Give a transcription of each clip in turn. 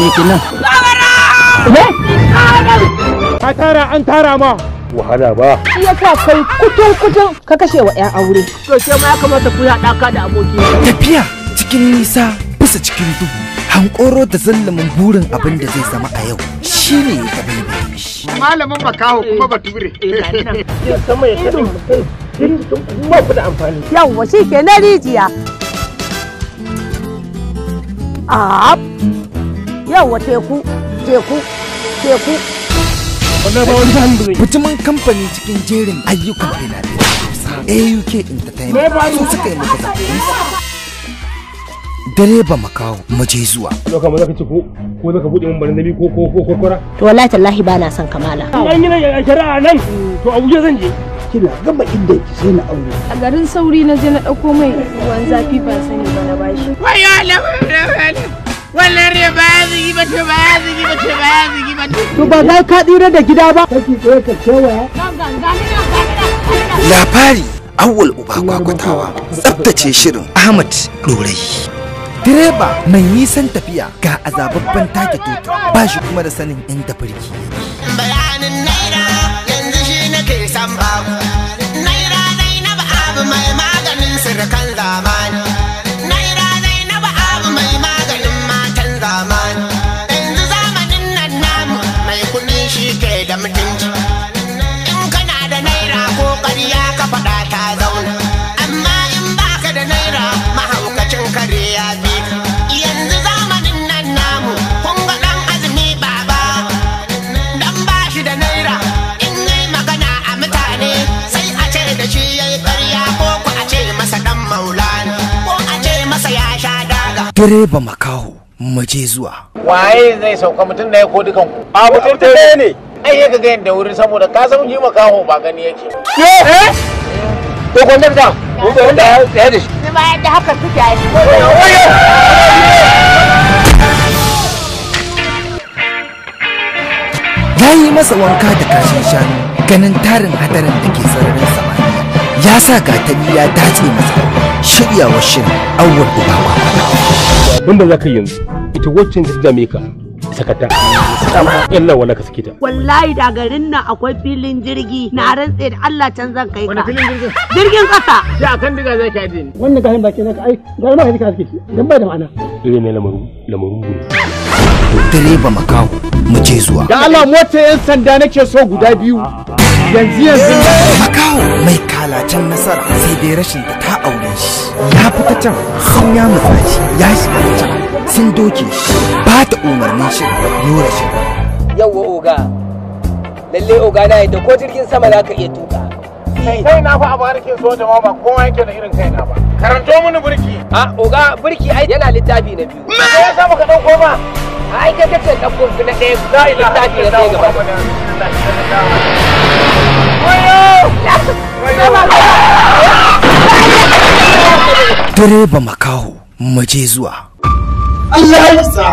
me kenan ka tara an tara ma wahala ba ya sa kai kutun kutun ka kashe wa 'yan aure to ke ma ya kamata ku haɗa ka da aboki tafiya cikin nisa bisa cikin duhu hankoro da zallamin burin abin da zai zama a yau shi ne ya taɓa yi malamin makaho kuma bature eh, sama ya kaɗin mutum kuma ku da amfani yawwa shi ke na rijiya yawa teku teku teku mutumin kamfani cikin jerin ayyukan fina-finai AUK Entertainment sun suka yi maka zaɓen direba makawo mu je zuwa. Zo ka maza ka ci ko ko zaka bude min nabi ko ko ko kura To wallahi tallahi ba na son kamala. An yi nan kira nan to Abuja zan je. Kina gaba inda yake sai na aure. A garin sauri na je na dauko mai ruwan zafi ba sani ba na bashi. Wayo Allah. wannan ne ba zigi ba ba ya zigi ba ba ya zigi ba To ba za ka tsira da gida ba. Kaki tsaye ka kewaya. Labari Awul Uba Kwakwatawa tsabtace shirin Ahmad Dorai. Direba mai nisan tafiya ga azababban take tutu ba shi kuma da sanin inda farki. Bayanin naira yanzu shi nake san baku. Naira ba abu mai maganin sirkan zamani. direba makaho maje zuwa waye zai sauka mutum ɗaya ko dukan ku a mutum ɗaya ne ai ya ga da wuri saboda ka san ji makaho ba gani yake eh? eh to gonda da gonda da da shi ne ma yadda haka suke ya yi masa wanka da kashin shanu ganin tarin hadarin da ke sararin samaniya ya sa gatani ya dace masa shiryawa shirin awwal ubawa abinda za ka yanzu ita wacce ta dame ka sakata Allah wala ka sakita wallahi da garin nan akwai filin jirgi na rantse da Allah can zan kai ka wani filin jirgin jirgin kasa ya kan diga zai ka ni wannan garin baki na ka ai garin ba ka dika sakiti dan ba da ma'ana dire ne lamarin lamarin dare makaho mu je zuwa da Allah mota yan sanda nake so guda biyu yanzu yanzu makaho mai kalacen nasara sai dai rashin da ta aure shi ya fita can sun ya mutsa shi ya shiga can sun doke shi ba ta umarnin shi yora shi yawwa oga lalle oga na yadda ko jirgin sama za ka iya tuka kai na fa a barikin soja ma ba kowa yake da irin kai na ba karanto mini burki a ah, oga burki ai yana littafi na biyu me yasa baka dauko ba ai kai kace dan kurfi na ɗaya la ilaha illallah gaba Direba makaho maje zuwa. Allah ya isa!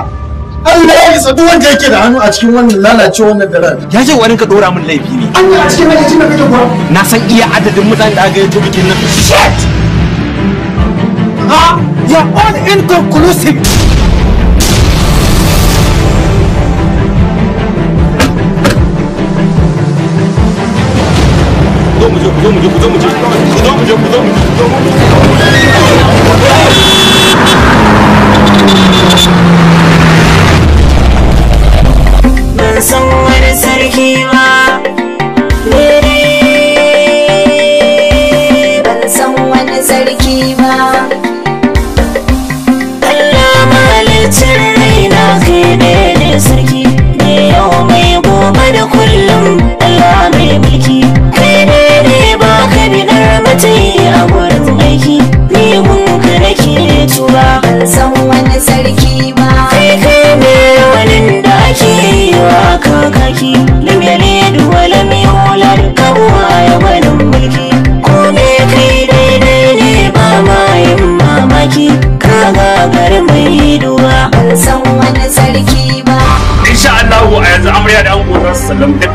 Allah ya isa duk wanda yake da hannu a cikin wannan wannan Ya ka dora min laifi ne. Allah a cikin da kake kuwa. Na san iya adadin mutane da aka yi to bikin nan. Shit! Ha! all inconclusive!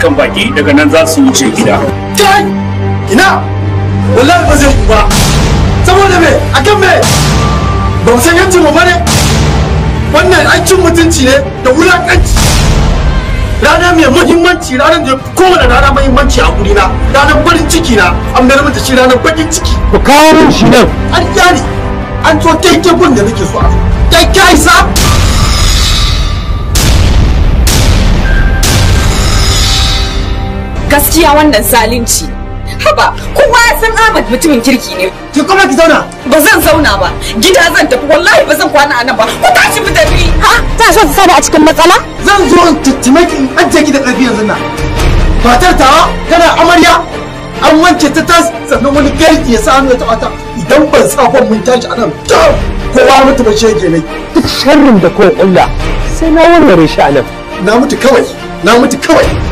kan baki daga nan za su wuce gida kai ina wallahi ba zai ba saboda me akan me ba san yanci mu bane wannan aikin mutunci ne da wulakanci rana mai muhimmanci ranar da kowane rana muhimmanci a guri na ranar barin ciki na an bayar mata shi ranar bakin ciki ku kawo shi nan an kyari an so kyakkyakin da nake so a kai sa. gaskiya wannan salinci haba kowa ya san Ahmad mutumin kirki ne ki kuma ki zauna ba zan zauna ba gida zan tafi wallahi ba zan kwana a nan ba ku tashi mu tafi ha ta so ta sani a cikin matsala zan zo in tattime ki in ajiye ki da ƙarfi yanzu na fatar tawa tana amarya an wanke ta tas sannan wani garki ya sa hannu ta taɓa idan ban sa kwan mun tashi a nan kowa mutu ba shege ne duk sharrin da kawai kulla sai na warware shi a nan na mutu kawai na mutu kawai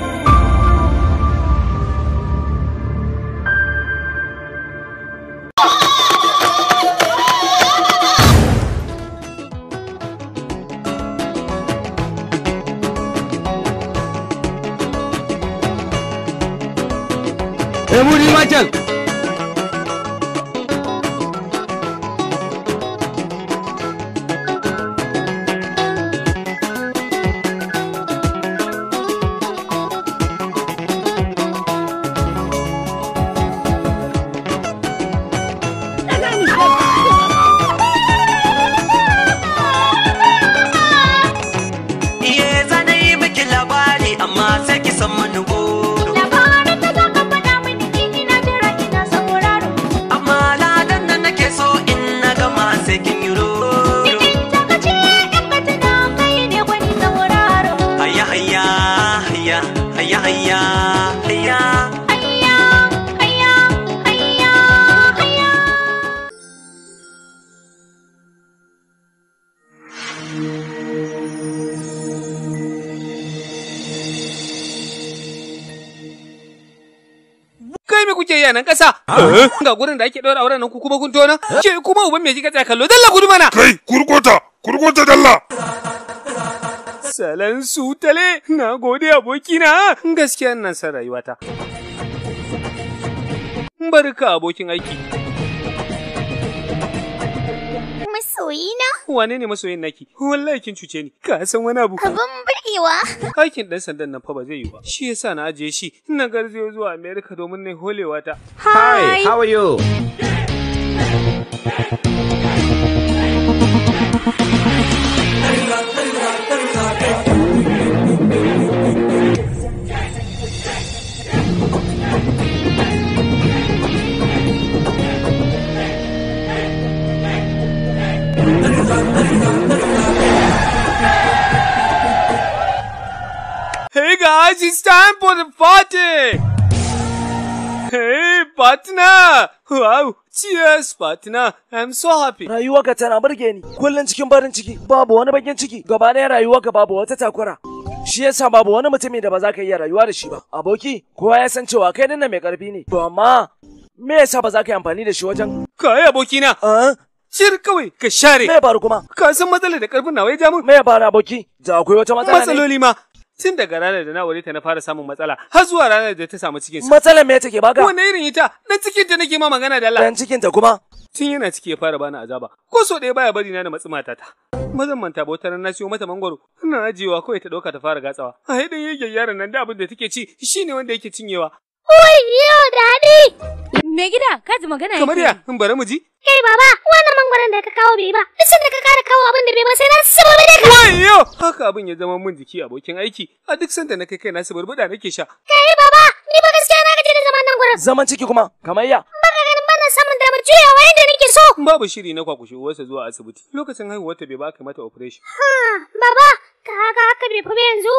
gurin da ake ɗora auren nan ku kuma kun tona? Ke kuma uban mai kika tsaya kallo dalla gudu mana. Kai kurkota kurkota dalla. Salan su tale na gode abokina gaskiya nan san rayuwata. Barka abokin aiki. masoyina? Wane ne masoyin naki? Wallahi laikin cuce ni. Ka san wani abu. Abin burgewa. Aikin dan sandan nan fa ba zai yi ba. Shi yasa na ajiye shi. Ina garzayo zuwa Amerika domin na holewa ta. Hi, how are you? Yeah. Hey guys, it's time for the party! Hey, partner! Wow, cheers, partner! I'm so happy! Rayuwarka tana burge ni, kullum cikin barin ciki, babu wani bakin ciki, gaba ɗaya ka babu wata takura. Shi yasa babu wani mutumi da ba za ka iya rayuwa da shi ba. Aboki, kowa ya san cewa kai dinnan mai ƙarfi ne, to amma me yasa ba za ka yi amfani da shi wajen? Kai abokina! Cir kawai ka share. Me ya faru kuma? Ka san matsalar da ƙarfin nawa ya ja Me ya faru aboki? Da akwai wata matsala ne? Matsaloli ma tun daga ranar da na aure ta na fara samun matsala har zuwa ranar da ta samu cikin matsala me take baka wannan irin ita dan cikin ta nake ma magana da Allah dan cikin ta kuma tun yana ciki ya fara bani azaba ko so ɗaya baya bari na da matsi ta. mazan manta ba na siyo mata mangwaro ina ajiyewa kawai ta dauka ta fara gatsawa a haɗin yayyan yaron nan da abin da take ci shine wanda yake cinyewa Oi, yo daɗi! Me gida, ka ji magana yake. Kamar ya, in bari mu ji. Kai baba, wannan mangwaron da ka kawo bai ba. Duk da ka kara kawo abin da bai ba sai na saboda da ka. yau. haka abin ya zama mun jiki abokin aiki. A duk sanda na kai kai na saburbuda nake sha. Kai baba, ni ba gaskiya na gaji da zaman nan gurin. Zaman ciki kuma, kamar ya. ga ganin samun damar juyawa inda nake so. Babu shiri na kwakushe uwarsa zuwa asibiti. Lokacin haihuwar haihuwarta bai ba ka mata operation. Ha, baba, ka haka haka bai fi yanzu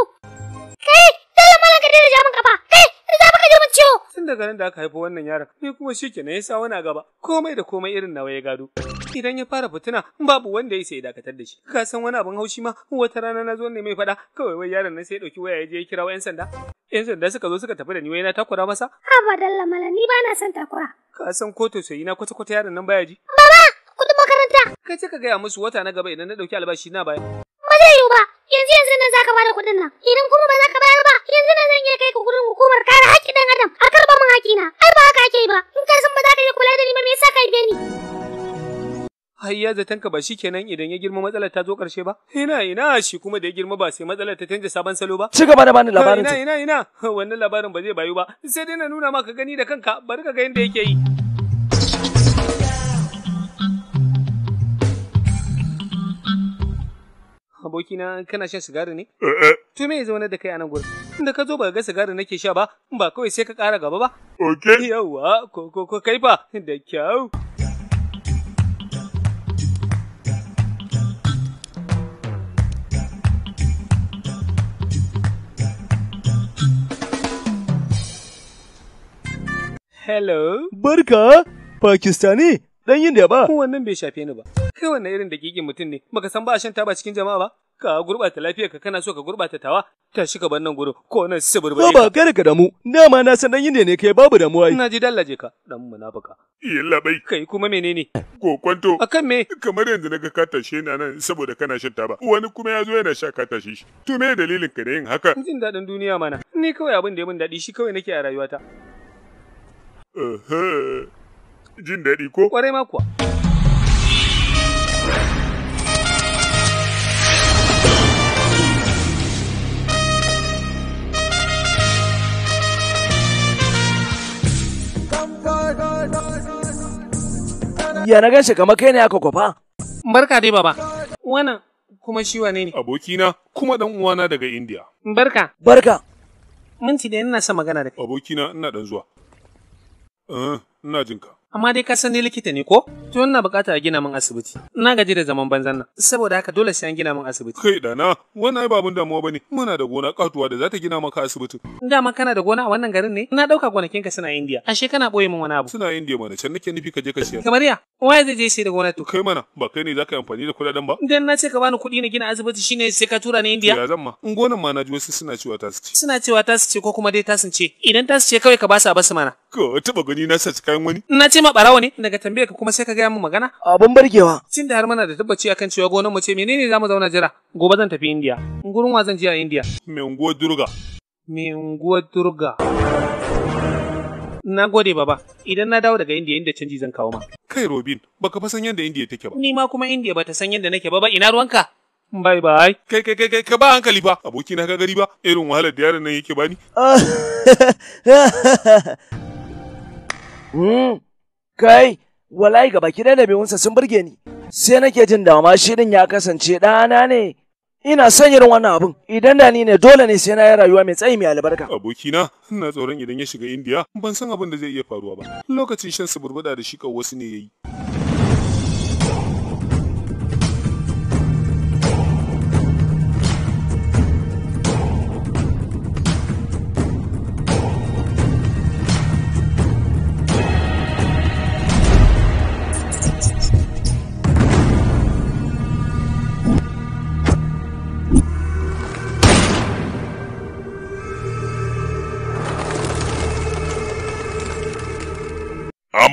kai dala mala ka dira jamin kafa kai za baka girma ciwo tun daga nan da aka haifi wannan yaron ni kuma shikenan ya sa na gaba komai da komai irin nawa ya gado idan ya fara fitina babu wanda ya sai dakatar da shi ka san wani abin haushi ma wata rana na zo ne mai fada kawai wai yaron nan sai ya dauki waya ya je ya kira yan sanda yan sanda suka zo suka tafi da ni wai na takura masa abadan lamala ni ba na son takura ka san ko tausayi na kwata kwata yaron nan baya ji baba kudin makaranta kai sai ka gaya musu wata na gaba idan na dauki albashi na baya ba yanzu yanzu nan zaka bada kuɗin nan idan kuma ba zaka bayar ba yanzu nan zan iya kai ka gurin hukumar kare haƙƙin ɗan adam a karɓa min haƙƙina ai ba haka ake ba in ka san ba za ka iya kula da ni ba me yasa ka yi ni hayya zaton ka ba shi kenan idan ya girma matsalar ta zo ƙarshe ba ina ina shi kuma da ya girma ba sai matsalar ta canja sabon salo ba ci gaba da bani labarin ina ina ina wannan labarin ba zai bayu ba sai dai na nuna maka gani da kanka bari ka ga yadda yake yi abokina kana shan sigari ne? Eh, eh. To me zaune da kai a nan gurin? Tunda ka zo ba ga sigari nake sha ba, ba kawai sai ka kara gaba ba. Ok. Yawwa, ko ko ko kai fa da kyau. Hello. Barka, Pakistani, ɗan yin da ba. Wannan bai shafe ni ba. kai wannan irin da gigin mutum ne baka san ba shan taba cikin jama'a ba ka gurbata lafiya ka kana so ka gurbata tawa ta shiga ka nan gurin ko nan suburbure ba kada ka damu na ma na san dan yinde ne kai babu damuwa ina ji dallaje ka dan munafika yalla bai kai kuma menene kokwanto akan me kamar yanzu naga ka tashe na nan saboda kana shan taba wani kuma ya zo yana sha ka tashe shi to me dalilin ka da yin haka jin dadin duniya mana ni kawai abin da ya min dadi shi kawai nake a rayuwata jin dadi ko kwarai ma kuwa Ya na ganshi kamar kai ne aka kwafa. Barka dai baba. Wannan kuma shi wane ne? Abokina kuma dan uwana daga India. Barka. Barka. Minti da ina son magana da kai. Abokina ina dan zuwa. Eh, ina jinka. amma dai ka san ni likita ne ko? To ina bukatar a gina min asibiti. Ina gaji da zaman banzan nan, saboda haka dole sai an gina min asibiti. Kai dana, wannan ai babun abin damuwa bane. Muna da gona katuwa da za ta gina maka asibiti. ma kana da gona a wannan garin ne? Ina ɗauka ka suna Indiya. Ashe kana ɓoye min wani abu. Suna Indiya mana, can nake nufi ka je ka siya. Kamar ya, waye zai je sai da gona to? Kai mana, ba kai ne za ka yi amfani da kudaden ba? Idan na ce ka bani kuɗi na gina asibiti shine sai ka tura ni Indiya. Ya zamma, in gonan ma na ji wasu suna cewa ta ce. Suna cewa ta ce ko kuma dai ta ce. Idan ta ce kawai ka ba su a mana. Ko taba gani na sa kayan wani? Na ce ma barawa ne daga tambayar ka kuma sai ka gaya mu magana abun barkewa tun da har mana da tabbaci akan cewa gonar mu ce menene zamu zauna jira gobe zan tafi indiya gurin wa zan je a India? mai durga Me unguwar durga na gode baba idan na dawo daga India inda canji zan kawo ma kai robin baka fa san yadda India take ba ni ma kuma India bata san yadda nake ba ba ina ruwanka Bye bye. Kai kai kai kai ka ba hankali ba. Aboki na ka gari ba. Irin wahalar da yaron nan yake bani. Mm. kai walai ga baki ɗaya ɗabi'unsa sun burge ni sai nake jin dama shi din ya kasance ɗana ne ina son yin wannan abun idan da ni ne dole ne sai na yi rayuwa mai tsayi mai albarka abokina ina tsoron idan ya shiga indiya ban san abin da zai iya faruwa ba lokacin shan suburbuɗa da shi wasu ne ya yi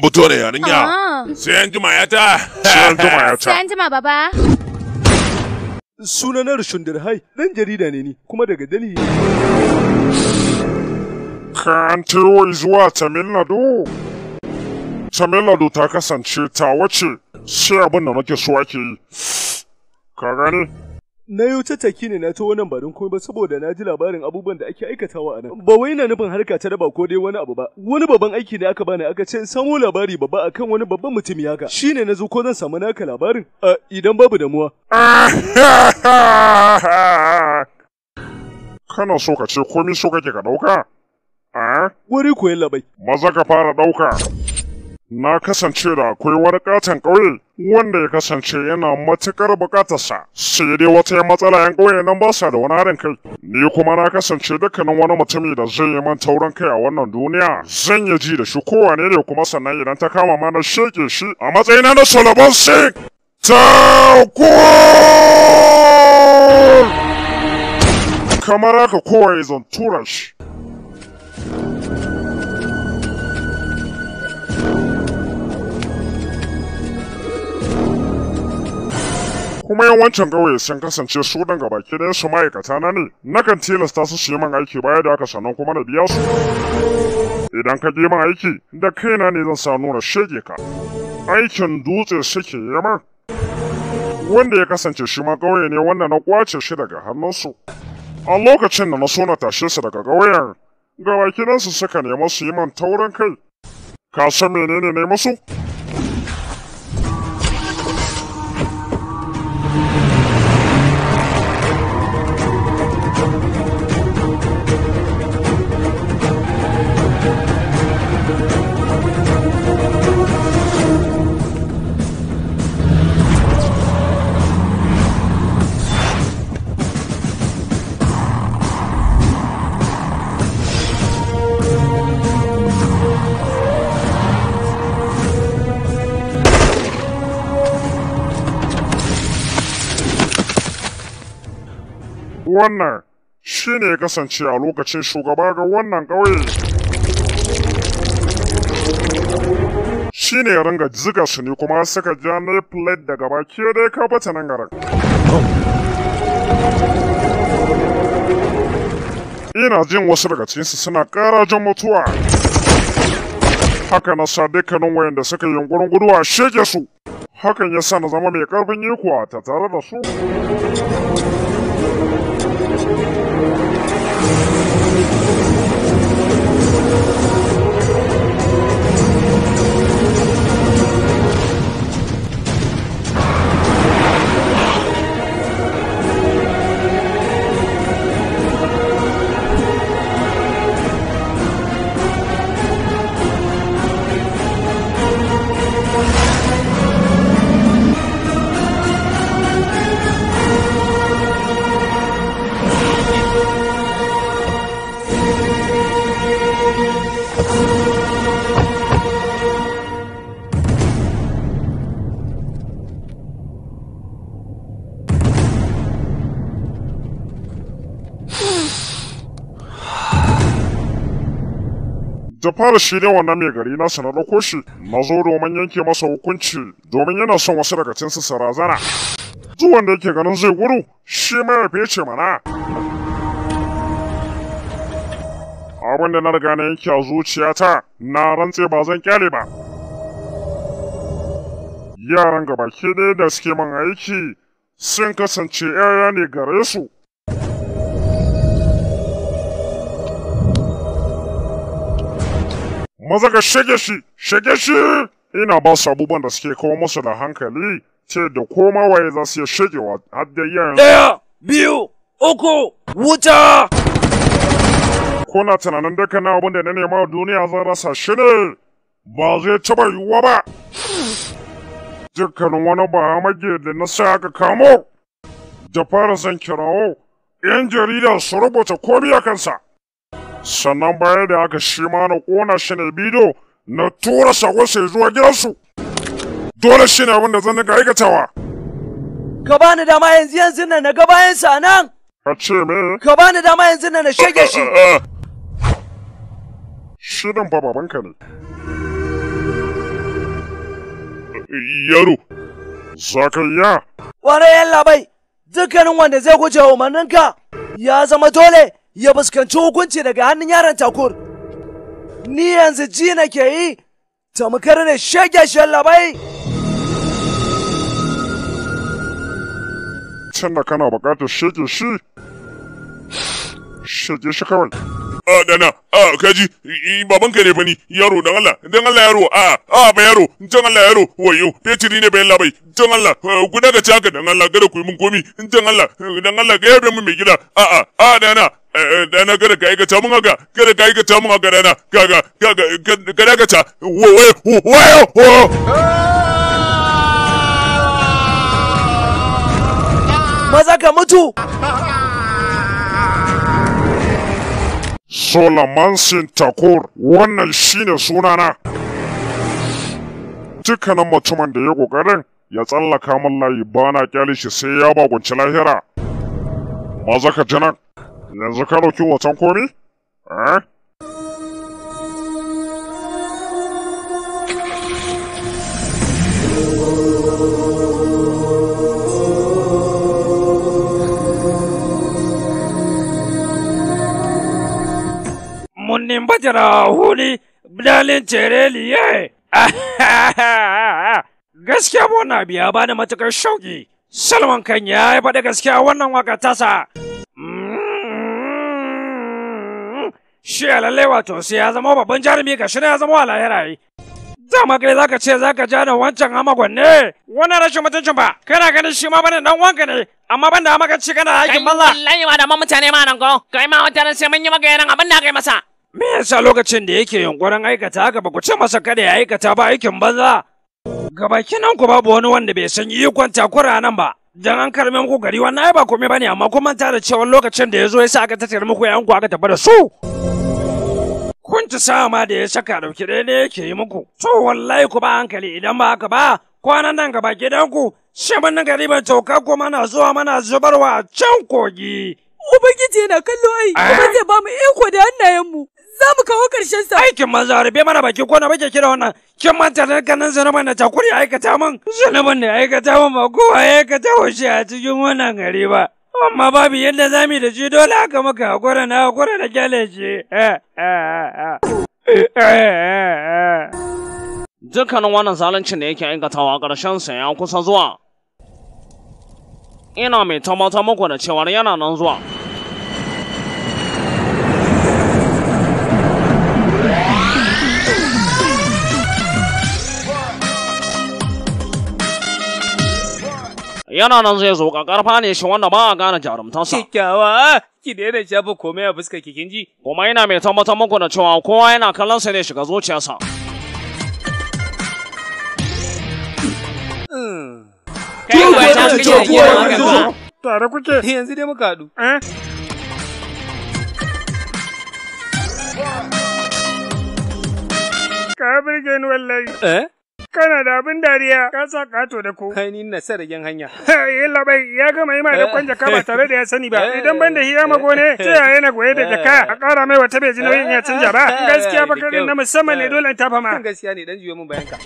an ne da yarinya. Sai an jima ya ta. Sai an jima ya ta. Sai an jima baba. na Rushundar Hai, ɗan jarida ne ni, kuma daga Delhi. Kan tiwo zuwa Tamil Nadu. Tamil Nadu ta kasance ta wace sai abin da nake so ake yi. Ka gani? na yau tattaki ne na ta wannan ba don komai ba saboda na ji labarin abubuwan da ake aikatawa a nan ba wai na nufin harka ta raba ko dai wani abu ba wani babban aiki ne aka bani aka ce in samo labari babba akan wani babban mutum yaka. Shi ne na zo ko zan samu naka labarin A idan babu damuwa kana so ka ce komai so kake ka dauka a wuri labai maza ka fara dauka na kasance da akwai wani katon ƙauye wanda ya kasance yana matuƙar buƙatarsa sai dai wata ya matsala yan ƙauye nan basa da wani harin kai ni kuma na kasance dukkanin wani mutumi da zai yi man taurin kai a wannan duniya zan yi ji da shi kowane ne kuma sannan idan ta kama ma na sheke shi a matsayina na solomon sing ta kamar haka kowa ya zan tura shi kuma yawancin ƙauye sun kasance su dan gaba ɗayan su ma'aikata na ne nakan tilasta su su yi min aiki baya da aka sannan kuma na biya su idan ka je min aiki da kaina ne zan sa nuna shege ka aikin dutse suke yamma? wanda ya kasance shi ma ƙauye ne wanda na kwace shi daga hannunsu a lokacin da na so na tashe su daga ƙauyen gaba ɗayansu suka nemi su yi min taurin kai ka san menene ne musu wannan shi ne kasance a lokacin shugaba ga wannan ƙauye. Shi ne ringa ziga su ne kuma suka ja na plate daga baki dai ka bata nan garin. Ina jin wasu daga cinsu suna ƙara jan mutuwa. Haka na sa dukkanin da suka yi yunkurin guduwa shege su. Hakan ya sa na zama mai ƙarfin yi kuwa ta tare da su. Thank you. da fara shi ne wannan mai gari na sana da koshi na zo domin yanke masa hukunci domin yana son wasu daga cinsu su razana Zuwan wanda yake ganin zai gudu shi ya ce mana abin da na riga na yanke a zuciyata na rantse ba zan kyale ba yaran gabaki ɗaya da suke man aiki sun kasance 'ya'ya ne gare su maza ga shige shi, shige shi! Ina ba su abubuwan da suke kawo musu da hankali, ce da koma waye za su iya shigewa har da yin. Ɗaya, biyu, uku, wuta! Kuna tunanin dukkan abin da na nema duniya zan rasa shi ne, ba zai taɓa yiwuwa ba. Dukkanin wani bahamage da na sa aka kamo, da fara zan kirawo, 'yan jarida su rubuta komi a kansa. sannan bayan da haka shi ma na ƙona shi ne bidiyo na tura shagonsa zuwa gidansu dole shi ne abin da zan daga aikatawa ka bani dama yanzu yanzu nan na ga sa nan ka ce me ka bani dama yanzu nan na shege shi eh, eh, eh. shi dan fa babanka ne yaro zakariya wani yan labai dukkanin wanda zai guje umarninka ya zama dole ya fuskanci hukunci daga hannun yaron takur ni yanzu ji ke yi tamkar ne shege labai. can da kana bukatar shege shi shege shi kawai a dana a kaji baban ka ne fa ni yaro dan Allah dan Allah yaro a a ba yaro dan Allah yaro wayo petiri ne bai labai dan Allah guda ga caka dan Allah gare ku mun komi dan Allah dan Allah ga yaro mun mai gida a a a dana dana gare ka aikata mun haka gare ka aikata mun haka dana kaga kaga kada ka ta wayo wayo maza ka mutu Solomon Sintakur wannan shine sunana. Dukkanin mutumin da ya ƙoƙarin ya tsallaka min layi ba na kyale shi sai ya bagunci lahira. Maza ka ji nan, yanzu ka ɗauki wasan komi? Eh? ni bajara huli dalin cereliye. Eh. Gaskiya bona biya ya da matuƙar shauƙi Salman kan ya yi faɗi gaskiya wannan waka tasa. Mm-hmm. Shi a lallai wato sai ya zama babban jarumi ga shi ya zama walayarayi. Eh. Dama kai zaka ce zaka ja da wancan amagon ne. Wannan rashin mutuncin ba. Kana ganin shi ma bane dan wanka ne. Amma ban da amaka ci kana aikin banza. Kai wallahi ma da mutane ma nan ko. Kai ma wata ran sai mun yi maka yaran abin da kai masa. Me yasa lokacin da yake yunkurin aikata haka ba ku ce masa kada ya aikata ba aikin banza? Gabaki nan ku babu wani wanda bai san ikon takura nan ba. Dan an karme muku gari wannan ai ba komai bane amma kun manta da cewa lokacin da ya zo ya sa aka tattara muku yayan ku aka tafi da su. Kun ci sama da ya saka dauki ɗaya ne yake yi muku. To wallahi ku ba hankali idan ba haka ba kwanan nan gaba ku? shi mun gari mai tauka ko mana zuwa mana zubarwa can kogi. Ubangiji yana kallo ai, eh? ba zai ba mu iko da hannayenmu. za mu kawo ƙarshen sa. Aikin manzo rabe mana baki ko na bake kira wannan. Kin manta da ganin zanuban da takuri aikata min. Zanuban da aikata min ba kowa ya aikata wa shi a cikin wannan gari ba. Amma babu yadda za mu da shi dole aka maka hakura na hakura da kyale shi. Eh, eh, eh, Dukkanin wannan zaluncin da yake aikatawa ƙarshen sa ya kusa zuwa. Ina mai tamata muku da cewar yana nan zuwa. yana nan zai zo ƙarfa ne shi wanda ba a gane jarumtansa. Kikyawa, ki daina shafi komai a fuskar kikin ji. Kuma yana mai tabbatar muku da cewa kowa yana kallon sa ne shiga zuciyarsa. Kai kuwa ta kike zuwa. Tare kuke. Yanzu dai muka haɗu. Ka birge ni wallahi. Eh? Kana da abin dariya, ka sa ƙato da ko. Kai ni na sa ragen hanya. Yalla bai ya gama yi ma da eh. kwanja jaka ba tare da ya sani ba. Eh. Idan ban da hiya mago ne, sai yaya na goye da jaka a ƙara mai wata bai ji nauyin ya canja ba. Eh. Gaskiya ba kanin na musamman ne dole ta fama. Gaskiya ne dan juyo min bayan ka.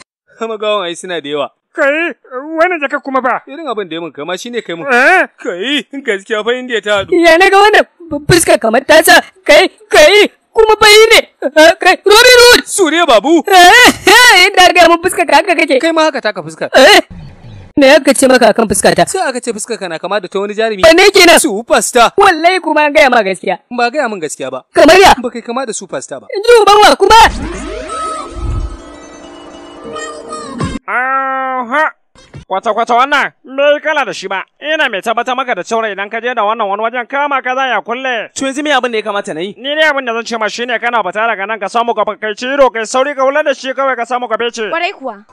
gawan ai suna da yawa. Kai, wannan jaka kuma ba. Irin abin da ya mun kama shine kai mun. Kai, gaskiya fa ya ta hadu. Ya na ga wannan fuskar kamar ta sa. Kai, kai, kuma bai ne eh, kai rori rori sure babu eh, eh da ga mun fuskar ka haka kake kai ma haka taka fuskar eh, me aka ce maka akan fuska ta sai aka ce fuskar kana kama da ta wani jarumi ba ne kenan superstar wallahi kuma an gaya ma gaskiya ba gaya min gaskiya ba kamar ya ba kai kama da superstar ba in ji ban wa kuma Kwata-kwata wannan bai kala da shi ba, ina mai tabbatar maka da cewa idan ka je da wannan wani wajen kama ka za ya kulle. To yanzu me abin da ya kamata na yi? Ni ne abin da zan ce ma shine kana fita daga nan ka samu ka kai ciro kai sauri ka wula da shi kawai ka samu ka bece Kwarai kuwa.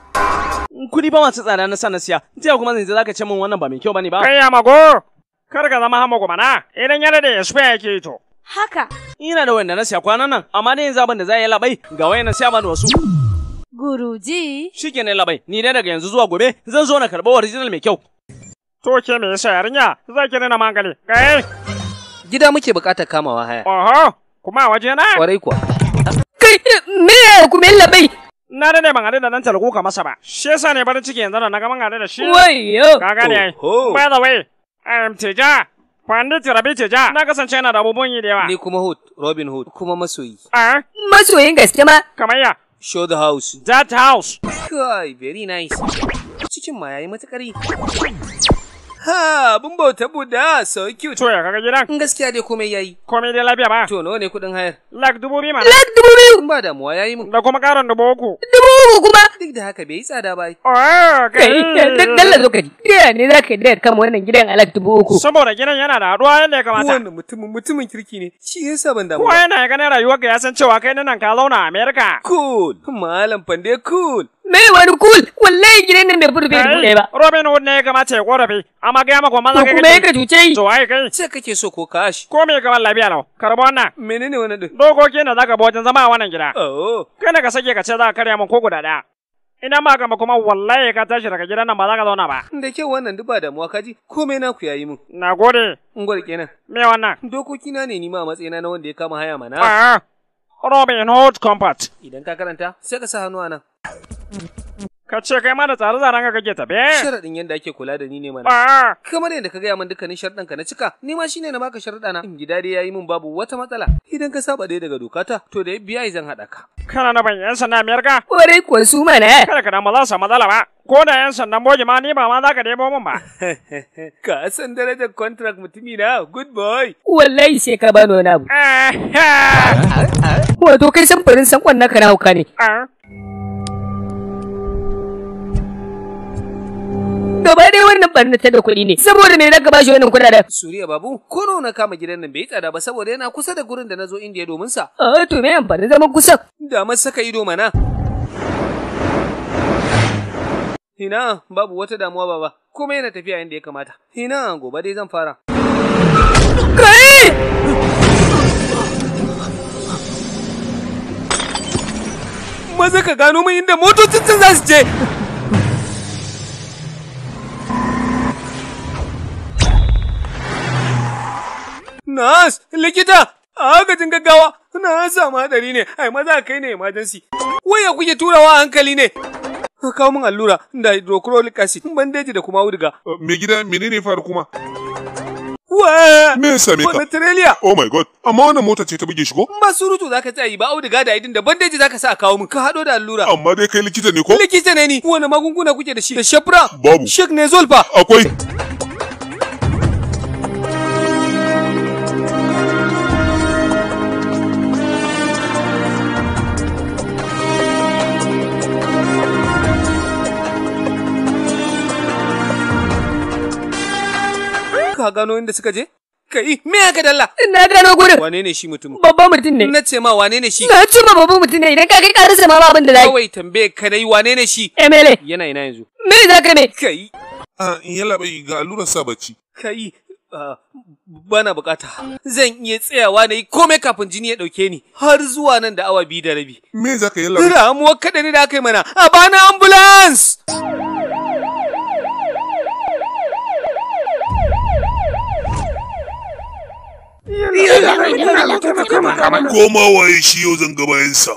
Kuɗi ba masu tsada na sana siya, ta kuma zan za ka ce min wannan ba mai kyau bane ba. Kai ya mago, kar ka zama hama gobana, idan yana da ya suya yake to. Haka. Ina da wanda na siya kwanan nan, amma da yanzu abin da za ya labai ga wayan na siya da wasu. Guruji. Shikenan labai, ni ne daga yanzu zuwa gobe zan zo na karɓar original mai kyau. To ke me yasa yarinya? Za ki nuna magani. Kai. Gida muke buƙatar kamawa haya. Oho, kuma waje na? Kwarai kuwa. Kai, me ya kuma labai? Na da ne ban da nan talgo ka masa ba. Shi yasa ne barin ciki yanzu na ga ban da shi. Wayyo. Ka gane ai. By the way, I am Teja. Pandit Rabi Teja. Na kasance yana da abubuwan yi da yawa. Ni kuma Hood, Robin Hood, kuma masoyi. Ah? Masoyin gaske ma. Kamar ya. Show the house. That house. very nice. Cikin ma yayi matakari. Ha, abin bauta buda, so cute. To ya kaga gidan? In gaskiya dai komai yayi. Komai dai lafiya ba? To nawa ne kuɗin hayar? Lak dubu biyu mana. Lak dubu biyu. Ba damuwa yayi mun. Da kuma karan dubu uku. Dubu uku kuma. Duk da haka bai yi tsada ba. Oh, kai. Dalla zo kaji. Taya ne za ka da kama wannan gidan a lak dubu uku. Saboda gidan yana da haɗuwa yadda ya kamata. Wannan mutumin mutumin kirki ne. Shi yasa ban damu. Kuwa yana ganin ka ya san cewa kai nan ka zauna a Amerika. Cool. Malam Fande cool. mai wani kul wallahi gidan nan bai furfe da kuɗe ba. Robin Hood ne ya kamata ya ƙorafi amma gaya maka maza kai. To kuma ya ka cuce yi. To ai kai. Sai kake so ko kashi. Ko me gaban lafiya lau karɓi wannan. Menene wannan din? Dokoki ne zaka bi wajen zama a wannan gida. Oh. Kai ne ka sake ka ce zaka ka karya min ko guda ɗaya. Ina ma gama kuma wallahi ka tashi daga gidan nan ba za ka zauna ba. Da kyau wannan duk ba damuwa ka komai na ku yayi min. Na gode. Ngwar kenan. Me wannan? Dokoki na ne ni ma matsayina na wanda ya kama haya mana. Ah, Robin Hood Comfort. Idan ka karanta sai ka sa hannu a nan. Ka ce kai ma da tsare-tsaren ka kake tabe. Sharaɗin yadda ake kula da ni ne mana. Kamar yadda ka gaya min dukkanin sharaɗin ka na cika, ni ma shine na baka sharaɗa na. Gida dai yayi min babu wata matsala. Idan ka saba ɗaya daga dokata, to da biya zan haɗa ka. Kana na ban yan sanda miyar ka? Kwarai kuwa su mana. Kada ka damu za su matsala ba. Ko da yan sandan boji ma ni ba ma za ka nemo min ba. Ka san darajar contract mutumi na, good boy. Wallahi sai ka bano na bu. Eh, eh. Wato kai san sankon naka na hauka ne. Eh. Gaba dai wannan barnata da kuɗi ne. Saboda me zaka bashi wannan kuɗaɗen? Suriya babu, ko nawa na kama gidan nan bai tsada ba saboda yana kusa da gurin da na zo Indiya domin sa. eh to me amfani zaman kusa? Da saka ido mana. Ina babu wata damuwa baba, kuma yana tafiya yadda ya kamata. Ina gobe dai zan fara. Kai! Maza ka gano min inda motocin za su je. Nas, likita, agajin gaggawa, na samu hadari ne, ai maza kai ne emergency. Waya kuke turawa hankali ne. kawo min allura da hydrochloric acid, bandeji da kuma auduga. Eh, me gida menene faru kuma? Wa! Me ya same ka? Wannan Oh my god. Amma wannan mota ce ta buge shi ko? Ba surutu zaka tsaya yi ba auduga da aidin da bandeji zaka sa a kawo min ka hado da allura. Amma dai kai likita ne ko? Likita ne ni. wani magunguna kuke da shi da shafra. Babu. Shek ne zolfa. Akwai. ka gano inda suka je? Kai, me aka dalla? Na gano gurin. Wane ne shi mutum? Babban mutum ne. Na ce ma wane ne shi? Na ce ma babban mutum ne idan ka kai karasa ma ba abin da zai. Kawai tambaye ka dai wane ne shi? Emele. Eh, Yana ina yanzu. Me za ka me? Kai. Ah, in yalla bai ga allurar sa bacci. Kai, ah, bana bukata. Zan iya tsayawa na yi komai kafin jini ya dauke ni har zuwa nan da awa biyu da rabi. Me za ka yi lamu? Ramuwar ne da aka yi mana a bana ambulance! Koma waye shi yau zan bayansa.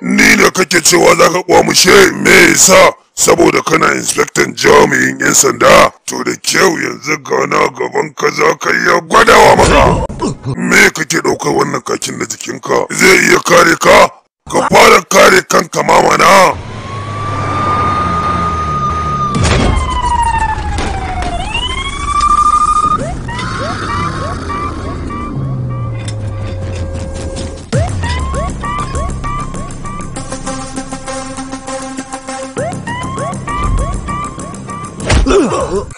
Ni da kake cewa za ka kwamushe me yasa saboda kana inspector jami'in 'yan sanda to da kyau yanzu gana gaban ka za ka iya gwadawa maka. Me kake ɗaukar wannan kakin na jikinka zai iya kare ka? ka fara kare kanka mama na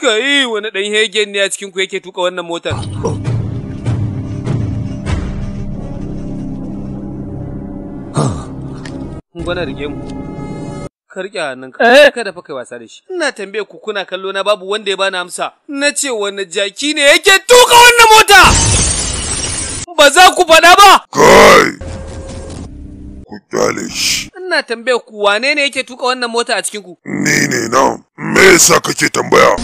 Kai wani ɗan hegen ne a cikinku yake tuka wannan motar. Kun gwana rike mu. Ka rike hannunka. Eh. Kada fa kai wasa da shi. Ina tambaye ku kuna kallo na babu wanda ya bani amsa. Na ce wani jaki ne yake tuka wannan mota? Ba za ku faɗa ba. Kai! Ku kyale shi. Ina tambaye ku wane ne yake tuka wannan mota a cikin ku? Ni ne nan. Me yasa kake tambaya?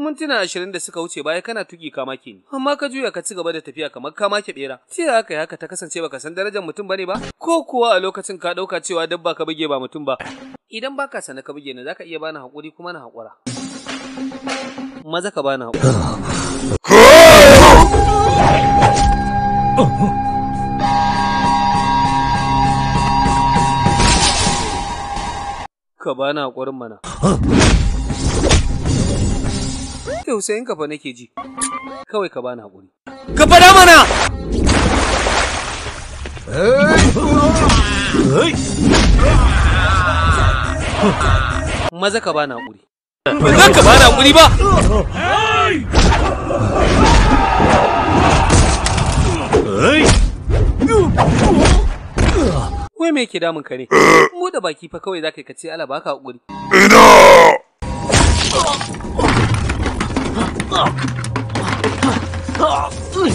mintuna ashirin da suka wuce baya kana tuki ka ke ni amma ka juya ka ci gaba da tafiya kamar ka make bera tiya haka haka ta kasance baka san darajar mutum bane ba ko kuwa a lokacin ka dauka cewa dabba ka buge ba mutum ba idan baka sana ka buge ne zaka iya bani hakuri kuma na hakura maza ka bani hakuri ka bani hakurin mana tausayin ka fa nake ji. Kawai ka bani haƙuri. Ka faɗa mana! Maza ka bani haƙuri. Ba za ka bani haƙuri ba! Wai me yake damun ka ne? Mu da baki fa kawai za ka yi ka ce Allah baka haƙuri. Ina!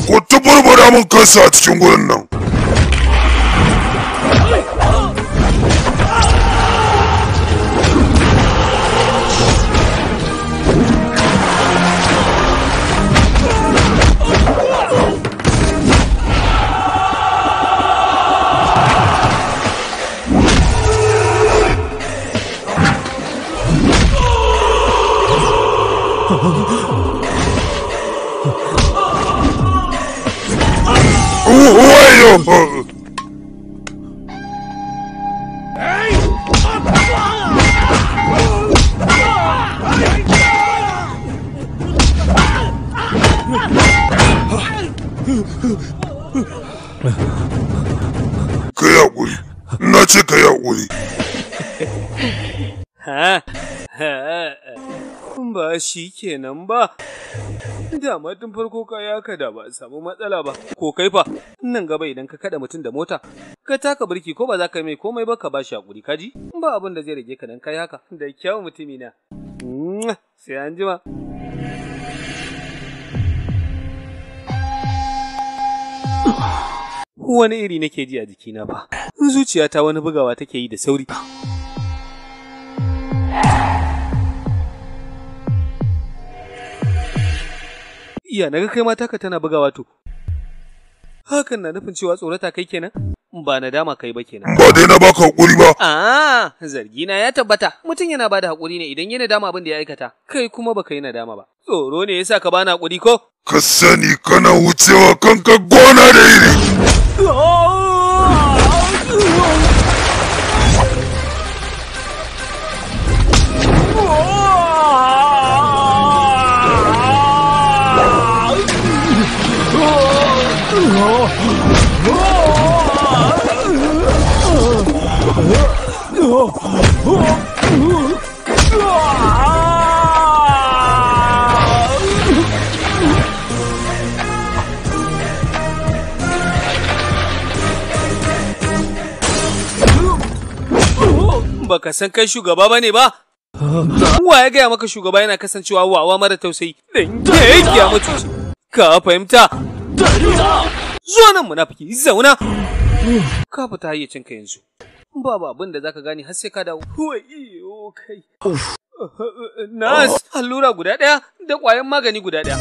Ku tuburbura mun kansa a cikin gurin nan. Ka yi haƙuri, na ce ka yi haƙuri. Ba shi kenan ba. Da ma tun farko ka ya kada da ba samu matsala ba, ko kai fa, nan gaba idan ka kada mutum da mota, ka taka birki ko ba za ka mai komai ba ka ba shi hakuri kaji? Ba abin da zai rage ka dan kai haka, da kyau, mutumi na. Sai an jima. Wani iri nake ji a jikina fa, zuciyata wani bugawa take yi da sauri. iya naga kai ma taka tana bugawa to hakan na nufin cewa tsorata kai kenan ba na dama kai ba kenan ba dai na baka hakuri ba ah zargi na ya tabbata mutum yana bada hakuri ne idan yana dama abin da ya aikata kai kuma baka yi nadama ba tsoro ne yasa ka bani hakuri ko ka sani kana wucewa kanka gona da iri Baka san kai shugaba bane ba? Wa ya gaya maka shugaba yana kasancewa wawa mara tausayi? Dan ya gaya mutu. Ka fahimta? Zuwa nan munafiki zauna. Ka fita hayyacinka yanzu. Babu abin da zaka gani har sai ka dawo. Wai kai. Nas, allura guda ɗaya da ƙwayan magani guda ɗaya.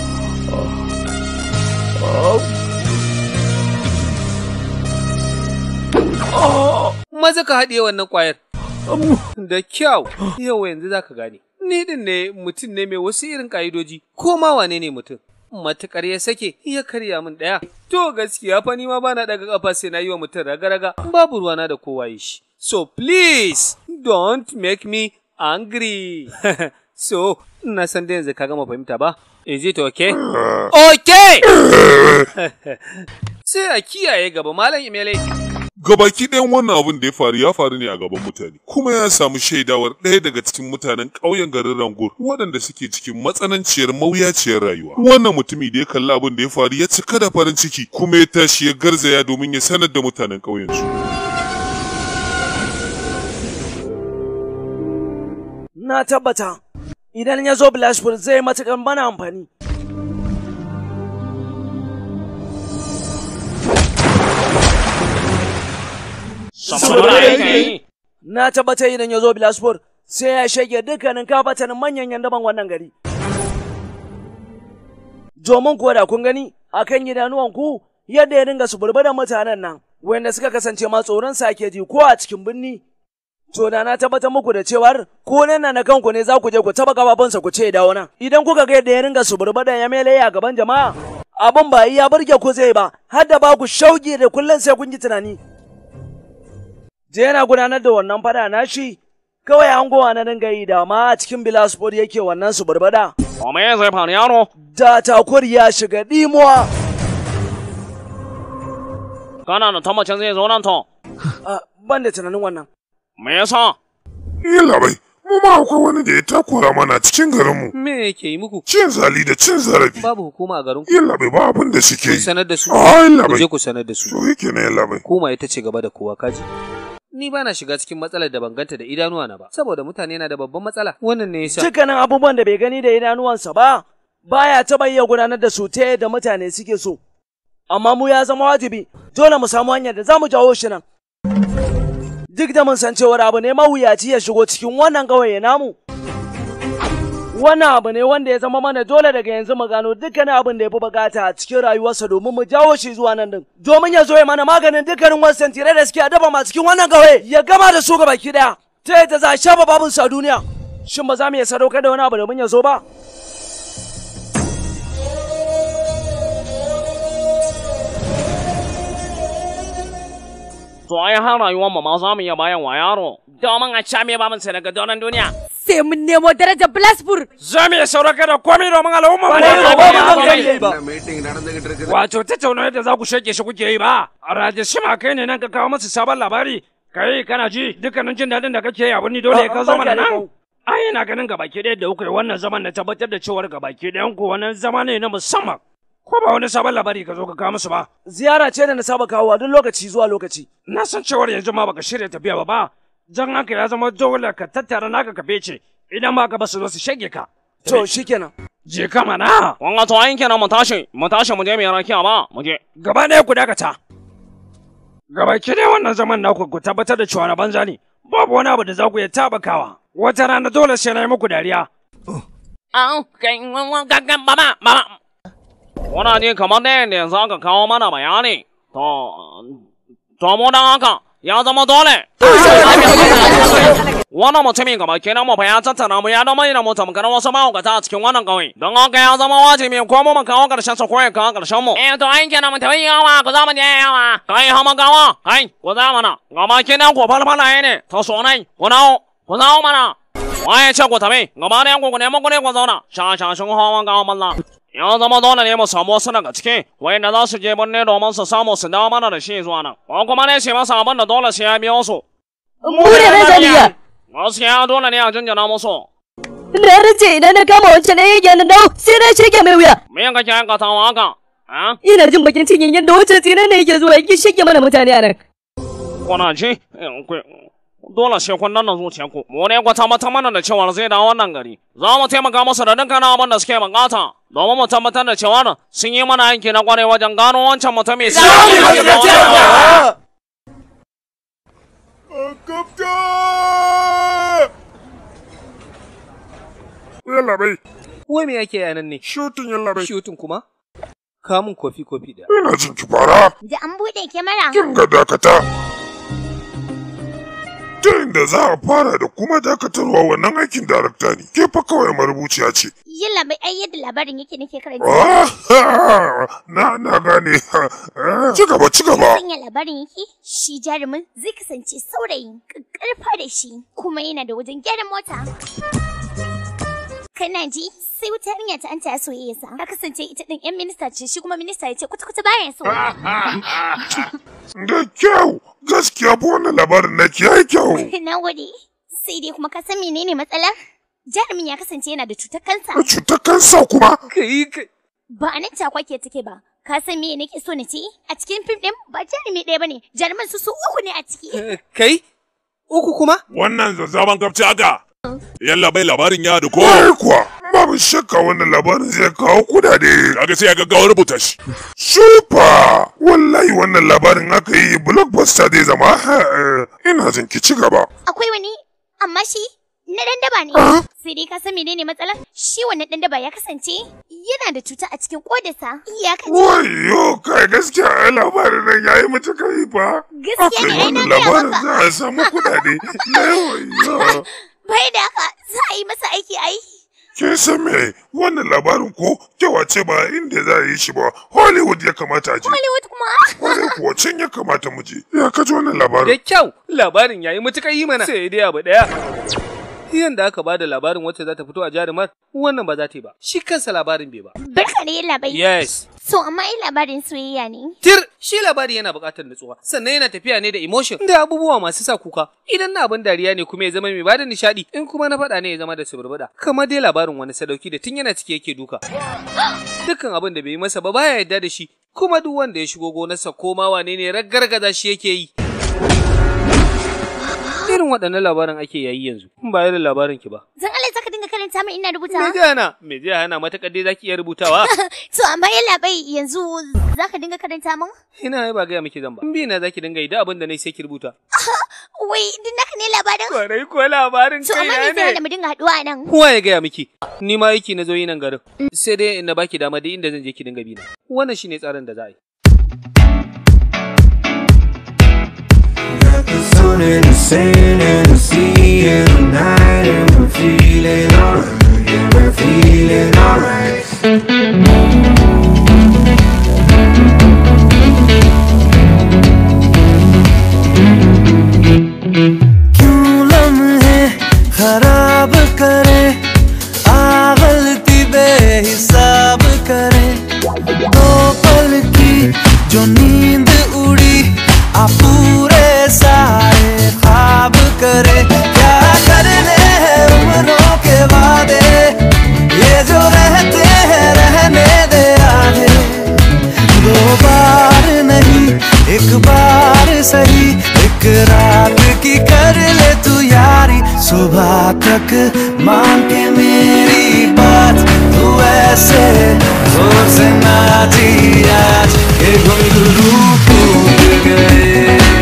Maza ka haɗe wannan ƙwayar. Da kyau, yau yanzu za ka gane. Ni ɗin ne mutum ne mai wasu irin ƙa'idoji, ko ma wane ne mutum. Matukar ya sake ya karya min ɗaya. To gaskiya fa ni ma bana daga ƙafa sai na yi wa mutum raga-raga babu na da kowa yi shi. So please don't make me angry. so na san da yanzu ka gama fahimta ba. Is it okay? okay! Sai a kiyaye gaba Malam Imele. Gabaki ɗayan wannan abin da ya faru ya faru ne a gaban mutane, kuma ya samu shaidawar ɗaya daga cikin mutanen ƙauyen garin Rangur waɗanda suke cikin matsananciyar mawuyaciyar rayuwa. Wannan mutumi da ya kalli abin da ya faru ya cika da farin ciki kuma ya tashi ya garzaya domin ya sanar da mutanen ƙauyen su. Na tabbata, idan ya zo Bilashpur zai matuƙar bana amfani. Saboda yake yi. Na tabbata idan ya zo Bilaspor sai ya shage dukkanin kafatanin manyan yandaban wannan gari. Domin kuwa da kun gani a kan ku yadda ya dinga da mutanen nan wanda suka kasance ma tsoron sake ji ko a cikin birni. To da na tabbatar muku da cewar ko nan na kanku ne za ku je ku taba gababansa ku ce dawo nan. Idan kuka ga yadda ya ringa suburburan ya mele a gaban jama'a abin ba ya burge ku zai ba har da ba ku shauki da kullum sai kun ji tunani. je yana gudanar da wannan fada nashi kawai ango na dinga yi da ma a cikin bilasport yake wannan su barbada. Kome ya zai faru yaro? Da takur ya shiga dimuwa. Kana da can zai zo nan to? Ban da tunanin wannan. Me yasa? Yalla bai, mu ma akwai wani da ya takura mana cikin garin mu. Me yake yi muku? Cin zali da cin zarafi. Babu hukuma a garin ku. illa bai ba abin da suke yi. Ku sanar da su. Ah, illa bai. Ku je ku sanar da su. To yake ne illa bai. Hukuma ita ce gaba da kowa kaji. ni ba na shiga cikin matsalar da banganta da idanuwa na ba saboda mutane na da babban matsala wannan ne yasa cikanin abubuwan da bai gani da idanuwansa ba baya taɓa iya gudanar da su ta yadda mutane suke so amma mu ya zama wajibi dole mu samu hanyar da za mu jawo shi nan duk da mun san cewar abu ne mawuyaci ya shigo cikin wannan gawaye namu Wannan abu ne wanda ya zama mana dole daga yanzu mu gano dukkanin abin da ya fi bukata a cikin rayuwarsa domin mu jawo shi zuwa nan din. Domin ya zo ya mana maganin dukkanin wasu tirai da suke adaba ma cikin wannan gawe ya gama da su gaba ki daya. Ta yadda za a shafa babinsu a duniya. Shin ba za mu iya sadaukar da wani abu domin ya zo ba? to ai har rayuwar mu ma za mu iya bayan wa yaro domin a ca me babin sai daga donan duniya sai mun nemo darajar blasbur za mu iya sauraka da komai domin al'umma ba ba wato tauna yadda za ku shake shi kuke yi ba a shima kai ne nan ka kawo masa sabon labari kai kana ji dukkanin jin daɗin da kake yi ni dole ka zama da nan ai ina ganin gabaki ɗaya da uku wannan zaman na tabbatar da cewar gabaki ɗayan ku wannan zama ne na musamman ko ba wani sabon labari ka zo ka kawo musu ba. Ziyara ce da na saba kawowa duk lokaci zuwa lokaci. Na san cewar yanzu ma baka shirya tafiya ba ba, jan haka ya zama dole ka tattara naka ka fece idan ma ka basu zo su shage ka. To shikenan. Je ka mana. Wanga to ayin kenan mu tashi, mu tashi mu je mai rakiya ba, mu je. Gaba ɗaya ku dakata. Gaba ki ne wannan zaman naku ku tabbatar da cewa na banza ne. Babu wani abu da za ku iya tabakawa. Wata rana dole sai na yi muku dariya. Oh, kai, mama mama 오라니 그만해 내 상가 가오 많아 마야니 더 저모당 아까 야자모 도래 원어머 재미가 막 개나모 배야 짜짜 나무 야너머니 나무 좀 가나 와서 마오가 다 지금 원한 거이 너가 개야자모 와지미 고모만 가오가 샤서 고에 가가를 샤모 에도 아인 개나모 대이야와 고자만 예야와 가이 하마 가와 아이 고자만아 가마 개나 고팔팔라 에네 더 소나이 고나오 고나오만아 我也吃过他们，我妈两个过年没过来过早呢，想想生活我搞不啦。Ya zama dole ne mu samu wasu daga cikin da za su je birni domin su samu su dawo mana da shi zuwa nan. Ko kuma ne ce masa abin da dole sai ya biyo su. Mu da Nazariya. Gaskiya dole ne a jinjina musu. Na race idan na kama wancan yayyan na dau sai na shige mai wuya. Me yanka kake aikatawa haka? Ina jin bakin cikin yadda wancan tsinan ne yake zuwa yake shige mana mutane a nan. Kuna ji? dole sai kun nan zuciyar ku mu ne kwata mata mana da cewa zai dawo wannan gari za mu taimaka masa da dukkan abin da suke bukata domin mu tabbatar da cewa sun yi mana aiki na kwarai wajen gano wancan mutumin sai Yalla yallabai. Wai me yake yanan ne? Shooting yallabai. bai. Shooting kuma? Kamun kofi kofi da. Ina jin kibara. Da an buɗe kyamara. Kin ga dakata. Shirin da za a fara da kuma dakatarwa wannan aikin darakta ne, ke fa kawai marubuciya ce. Yalla mai ai yadda labarin yake nake karanta. Na na gane. Ci gaba ci gaba. Sanya labarin yake shi jarumin zai kasance saurayin ƙarfa da shi kuma yana da wajen gyara mota. Kana ji? Sai wata yarinya ta anta soyayya sa. Ta kasance ita din yan minista ce shi kuma minista ya ce kuta kuta bayan so. Da kyau. Gaskiya bu wannan labarin na yayi kyau. Na gode. Sai dai kuma ka san menene matsala? Jarumin ya kasance yana da cutar kansa. Cutar kansa kuma? Kai kai. Ba a nan cakwake take ba. Ka san me nake so na ce? A cikin fim ɗin ba jarumi ɗaya bane jaruman su su uku ne a ciki. Kai? Uku kuma? Wannan zazzaban kafci haka. Yalla bai labarin ya duko. ko? kuwa, babu shakka wannan labarin zai kawo kudade. Kaga sai ya gaggawa rubuta shi. Super! Wallahi wannan labarin aka yi blockbuster zai zama. Eh, ina jin ki ci gaba. Akwai wani, amma shi na dandaba ne. Sai dai ka san menene matsalar? Shi wannan dandaba ya kasance yana da cuta a cikin kodarsa. Iya ka ji. Wayo kai gaskiya ai labarin nan yayi mata kai fa. Gaskiya ne ai na labarin za a samu kudade. Wayo. Bai da haka za a yi masa aiki a yi. Ke san me wannan labarin ko kyawa ce ba inda za a yi shi ba Hollywood ya kamata a je. Hollywood kuma? Kwarai kuwa can ya kamata mu je. Ya ka ji wannan labarin. Da kyau labarin ya yi matuƙar yi mana. Sai dai abu ɗaya. yadda aka ba da labarin wacce za ta fito a jarumar wannan ba za ta yi ba shi kansa labarin bai ba barka da yin labarin. yes So, amma ai labarin soyayya ne. Tir, shi labari yana buƙatar nutsuwa, sannan yana tafiya ne da emotion da abubuwa masu sa kuka. Idan na abin dariya ne kuma ya zama mai bada nishaɗi, in kuma na faɗa ne ya zama da barbada Kamar dai labarin wani sadauki da tun yana ciki yake duka. Dukkan abin da bai masa ba baya yarda da shi, kuma duk wanda ya shigo gonarsa ko ma wane ne gaza shi yake yi. Irin waɗannan labarin ake yayi yanzu, in ba irin labarin ki ba. Zan karanta min ina rubuta? Me jiya hana? Me jiya hana matakar dai zaki iya rubutawa? To amma yalla bai yanzu Za ka dinga karanta min? Ina ba ga miki zan ba. In bi na zaki dinga yi da abin da nayi sai ki rubuta. Wai din naka ne labarin? Kwarai ko labarin kai ne. To amma me zai hana mu dinga haduwa nan? Kuwa ya gaya miki. Ni ma yake na zo yi nan garin. Sai dai na baki dama dai inda zan je ki dinga bi na. Wannan shine tsarin da za a yi. the sun and the sand and the sea and the night and we're feeling alright, yeah we're feeling alright खराब करें आ गलती बेहिसाब करें दो पल की जो नींद एक बार सही एक रात की कर ले तू यारी सुबह तक मान के मेरी बात तू ऐसे जोर से आज गए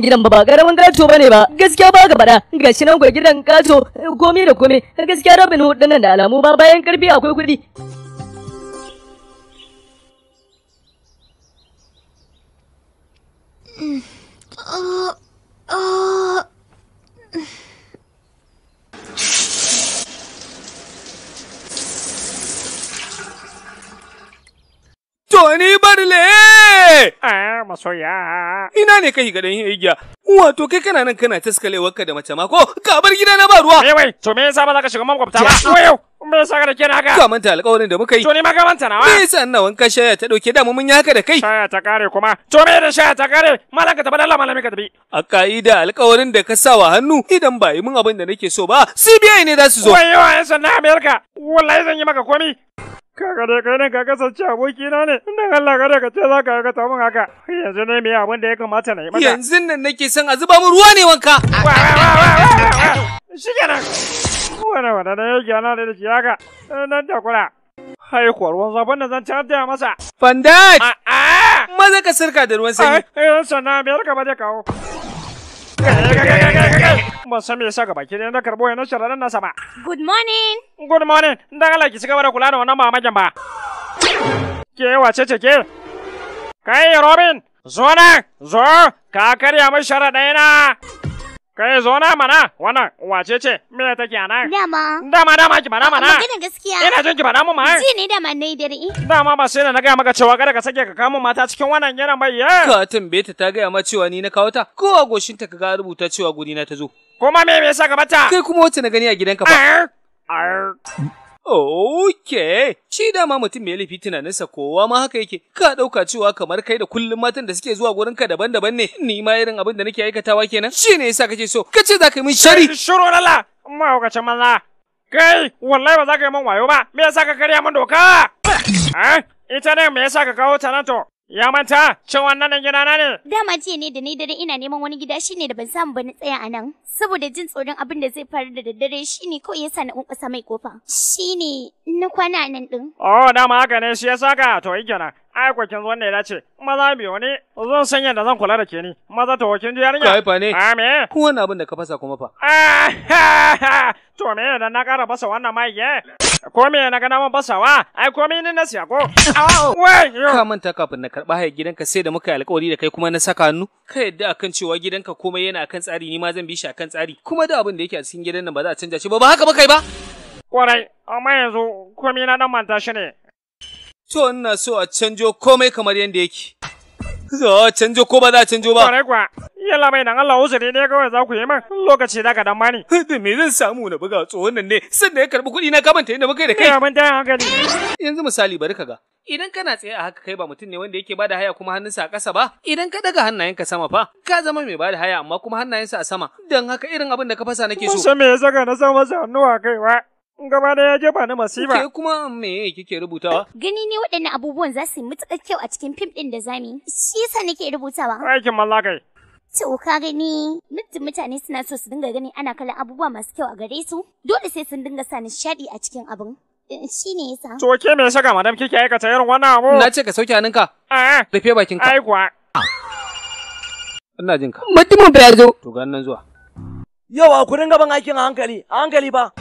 wannan gidan ba ba garamin gato bane ba gaskiya ba ga bada gashi nan kuwa gidan gato komai da komai gaskiya rabin hudun nan da alamu ba bayan karfi akwai kuɗi Uh, uh... Sony Barle! A masoya. Ina ne kai ga yin igiya? Wato kai kana nan kana taskalewar ka da mace ma ko ka bar gida na ba ruwa. wai, to me yasa ba za ka shiga makwabta ba? Wayo, me yasa ka da kenan haka? Ka manta alƙawarin da muka yi. To ni ma ka manta nawa. Me yasa ina wanka shaya ta dauke da mu mun yi haka da kai? Shaya ta kare kuma. To me da shaya ta kare? Malam ka tabbata dalla malami ka tabi. A ka'ida alƙawarin da ka sa wa hannu idan ba yi mun abin da nake so ba, CBI ne za su zo. Wai 'yan sanda Amerika. Wallahi zan yi maka komi. Kaga ka kai ne ka kasance abokina ne, Inda Allah kada ka ce za ka ta mun haka. Yanzu ne me abin da ya kamata na yi mata. Yanzu nan nake son a zuba min ruwa ne wanka. Shi kenan. Wani wani ne yau ana da shi haka, eh, nan takura. Haikuwar ruwan zafin da zan ya masa. Bandaj! Maza ka sirka da ruwan sanyi. sannan biyar ka ba kawo. Ban san me yasa ga baki na karbo yana shararan nasa ba. Good morning. Good morning. Dan Allah ki cigaba bara kula da wannan mama ba. Ke wace ce ke? Kai Robin, zo nan, zo, ka karya min sharaɗa yana? Kai zo na mana wannan wace ce me take a nan? Dama. Dama dama ki bana mana. Maganin gaskiya. Ina jin ki bana mu ma. Ji ne da nayi dare. Dama ba sai na gaya maka cewa kada ka sake ka kamo mata cikin wannan yaran bai ya. Ka tambaye ta ta gaya ma cewa ni na kawo ta. Ko a goshin ta ka ga rubuta cewa guri na ta zo. Kuma me me yasa ka bata? Kai kuma wacce na gani a gidanka ba Ok, shi dama mutum mai laifi tunaninsa kowa ma haka yake, ka ɗauka cewa kamar kai da kullum matan da suke zuwa gurinka daban-daban ne, ni ma irin abin da nake aikatawa kenan, shi ne yasa kake so, ka za ka yi min shari. Shiro lala, ma haukace maza, kai wallahi ba za ka yi min wayo ba, me yasa ka karya min doka? Eh? Ita ne me yasa ka kawo ta to? Ya manta Cin wannan nan na ne. Dama jiya ne da ni dare ina neman wani gida shine da ban samu ba na tsaya a nan. Saboda jin tsoron abin da zai faru da daddare shine kawai yasa na kunkusa mai kofa. Shine na kwana nan din. Oh dama haka ne shi yasa ka to yi kenan. Ai ko kin wanda ya dace. Maza biyo ne zan sanya da zan kula da ke ni. Maza to kin ji yarinya. Kai fa ne. A ah, me? Ko wannan abin da ka fasa kuma fa. Ah, to me dan na kara fasa wannan mai ye. Ko me na ga naman basawa? Ai komai ne na siya ko. Wai, ka manta kafin na karba hayar gidanka sai da muka yi alƙawari da kai kuma na saka hannu. Ka yadda akan cewa gidanka komai yana akan tsari ni ma zan bi shi akan tsari. Kuma da abin da yake a cikin gidan nan ba za a canja shi ba ba haka ba kai ba. Kwarai, amma yanzu komai na dan manta shi ne. To ina so a canjo komai kamar yadda yake. canjo ko ba za a canjo ba. Kwarai kwa, yalla mai na Allah usuri ne kawai za ku yi min lokaci da kadan mani. Da me zan samu na buga tsohon nan ne sannan ya karɓi kuɗi na kamanta yadda muka yi da kai. Ya ban tayan hankali. Yanzu misali bari ka ga. Idan kana tsaye a haka kai ba mutum ne wanda yake da haya kuma hannunsa a ƙasa ba, idan ka daga hannayenka sama fa, ka zama mai bada haya amma kuma hannayensa a sama, don haka irin abin da ka fasa nake so. Musa me ya saka na sama hannu a kai Gaba da ya je ba na masifa. Ke kuma me kike rubutawa? Gani ne waɗannan abubuwan za su yi matuƙar kyau a cikin fim ɗin da zamu yi. Shi yasa nake rubutawa. Aikin mallakai. To ka gani mutum mutane suna so su dinga gani ana kallon abubuwa masu kyau a gare su dole sai sun dinga sa nishaɗi a cikin abin. Eh, shi ne yasa. To ke me saka madam kike aikata irin wannan abu? Na ce ka sauke hannunka. Eh. Rufe bakinka. Ai kuwa. Ina jin ka. Mutumin bai zo. To ga nan zuwa. Yau a ku dinga ban aikin a hankali, a hankali ba.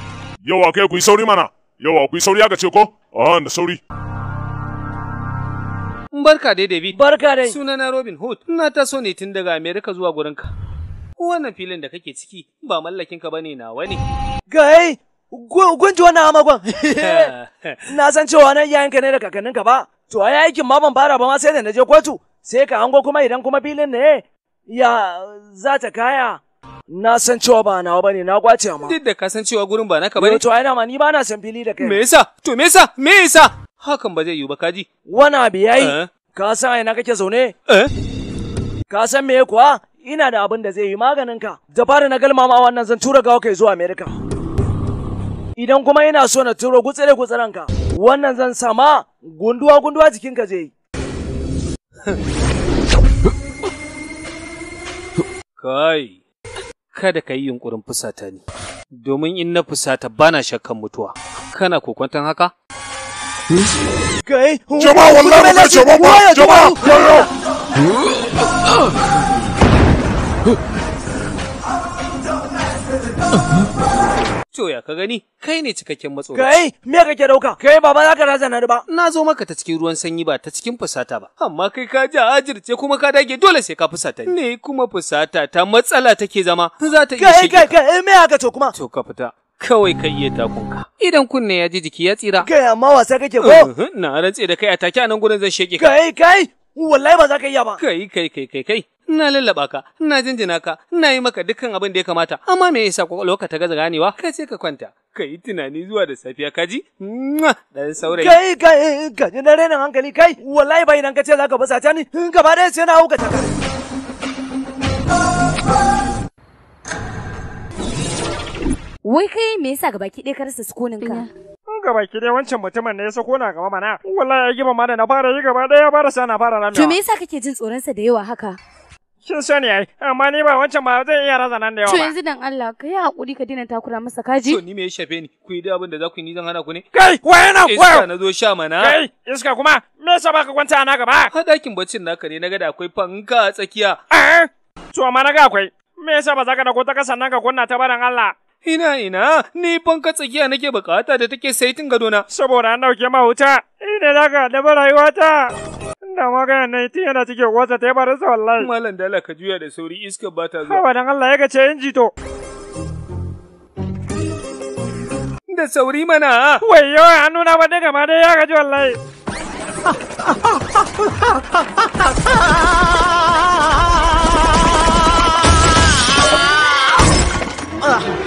Yawa kai ku yi sauri mana. Yawa ku yi sauri aka ce ko? Ah, da sauri. Barka dai David. Barka dai. Sunana Robin Hood. Ina taso ne tun daga Amerika zuwa gurinka. Wannan filin da kake ciki ba mallakin ka bane nawa ne. ga gunji wannan amagon. Na san cewa nan ka ne da kakannin ka ba. To ai aikin ma ban fara ba ma sai da na je kotu. Sai ka hango kuma idan kuma filin ne ya za ta kaya. na san cewa ba nawa bane na gwace ma duk da ka san cewa gurin ba naka bane to ai ma ni ba na san fili da kai me yasa to me yasa me yasa hakan ba zai yiwu ba kaji wani abu yayi eh? ka san ai na kake zaune eh? ka san me kuwa ina da abin da zai yi maganin ka da fara na galma ma wannan zan tura gawa kai zuwa America idan kuma ina so na turo gutsire gutsiren ka wannan zan sama gunduwa gunduwa jikinka zai yi Kai, kada ka yi yunkurin fusata ni domin in na fusata ba na shakkan mutuwa kana kokwantan haka Gai! jama'a wallahi ba jama'a jama'a wallahi to ya ka gani kai ne cikakken matsoro. Kai me kake dauka? Kai baba za ka razana ni ba. Na zo maka ta cikin ruwan sanyi ba ta cikin fusata ba. Amma kai ka ji ajirce kuma ka dage dole sai ka fusata ni. Ne kuma fusata ta matsala take zama za ta iya shige Kai kai kai me haka to kuma? To ka fita. Kawai ka iya takunka. Idan kunne ya ji jiki ya tsira. Kai amma wasa kake ko? Uh-huh, na rantse da kai a take a nan gurin zan sheke ka. Kai kai wallahi ba za ka iya ba. Kai kai kai kai kai. na lallaba ka, na jinjina ka, na yi maka dukkan abin da ya kamata, amma me yasa ka ta gaza ganewa? Ka ce ka kwanta, ka yi tunani zuwa da safiya ka ji? Dan saurayi. Kai kai ka ji na renin hankali kai, wallahi bai nan ka ce za ka basa ta ni, gaba ɗaya sai na ka taka. Wai kai me yasa gaba ki ɗaya ka rasa sukunin ka? gaba ki dai wancan mutumin ne ya sako na gaba mana wallahi ya gima mana na fara yi gaba ɗaya ya fara sa na fara ramewa to me yasa kake jin tsoron sa da yawa haka Kin sani ai, amma ni ba wancan ba zan iya raza nan da yawa. To yanzu dan Allah ka yi hakuri ka dina takura masa kaji. To ni me ya shafe ni? Ku yi da abin da za ku yi ni zan hana ku ne? Kai, waye na Iska na zo sha mana. Kai, iska kuma me yasa baka kwanta a gaba? Ha dakin baccin naka ne naga da akwai fanka a tsakiya. Eh. To amma naga akwai. Me yasa ba za ka ko ta kasan nan ka kunna ta baran Allah? Ina ina, ni fanka tsakiya nake bukata da take saitin gadona. Saboda an ɗauke ma wuta, ina da ka da rayuwata. Ina magana na ita yana cike wata ta yaba sa wallahi. Malam dala ka juya da sauri iskar ba ta zuwa. Hawa dan Allah ya ga ce inji to. Da sauri mana. Wai yawa nuna ba daga ma dai ya gaji wallahi. Ah!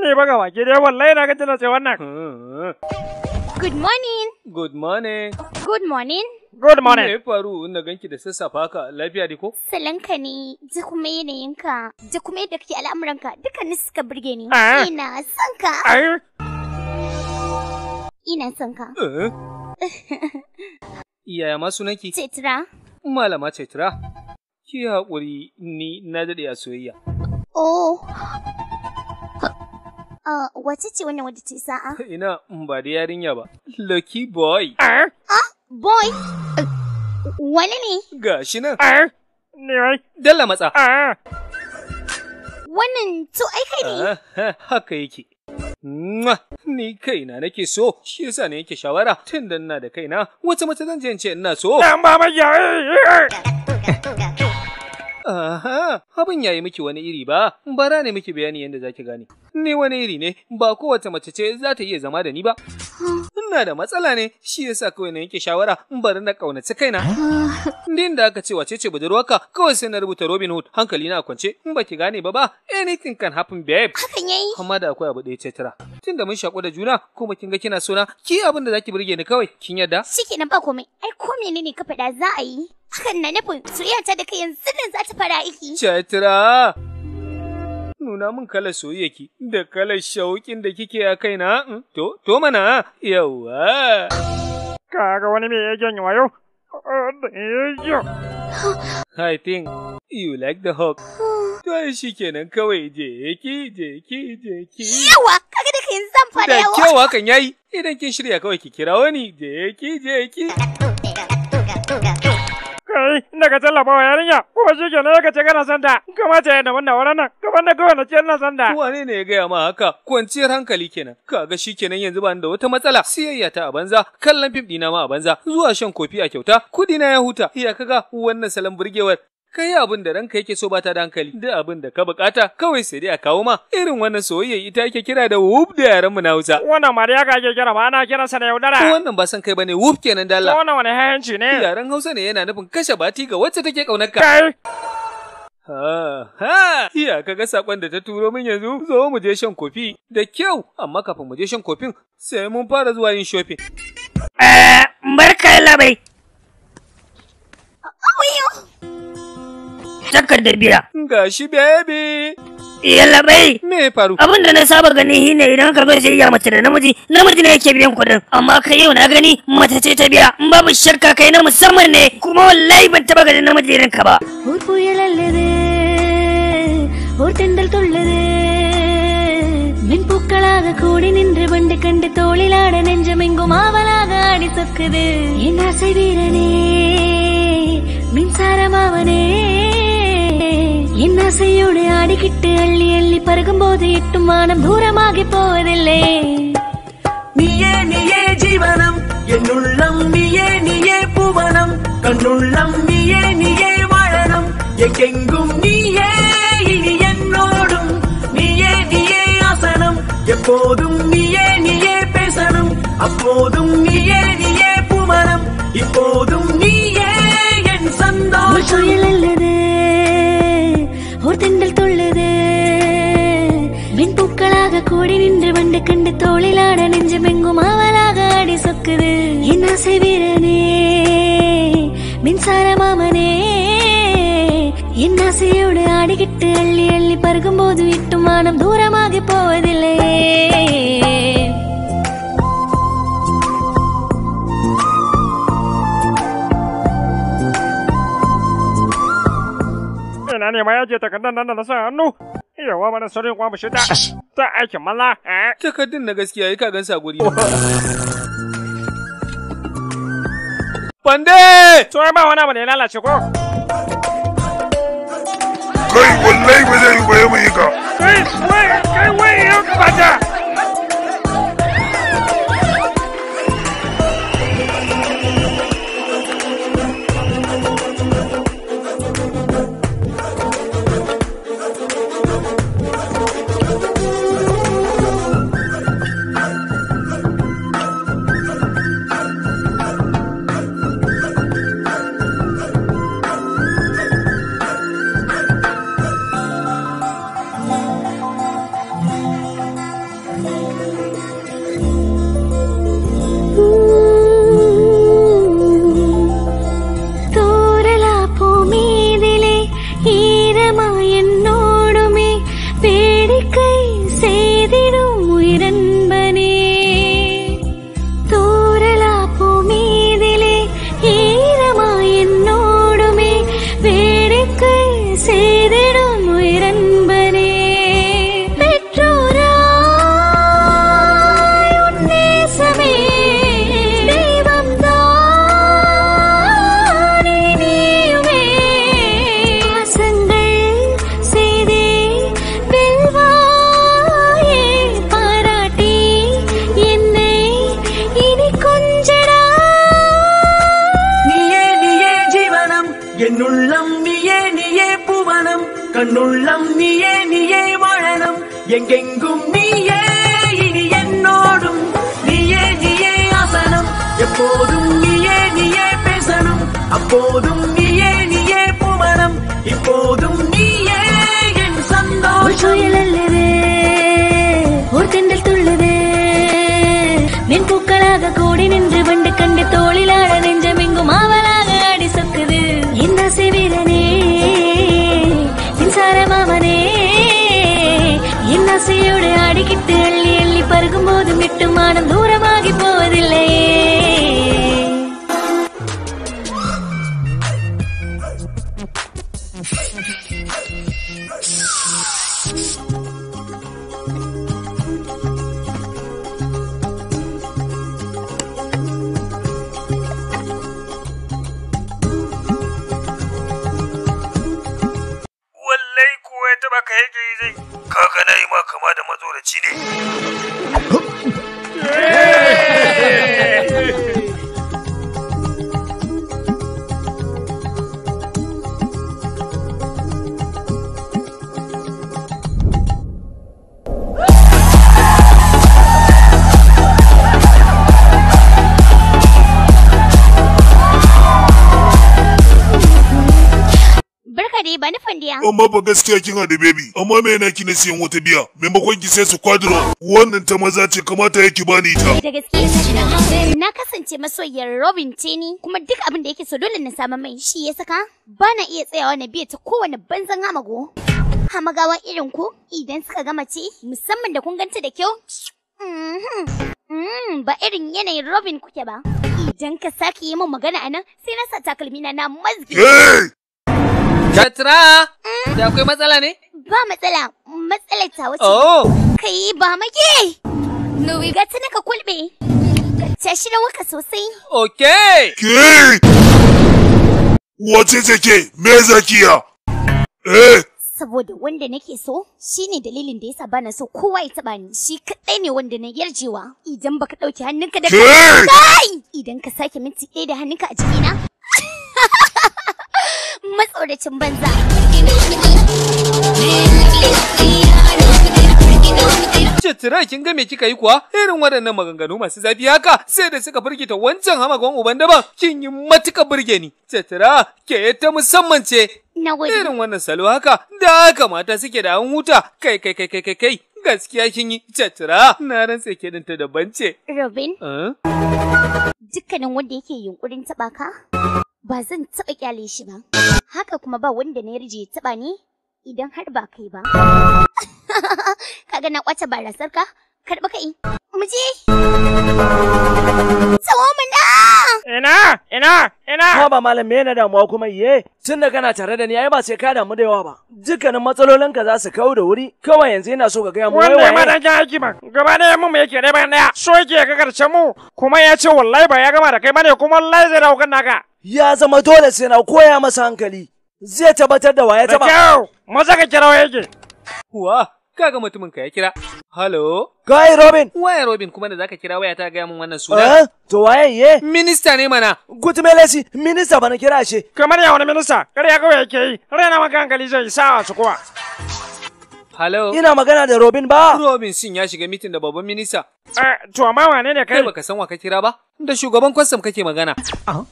ne eh, ba ga baki dai wallahi na ga tana good wannan. Hmm. Good morning. Good morning. Good morning. Me faru na ganki da sassafa ka lafiya ne ko? Salanka ne, ji kuma yanayinka, ji kuma yadda kake al'amuranka dukkanin suka burge ni. Ah. Ina son ka. Ina son ka. Iyaya eh. ma sunanki? Cetra. Malama Cetra. Ki haƙuri ni na daɗe a soyayya. Oh, Uh, wace ce wannan wadda ce sa'a? Ina ba da yarinya ba. Lucky boy. Ah, boy? Uh, Wani ne? Ga shi nan. Dalla matsa. Wannan to ai kai ne? Haka yake. Ni kaina nake so, shi yasa ne yake shawara tun da ina da kaina, wata mace zan je in ce ina so. Dan ba mai Aha, abin yayi miki wani iri ba, bara ne miki bayani yadda zaki gane. Ni wani iri ne, ba kowace mace ce za ta iya zama da ni ba. ina da matsala ne shi yasa kawai na yanke shawara in bari na kaunaci kaina din da aka ce wace ce budurwarka kawai sai na rubuta Robin Hood hankali na kwance in baki gane ba ba anything can happen babe hakan yayi amma da akwai abu da ya tira tunda mun shaku da juna kuma kin ga kina sona ki abin da zaki burge ni kawai kin yadda shike nan ba komai ai ko menene ka faɗa za a yi hakan na nufin soyayya da kai yanzu nan za ta fara aiki. ce nuna min kalar soyayyaki da kalar shauƙin da kike a kaina, hmm? to, to mana, yawa. Kaga wani me ya janye wayo? I think you like the hook. To shi kenan kawai je ki je ki je ki. Yawa, kaga da kin zan fada yawa. Da kyau hakan yayi. Idan kin shirya kawai ki kira wani je ki je ki. kai ina ka tallafa wa yarinya kuma shi kenan ka ce kana kuma ta kamata ya daban da wannan na da kawai na ce ina son wane ne ya gaya ma haka kwanciyar hankali kenan kaga shi kenan yanzu ba da wata matsala siyayya ta a banza kallon fim dina ma a banza zuwa shan kofi a kyauta kudi na ya huta iya kaga wannan salon burgewar Kai abin da ranka yake so ba ta da hankali duk abin da ka bukata kawai sai dai a kawo ma irin wannan soyayya ita yake kira da wuf da yaran mu na Hausa wannan mariya ka ake kira ba ana kira sa da yaudara wannan ba san kai bane wuf kenan dalla wannan wani hayanci ne yaran Hausa ne yana nufin kashe bati ga wacce take kaunar ka kai Ha, ha, iya kaga sakon da ta turo min yanzu zo mu je shan kofi da kyau amma kafin mu je shan kofin sai mun fara zuwa yin shopping. Eh, barka labai. Awiyo. takardar bira. Gashi baby. Yalla bai. Me faru? Abin da na saba gani shine idan ka bar shirya mace da namiji, namiji ne yake biyan kuɗin. Amma kai yau na gani mace ce ta biya. In babu shakka kai na musamman ne kuma wallahi ban taba ganin namiji irin ka ba. Oor puyal allade, oor tendal tullade. மின் பூக்களாக கூடி நின்று வண்டு கண்டு தோளிலாட நெஞ்சமெங்கும் ஆவலாக ஆடி சொக்குது என் ஆசை வீரனே மின்சாரமாவனே ஆடிக்கிட்டு என் ஆசையோடு ஆடிக்கிட்டு அள்ளி அள்ளி பருகும் போது எட்டும் வானம் தூரமாகி போவதில்லை நீயே நீயே ஜீவனம் என்னுள்ளம் நீயே நீயே புவனம் கண்ணுள்ளம் நீயே நீயே வாழனம் எங்கெங்கும் நீயே இனி என்னோடும் நீயே நீயே ஆசனம் எப்போதும் நீயே நீயே பேசணும் அப்போதும் நீயே நீயே புவனம் இப்போதும் நீயே என் சந்தோஷம் கூடி நின்று வண்டு கண்டு தோளிலாட நெஞ்சு மெங்கும் அவலாக அடி சொக்குது என்ன செய்வீரனே மின்சார மாமனே என்ன செய்யோடு அடிக்கிட்டு அள்ளி அள்ளி பருகும் போது இட்டும் மானம் தூரமாகி போவதில்லையே ನಾನು ಯಾವ கண்டா நான் நசா அண்ணு ಅನ್ನು ಯಾವ சொல்லி ಕಾಮ ಶಿದ ta aiki mana. Eh? Takardun na gaskiya yi kagan sa guri. Bande! To ba wani abu da ya lalace ko? Kai wallai ba zai yi ba ya mai ka. Kai wai, kai wai ya bata. gaskiya kin haɗu baby amma me yana kina siyan wata biya maimakon ki sai su kwadro wannan ta maza ce kamata yake bani ita da gaskiya na kasance masoyiyar Robin Tini kuma duk abin da yake so dole na samu mai shi ya saka bana iya tsayawa na biya ta kowane banzan hamago hamagawa irin ku idan suka gama ce musamman da kun ganta da kyau mhm. mm, ba irin yanayin Robin kuke ba idan ka sake yi min magana anan sai na sa takalmina na mazgi Jatra! Da akwai matsala ne? Ba matsala, matsalar ta wace. Oh! Kai ba mage! Nuwi ga ta naka kulbe. Ta shi na waka sosai. Okay! Ke! Wace ce Me zakiya? Eh! Saboda wanda nake so shine dalilin da yasa bana so kowa ya taba ni shi kadai ne wanda na yarjewa idan baka dauke hannunka da kai idan ka sake minti ɗaya da hannunka a jikina matsoracin banza Cetira kin ga me kika yi kuwa irin waɗannan maganganu masu zafi haka sai da suka firgita wancan hamagon uban daban kin yi matuka burge ni Cetira ke ta musamman ce irin wannan salo haka da haka mata suke da an huta kai kai kai kai kai gaskiya kin yi catra na rantse ke din ta daban ce. Robin. Eh? Dukkanin wanda yake yunkurin taba ka ba zan taɓa kyale shi ba. Haka kuma ba wanda na yarje ya taɓa ni idan har ba kai ba. Kaga na kwace barasar ka? Karɓi kai. Mu je. Tsawo mu na. Ina, ina, ina. Ka ba malam me na damuwa kuma ye? Tun da kana tare da ni ai ba sai ka damu da yawa ba. Dukkanin ka za su kawo da wuri. Kawai yanzu ina so ka gaya mu wai wai. Wannan ma dan jan aiki ba. Gaba ɗaya mun yake dai bayan ɗaya. So yake ka karshen mu. Kuma ya ce wallahi ba ya gama da kai bane kuma wallahi zai dawo kan naka. ya zama dole sai na koya masa hankali zai tabbatar da waya taba. Kyau, maza ka kira yake. Wa, kaga mutumin ka ya kira. Halo? Gai Robin. Waye Robin kuma da zaka kira waya ta gaya min wannan suna? Eh, to waye ye? Minista ne mana. melesi, minista bana kira shi. Kamar ya wani minista, kar ya kawai yake yi. Raina maka hankali zai sawa su kuwa. Halo? Ina magana da Robin ba. Robin sin ya shiga mitin da babban minista. Eh, to amma wane ne kai? Kai baka san wa ka kira ba? Da shugaban kwastam kake magana. Ah.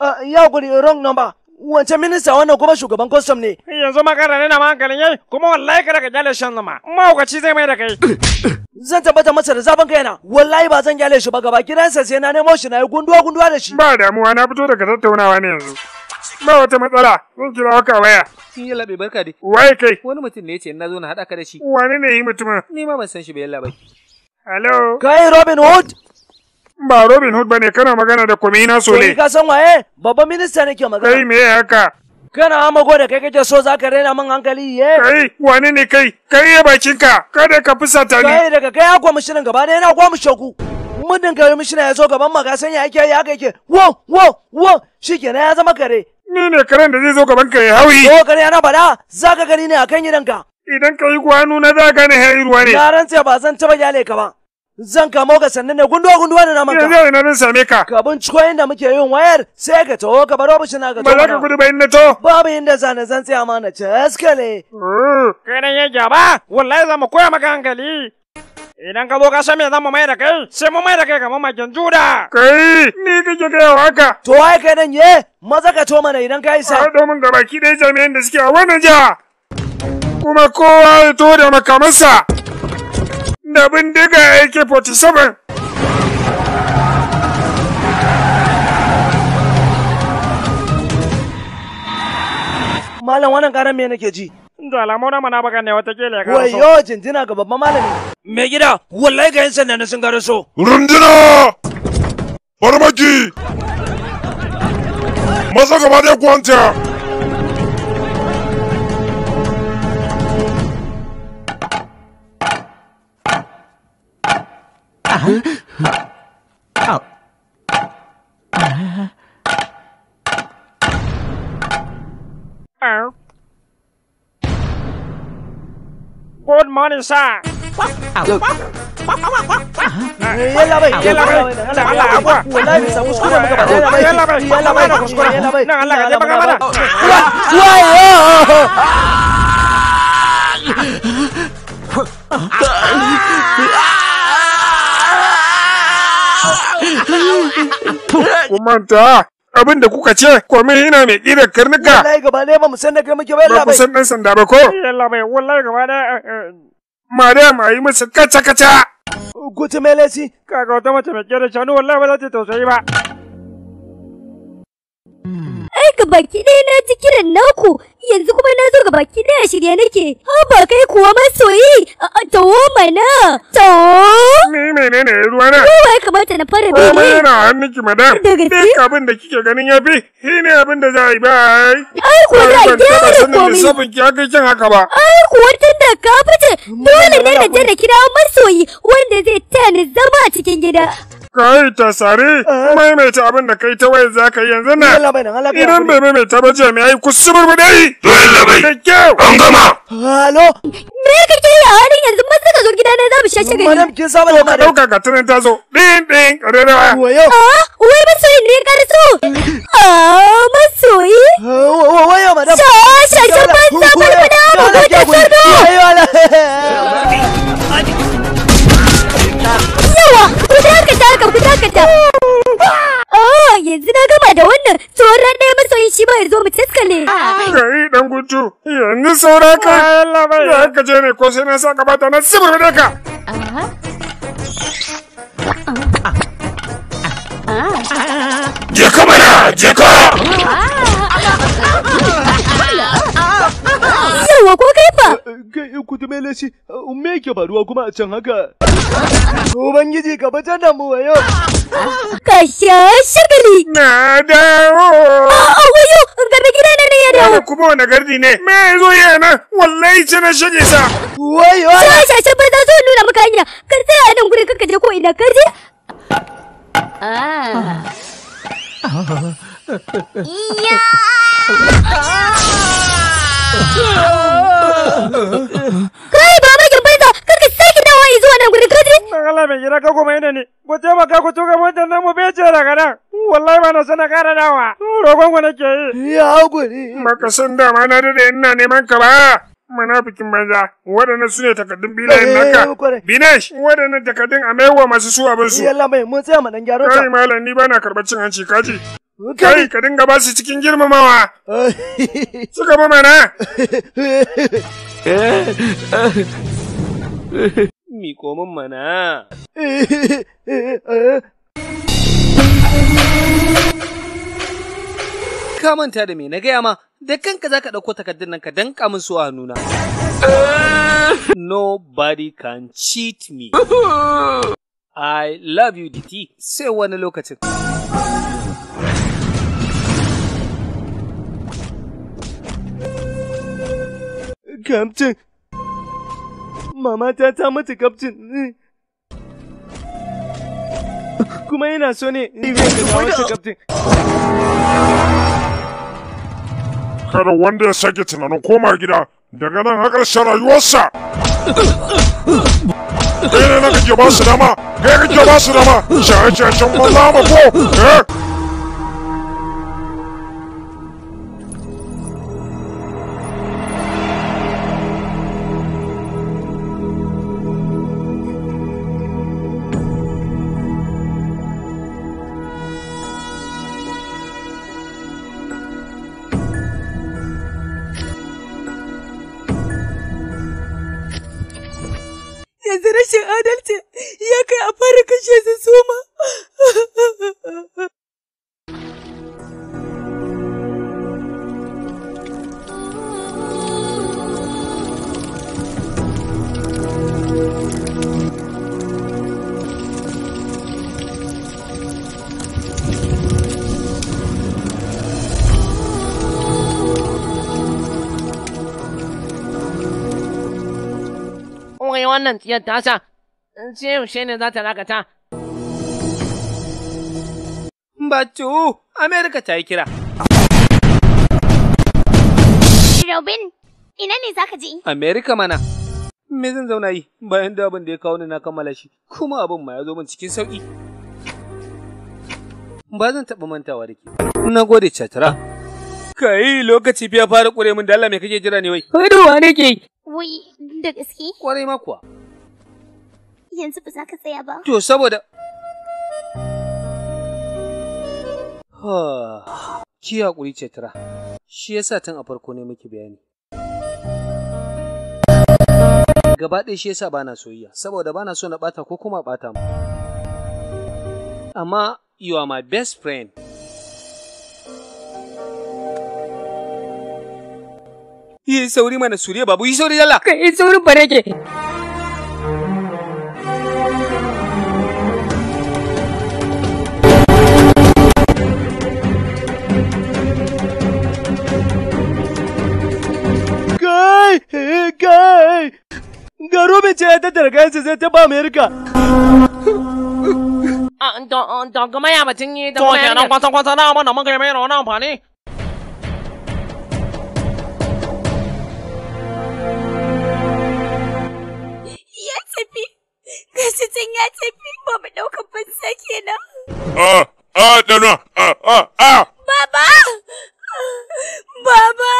Eh, ya guri wrong number wancan minista wannan kuma shugaban custom ne eh, yanzu ma kana nuna hankalin yai, kuma wallahi kada ka kyale shan zama mahaukaci zai mai da kai zan tabbata masa da kai na. wallahi ba zan kyale shi ba gaba gidansa sai na nemo shi na yi gunduwa gunduwa da shi ba damuwa na fito daga tattaunawa ne yanzu ba wata matsala zan kira haka waya kin yi labe barka dai wai kai wani mutum ne yace na zo na hada ka da shi wani ne yi mutumin ni ma ban san shi ba yalla bai hello kai robin hood Ba Robin Hood bane kana magana da Kwamina Sole. Ka san waye? Babban minista ke magana. Kai me haka? Kana amago da kai kake so za ka rena min hankali ye? Eh? Kai wani ne kai? Kai ya bakinka kada ka fusata ni. Kai daga kai akwa mishirin gaba da yana kwa mushaku. Muddin kai mishina ya zo gaban maka san ya yake ya yake. Wo wo wo shikenan ya zama kare. Ni ne karen da zai zo gaban ka ya hauyi. Ko kare yana bada za ka gani ne akan gidanka. Idan ka yi kwano na za ka ne ya yi ruwa ne. Yaran ce ba zan taba gyale ka ba. zan kamo ka sannan ne gunduwa gunduwa da na maka Yanzu ina nan same ka. Ka ciko inda muke yin wayar sai ka taho ka bar bishin na ka to Ba ka gudu bayin na to. Babu inda zane zan tsaya ma na caskale. Mm. Kai nan ya jaba? wallahi za mu koya maka hankali. Idan ka zo ka san me zan mu mai da kai sai mu mai da kai kamar makin juda. Kai ni kake gaya haka. To ai kai nan ye maza ka to mana idan ka yi sa. Domin gabaki ɗaya jami'an da suke a wannan jiha. Kuma kowa ya to da makamansa. da bindiga AK-47. Malam wannan karan me nake ji? Da alamu na mana baka ne watakila ya karaso. Wayo jinjina ga babban malami. Me gida, wallahi ga yan sanda na sun karaso. Runduna! Farmaki! masa gaba dai kwanta! à, à, à. Good morning, sir. Quắc, à, quắc, quắc, quắc, quắc, quắc. Yên là mày, ừ. yên là mày. Jangan lah gua. Mulai bisa musuh sama kepada Yan Labai. Yan Labai, Yan Labai, Yan Labai. Nah, anak aja bagaimana? Wah, wah. Ah! Ku manta abin da kuka ce komai yana mai ƙira karnuka. Wallahi gaba ɗaya ba mu san na kai muke ba. Ba mu san ɗan sanda ba ko? Yalla eh, bai wallahi gaba ɗaya. Eh, eh. Madam a yi musu kaca kaca. Gutu melesi. Kaka wata mace mai ƙira shanu wallahi ba za ta tausayi ba. ai baki ɗaya na ji kiran naku yanzu kuma na zo ga baki ɗaya a shirye nake haba kai kuwa masoyi tawo mana tawo ne menene ruwa na ruwa ya kamata na fara bene ruwa yana hannunki madam da gaske duk abin da kike ganin ya fi shi ne abin da za a yi bai ai kuwa da gyara komai lissafin ki haka kin haka ba ai kuwa tun da ka fice dole ne na je na kira masoyi wanda zai tani zama a cikin gida Kai ta sare, maimaita abin da kai ta wayar za ka yi yanzu na. Idan bai maimaita ba jami'ai ku suburbuɗe yi. Dole labai. Da kyau. An gama. Halo. Me kake yi a wani yanzu mun suka zo gidana za mu shashe gari. Madam kin saba da ka dauka ka tunan ta zo. Din din ƙarerawa. Wayo. Ah, wai masoyin ne ka rasu. Ah, masoyi. Wayo madam. Shashe ban sabar mu da mu gudun sardo. Wayo. maganar tsoron ɗaya masoyin shi ba ya zo mu taskale. Kai dan gudu yanzu saura ka kayan labai ya ka je ne ko sai na sa gabata na sibir da ka. Je mana je Yawa ko kai fa? Kai kudu mai lashi me yake faruwa kuma a can haka? Ubangiji ka fitar da mu wayo. Ka sha shagali. Na dawo. A wayo garda gida na ne ya dawo. Kuma wani gardi ne? Me ya zo ya nan? Wallahi ce na shige sa. Wayo. Sha sha sha bar da zo nuna maka hanya. Kar tsaya a nan gurin kanka je ko ina kar je. Ya! Ah. Kai baba gimbarta kar ka sake dawowa zuwa nan gurin don Allah mai gida ka kuma yana ne ku taimaka ku tuka motar nan mu bece daga nan wallahi ba na sana kara dawa rogon ku nake yi ya gudi. maka san dama na da ina neman ka ba manafikin banza waɗannan su ne takardun bilayen eh, naka binesh waɗannan takardun a maiwa masu su abin su yalla mai mun tsaya madan gyaro ta kai malam ni bana karɓar cin hanci kaji kai ka dinga ba su cikin girmamawa eh. suka ba mana miƙo min mana. Ka manta da me na gaya ma, da kanka za ka ɗauko takardun nan ka danka min su a nuna. Nobody can cheat me. I love you DT sai wani lokacin. Captain, mamata ta mata kaftin. Kuma yana so ne in zai kaftin. Kada wanda ya sake tunanin koma gida daga nan har ƙarshen rayuwarsa. Kai ne na kake ba su dama, kai kake ba su dama, shahararren can ko, eh? yanzu rashin adalci ya kai a fara kashe su suma. wannan tsiyar tasa, sai yaushe ne za ta dakata. Batu, Amerika ta yi kira. Robin, ina ne za ka je? Amerika mana. Me zan zauna yi bayan da abin da ya kawo ni na kammala shi, kuma abin ma ya zo min cikin sauƙi. Ba zan taɓa mantawa da ke. Na gode, Chatara. Kai lokaci fiya fara ƙure min da Allah mai kake jira ne wai? Wani da wa ke. Wai, da gaske? Kwarai ma kuwa. Yanzu ba za ka tsaya ba. To, saboda... Ki haƙuri ce tara, shi yasa tun a farko ne muke bayani. Gaba ɗaya shi yasa ba na soyayya, saboda ba na so na ɓata ko kuma ɓata mu. Amma, you are my best friend. yi sauri mana suriya babu yi sauri yalla ka yi sauri bare ke. kai kai garo mai ce ta targansa sai ta ba amerika ah, don gama ya batun yi da wani yanar kwata-kwata na abin da muka yi mai rona amfani tafi. Gashi can ya tafi ba mu ɗaukan fansa kenan. Ah, ah, dana, ah, ah, ah. Baba! Baba!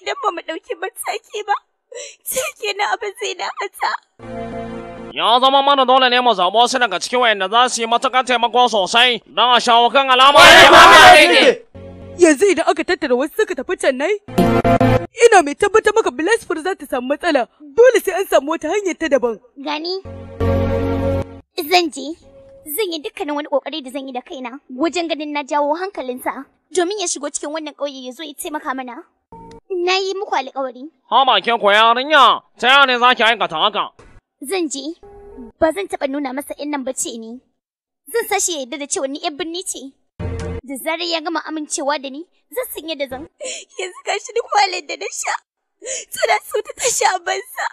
Idan ba mu ɗauki mataki ba, sai kenan abin zai na hata. ya zama mana dole ne mu zaɓo su daga cikin wayanda za su yi matuƙar taimako sosai don a shawo kan alama alamar yanzu idan aka tattara wasu suka tafi Chennai ina mai tabbatar maka Blessful za ta samu matsala dole sai an samu wata hanyar ta daban gani zan je zan yi dukkanin wani kokari da zan yi da kaina wajen ganin na jawo hankalinsa domin ya shigo cikin wannan ƙauye ya zo ya taimaka mana na yi muku alƙawari ha bakin ko yarinya ta yare za ki aikata haka Zan je, ba zan taɓa nuna masa in nan bace ni. Zan sashi ya yarda da cewa ni ‘yan birni ce. Da zarar ya gama amincewa da ni, zan san yadda zan. Yanzu ka shi duk wahalar da na sha. Tana so ta tashi a bansa.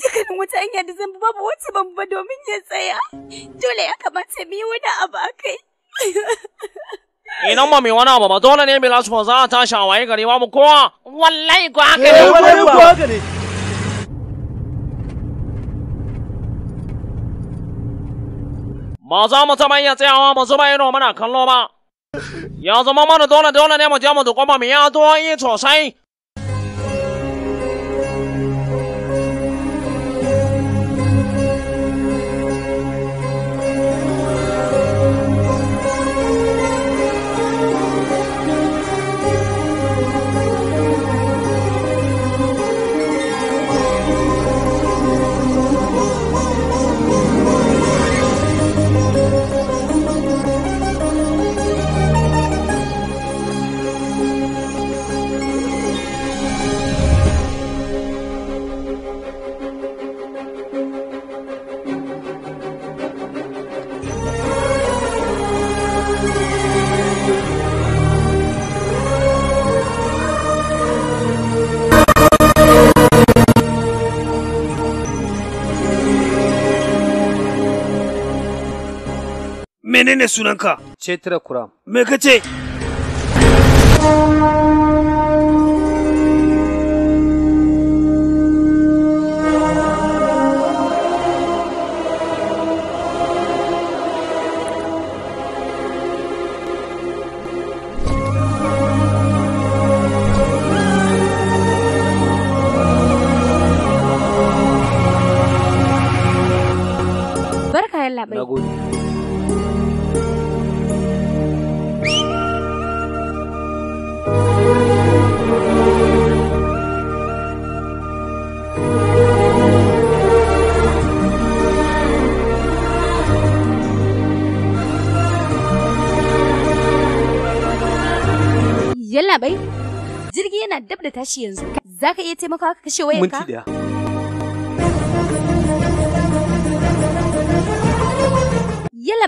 Tsakanin wata hanya da zan babu wata ban ba domin ya tsaya. Dole ya kamata mu yi wani abu a kai. Idan ba mai wani abu ba dole ne mai lasfo za a tashi a waye gari ba mu kowa. Wallahi ko haka ne. Eh, wallahi ko haka ne. 马做么？做半夜这样啊！莫做半夜弄么那啃老吗？要是妈妈的多了，多了那莫叫么祖国妈啊多一撮人。menene sunanka? Cetra Kuram. Me kace? tashi yanzu za ka iya taimakawa ka kashe wayarka. minti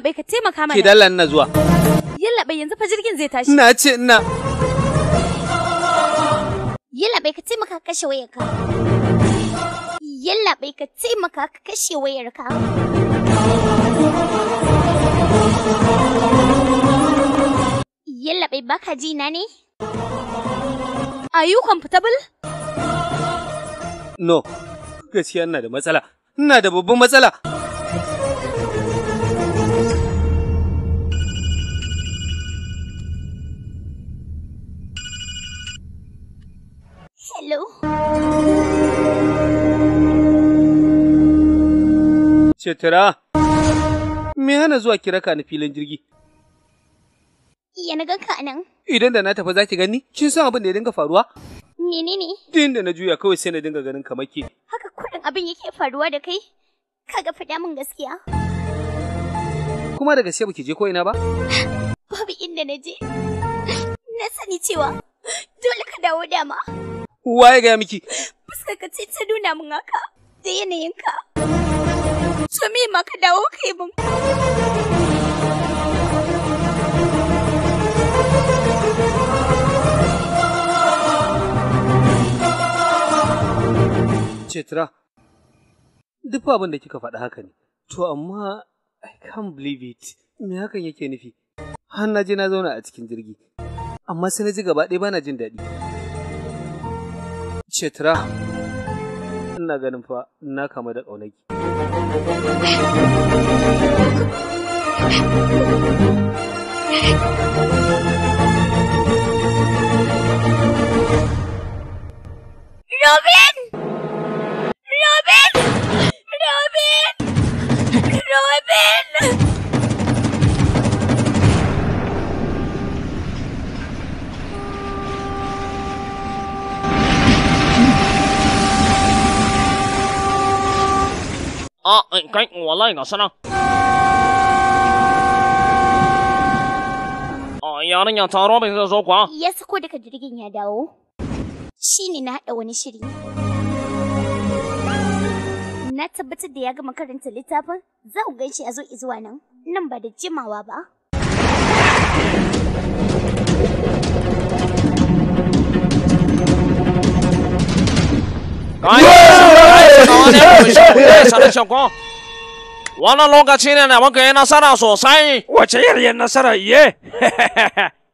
bai ka taimaka mana ke dalla ina zuwa bai yanzu fa jirgin zai tashi ina ce ina bai ka taimaka ka kashe wayarka. ka bai ka taimaka ka kashe baka na ne? Are you comfortable? No, gaskiya ina da matsala. Ina da babban matsala. Hello. Cetira, me hana zuwa kiraka na filin jirgi? Iya na ganka nan. Idan da na tafi zaki ki gani, kin san abin da ya dinga faruwa? Menene? Din da na juya kawai sai na dinga ganin kamar ke. Haka kuɗin abin yake faruwa da kai? Kaga faɗa min gaskiya. Kuma da gaskiya baki je ko ina ba? Babu inda na je. Na sani cewa dole ka dawo da dama. Waye gaya miki? Fuskar ka ce ta nuna min haka da yanayinka. me ma ka dawo kai mun. Cetra, duk abin da kika faɗa haka ne, to amma I can't believe it, me hakan yake nufi? Har na je na zauna a cikin jirgi, amma sai na ji gaba ɗaya bana jin daɗi. Cetra, ina ganin fa na kama da ƙaunaki. Robin! Robin! Robin! Robin! À, cách ngủ lại ngủ sao nào? Ờ, nhà nó nhà cháu Robin rồi quá. Yes, cô đã cần đi nhà đâu. Shi ne na haɗa wani shiri. na tabbatar da ya gama karanta littafin za ku gan a zo izuwa nan nan ba da jimawa ba. Wannan lokaci ne na muka yi nasara sosai. Wace yaryar nasara iye?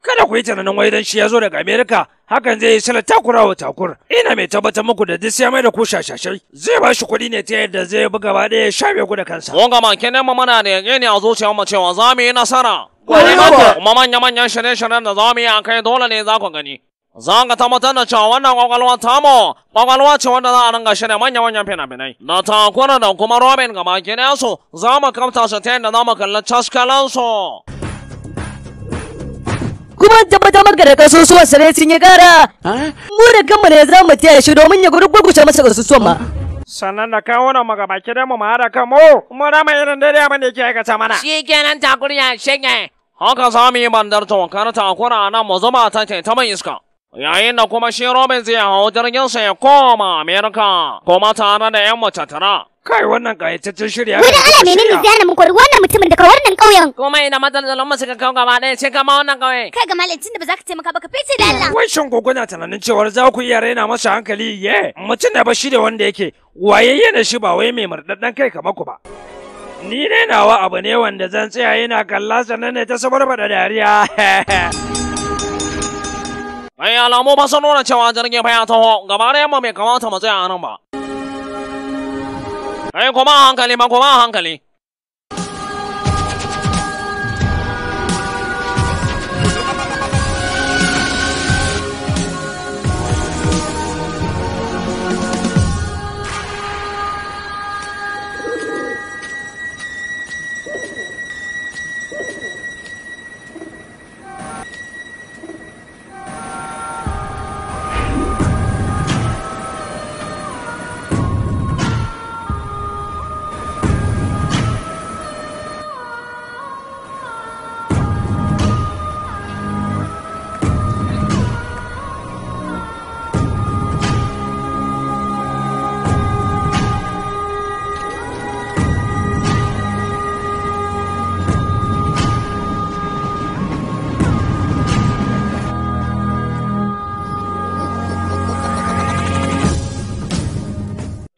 Kada ku yi tunanin wai dan shi ya zo daga Amerika hakan zai yi sila takura wa takur ina mai tabbatar muku da duk ya mai da ku shashashai zai ba shi kuɗi ne ta yadda zai buga ba ɗaya sha bai da kansa. Wanga ma kenan mu mana da yanke eh, ne a zuciyar mu cewa za mu yi nasara. Kuma manya-manyan shirye-shiryen da za mu yi a kai dole ne za ku gani. Za ka tabbatar da cewa wannan kwakwalwa tamu kwakwalwa ce wanda za a ringa shirya manya-manyan fina-finai. na takura da kuma Robin gaba kenan su za mu kamta su ta yadda za mu kalli caskalansu. kuma tabbatar maka da kasusuwan sa ne sun yi kara mu da kanmu ne za mu taya shi domin ya gudu gurgurce masa kasusuwan ma sannan da kawo na mu gaba da mu hada kan mu kuma da mai irin daidai abin da yake aikata mana shi kenan takurya shege haka sami yi bandar to takura a nan mu zama ta ta mai iska yayin da kuma shi Robin zai hau jirginsa ya koma Amerika kuma tare da ‘yan mace tara. Kai wannan gayataccen shirya. Wani ala menene zai da mukwari wannan mutumin daga wannan ƙauyen. Kuma ina matsalolin masu ka kawo gaba ɗaya ce kama wannan ƙauye. Kai ga malam tunda ba za ka taimaka ba ka fice da Allah. Wai shan gogona tunanin cewar za ku iya raina masa hankali ye. Mutum da ba shi da wanda yake wayayye da shi ba wai mai murɗaɗɗen kai kamar ku ba. Ni ne nawa abu ne wanda zan tsaya yana kalla sannan ne ta sabar da dariya. 哎呀，老母怕上路了，千万别在给跟别人吵火。我把你旁边搞我他妈这样弄吧。哎，过马行开离，吧，快马行开离。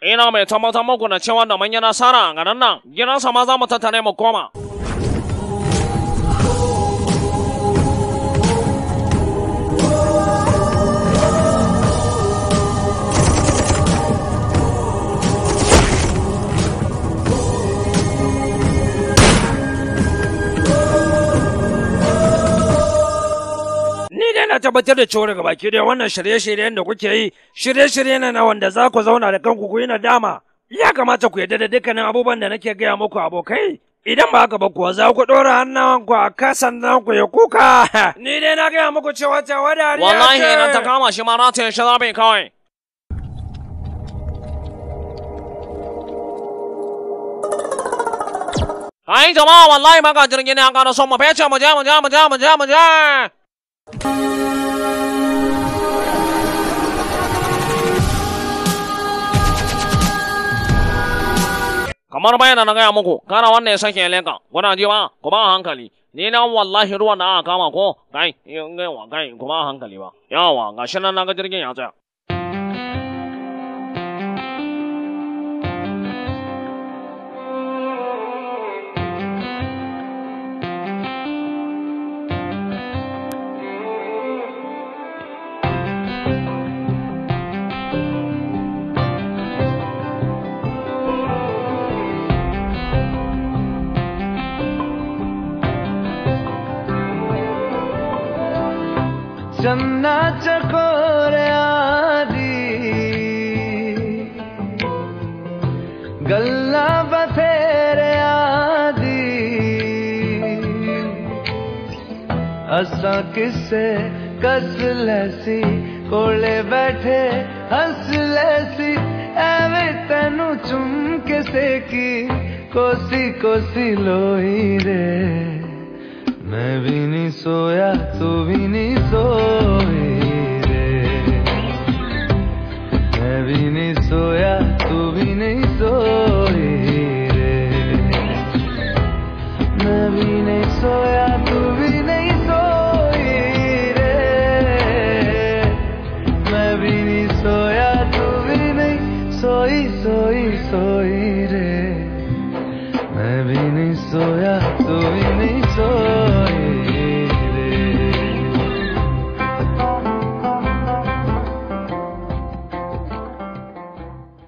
ina mai tamo-tamo cewa da manyan nasara ga nan nan gidan sama za mu tattare mu koma. ya tabbatar da cewa daga baki da wannan shirye-shiryen da kuke yi shirye shiryen na wanda za ku zauna da kanku ku yi nadama ya kamata ku yarda da dukkanin abubuwan da nake gaya muku abokai idan ba haka ba kuwa za ku ɗora ku a kasan nan ku ya kuka ni dai na gaya muku cewa ta wadariya wallahi na ta kama shi ma na ta shi zabe kawai ai jama'a wallahi maka jirgin ne an ƙara son mu fece mu je mu je mu je mu je mu je kamar bayan na gaya muku kana wannan ya sake leka kuna ji ba ku ba hankali ni na wallahi ruwan da aka kama ko kai in wa kai ku ba hankali ba yawa gashi nan naga jirgin ya tsaya जन्ना चकोर आदि गल्ला किसे कस लैसी कोले बैठे हस लसी एवे तेन चुम किसे की कोसी कोसी लोई रे मैं भी नहीं सोया तू भी नहीं सोई रे मैं भी नहीं सोया तू भी नहीं सोई रे मैं भी नहीं सोया तू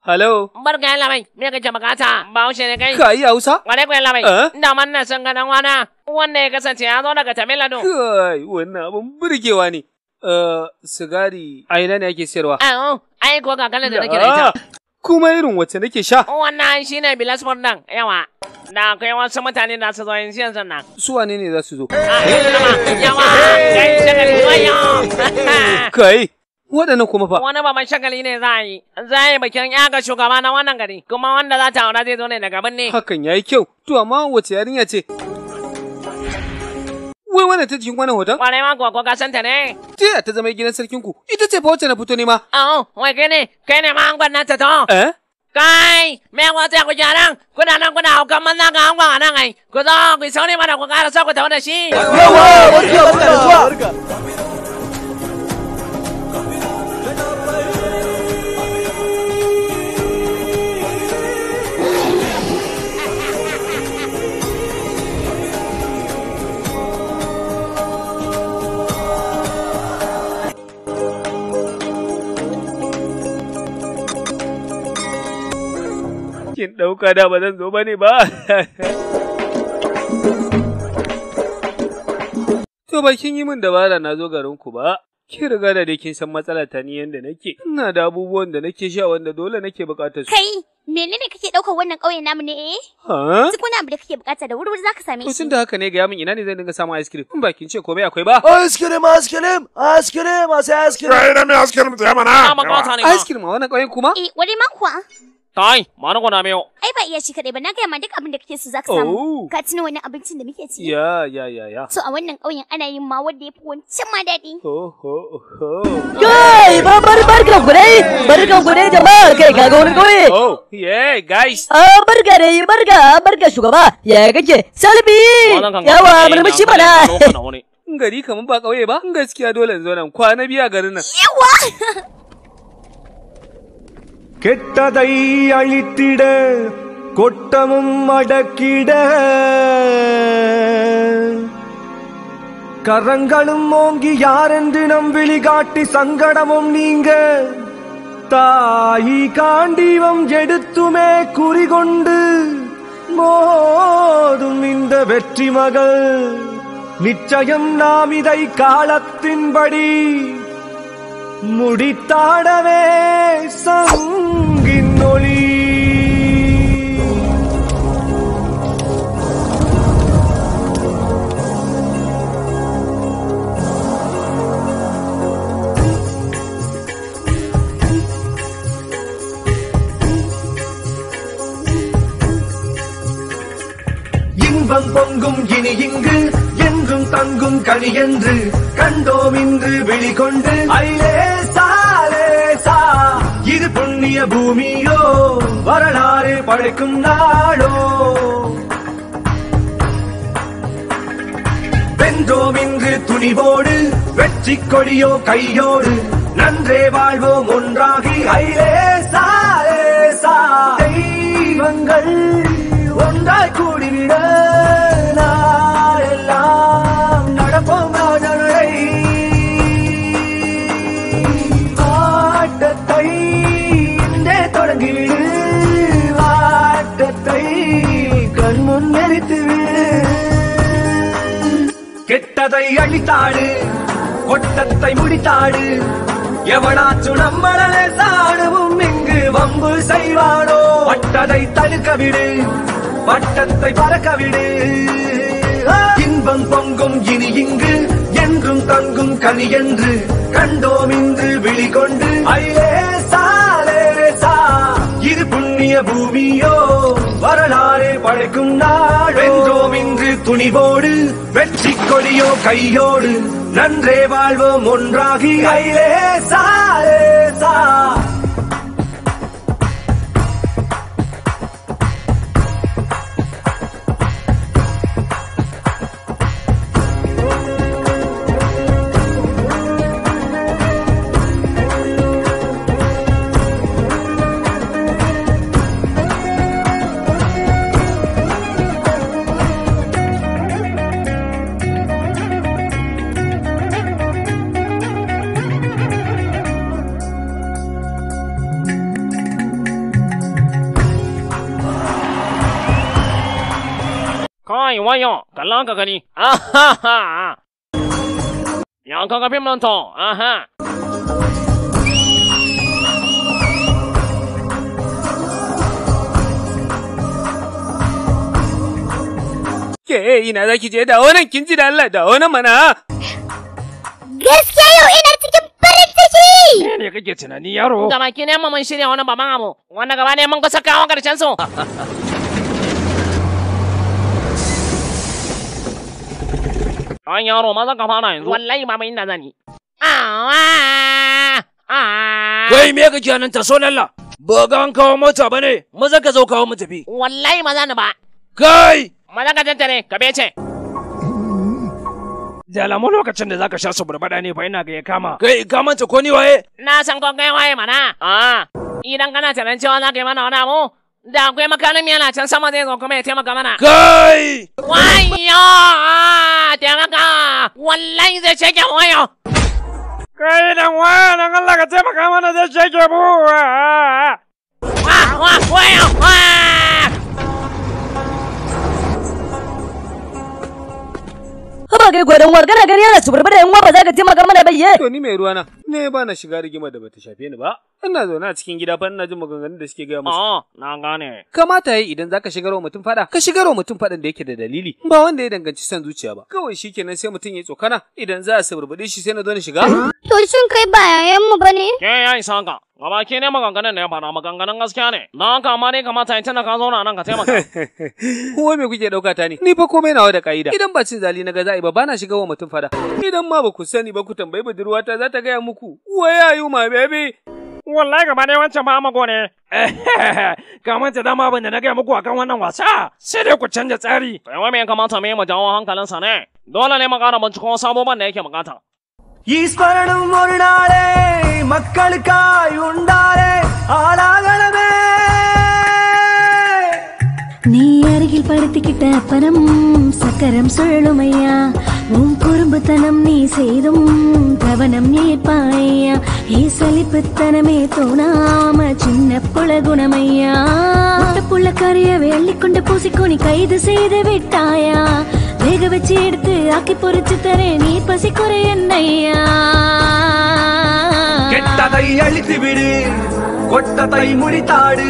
Hello. Barka yalla bai, me kake bukata? Bahaushe ne kai? Kai Hausa? Ware ku yalla bai. Eh? Ina man na son ganin wana. Wanda ya kasance ya zo daga Tamilado. Kai, wannan abun burgewa ne. Eh, sigari a ina ne ake sayarwa? Ah, ai ko gagala da nake da ita. Kuma irin wacce nake sha? Wannan shine Bilasport din. Yawa. Da akwai wasu mutane na su zo yanzu yanzu nan. Su wane ne za su zo? Ah, yawa. Kai, kai. Waɗannan kuma fa. Wani baban shagali ne za a yi, za a yi bikin ga shugaba na wannan gari, kuma wanda za ta aura zai zo ne daga birni. Hakan ya yi kyau, to amma wace yarinya ce? Wai wannan ta jikin wannan hoton? Ƙwarai ma kuwa ko ka santa ne? Jiya ta zama gidan sarkin ku, ita ce fa wacce na fito ne ma. awo wai kai ne, kai ne ma angon nata to. Eh? Kai, me wata ku ja nan, kuna nan kuna haukan manza ga angon a nan ai, ku zo ku sauri mana ku ƙara so ku tafi da shi. Yawa, barka, barka, barka. kin ɗauka da ba zan zo ba ne ba. To ba kin yi min dabara na zo garinku ba. kin riga da dai kin san matsalar ta ni yanda nake. Ina da abubuwan da nake sha wanda dole nake bukatar su. Kai, menene kake ɗaukar wannan ƙauyen namu ne eh? Ha? Duk wani abu da kake bukata da wuri-wuri zaka same shi. Tun da haka ne ga min ina ne zan dinga samun ice cream? In bakin ce komai akwai ba. Ice cream, ice cream, ice cream, sai ice cream. Kai na mai ice cream ta yamana. Ice cream a wannan ƙauyen kuma? Eh, wani ma kuwa. Kai, ma na gwana meyo. Ai ba iya shi kaɗai ba, na gaya ma duk abin da kake so za ka samu. Oh. Ka tuna wani abincin da muke ci? Ya, ya, ya, ya. So a wannan ƙauyen ana yin ma wanda ya fi wancan ma daɗi. Ho, ho, ho. Kai, ba bari barka gudai, barka gudai jama'a kai ga wani ƙauye. Oh, yeah, guys. Ah, barka dai, barka, barka shugaba. Ya kake? Salbi. Yawa, murmushi bana. Gari kamar ba ƙauye ba, gaskiya dole in zo nan kwana biya garin nan. Yawa. கெட்டதை அழித்திட கொட்டமும் அடக்கிட கரங்களும் ஓங்கி யாரென்று நம் விழிகாட்டி சங்கடமும் நீங்க தாயி காண்டீவம் எடுத்துமே குறிகொண்டு மோதும் இந்த வெற்றி மகள் நிச்சயம் நாம் இதை காலத்தின்படி முடித்தாடவே சங்கின் ஒளி இன்பம் பொங்கும் இனி இங்கு தங்கும் என்று கண்டோம் இன்று வெளிகொண்டு இது புண்ணிய பூமியோ வரலாறு படைக்கும் நாளோ வென்றோம் இன்று துணிவோடு வெற்றி கொடியோ கையோடு நன்றே வாழ்வோம் ஒன்றாகி ஐலே சா தெய்வங்கள் ஒன்றாய் கெட்டதை அழித்தாடு கொட்டத்தை முடித்தாடு எவனாச்சும் நம்மளே சாடுவும் இங்கு வம்பு செய்வானோ வட்டதை தடுக்க விடு வட்டத்தை பறக்க விடு இன்பம் பொங்கும் இனி இங்கு என்றும் தங்கும் கனி என்று கண்டோம் இன்று விழிகொண்டு ஐயே சாலே சா இது புண்ணிய பூமியோ வரலாறு படைக்கும் நாள் வென்றோம் இன்று துணிவோடு வெற்றி கொடியோ கையோடு நன்றே வாழ்வோம் ஒன்றாகி ஐலே சாலே சா wayo, kallon ka gani, ahaha! Ya ka Ke ina za je da wannan kin ji da Allah da wannan mana? Gaskiya yau ina cikin farin ciki! Me ne kake tunani yaro? mun shirya wani baban abu, wanda gaba ne mun kusa kawo karshen su. an yaro maza ka fara yanzu. Wallahi baba ni. zani. Wai me kake nan ta sonalla? Ba ga an kawo mota ba ne, maza ka zo kawo mu tafi. Wallahi maza ni ba. Kai! Maza ka tattare, ka bece. Da alamu lokacin da zaka sha suburbaɗa ne fa ina ga ya kama. Kai ka manta ko ni waye? Na san ko kai waye mana. Ah. Idan kana tunanin cewa za ka yi mana wani abu, da akwai makanin yana can sama zai zo kuma ya taimaka mana. Kai! Wayo! Taimaka Allah! Wallahi zai shege waya! Kai dan waya nan Allah ka taimaka mana zai shege mu! Wa ah, ah. wa waya! Haba kai gwadon war gana gani yana shubarba da yan uwa ba za ka taimaka mana bayye. To ni mai ruwa na ne ba na shiga rigima da bata shafe ni ba. Ina zaune a cikin gida fa ina jin maganganun da suke gaya musu. Ah, na gane. Kamata yayi idan zaka shigar wa mutum fada, ka shigar wa mutum fadan da yake da dalili, ba wanda ya danganci san zuciya ba. Kawai shikenan sai mutum ya tsokana idan za a suburbade shi sai na zo na shiga. To shin kai ba yayan mu bane? Ke ya isa Gaba ke ne maganganun da ya faɗa maganganun gaskiya ne. Na haka amma dai kamata in tana ka zauna nan ka taimaka. Kuma me kuke ɗauka ta ni? Ni fa komai nawa da ka'ida. Idan ba cin zali na ga za'i ba bana shiga wa mutum fada. Idan ma ba ku sani ba ku tambayi budurwata za ta gaya muku. Where ya you ma baby? Wallahi gaba ne wancan ba amago ne. Ka ta dama abin da na gaya muku akan wannan wasa. Sai dai ku canja tsari. Kai wa me ya kamata mu yi mu jawo hankalinsa ne? Dole ne mu ƙara binciko sabon da yake bukata. ஈஸ்வரனும் ஒரு நாளே மக்களுக்காய் உண்டாரே ஆளாகலமே நீ அருகில் படுத்திக்கிட்ட பரம் சக்கரம் சொல்லும் ஐயா உன் குறும்புத்தனம் நீ செய்தும் கவனம் நீர்ப்பாயா ஏ சலிப்புத்தனமே தோணாம சின்ன புல குணமையா புள்ள கரைய வெள்ளிக்கொண்டு கொண்டு பூசிக்கோ நீ கைது செய்து விட்டாயா வேக வச்சு எடுத்து ஆக்கி பொறிச்சு தரேன் நீ பசி குறை என்னையா அழித்து விடு கொட்டதை முறித்தாடு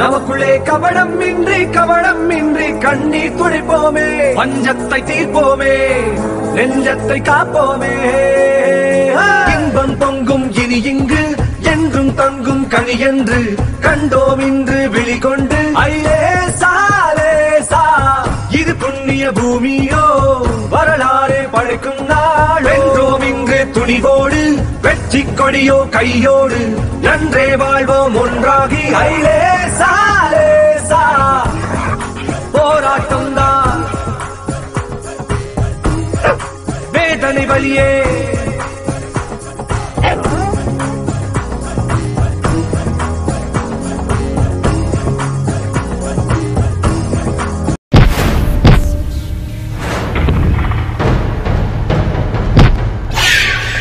நமக்குள்ளே கவடம் இன்றி கவடம் இன்றி கண்ணீர் துடிப்போமே பஞ்சத்தை தீர்ப்போமே நெஞ்சத்தை காப்போமே இன்பம் பொங்கும் இனி இங்கு என்றும் தங்கும் கனி என்று கண்டோம் இன்று விழிகொண்டு ஐயே சார் இது புண்ணிய பூமியோ வரலாறு படுக்கும் நாள் என்றோம் இங்கு துணிவோடு வெற்றி கொடியோ கையோடு நன்றே வாழ்வோம் ஒன்றாகி ஐலே போராட்டம் தான் வேதனை வழியே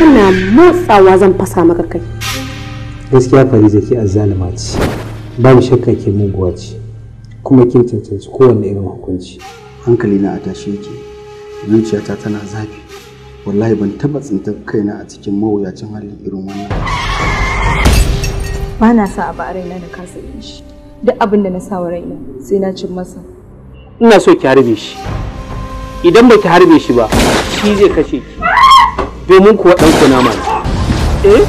kana motsawa zan fasa maka kai gaskiya fariza ke azzalima ce babu shakka ke muguwa ce kuma kin cancanci kowanne irin hukunci hankali na a tashi yake zuciyata tana zafi wallahi ban taba tsintar kaina a cikin mawuyacin halin irin wannan ba na sa abu a raina da kasa yin shi duk abin da na sa wa raina sai na cin masa ina so ki harbe shi idan ba ki harbe shi ba shi zai kashe ki domin kuwa ɗan kunama ne. Eh?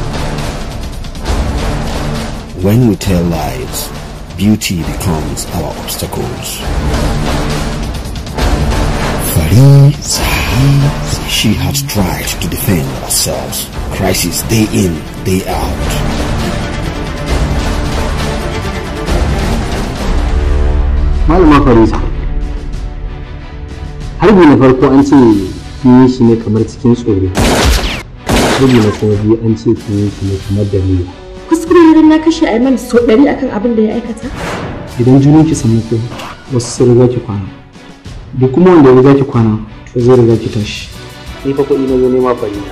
When we tell lies, beauty becomes our obstacles. Fariza, she has tried to defend ourselves. Crisis day in, day out. malama farisa harbi na farko an ce kin yi shi ne kamar cikin tsoro gudu na kuma biyu an ce kin yi shi ne kamar da niyya kuskure ne na kashe Aiman so ɗari akan abin da ya aikata idan junin ki sanna ko wasu sun riga ki kwana duk kuma wanda ya riga ki kwana to zai riga ki tashi ni fa kuɗi na zo nema na.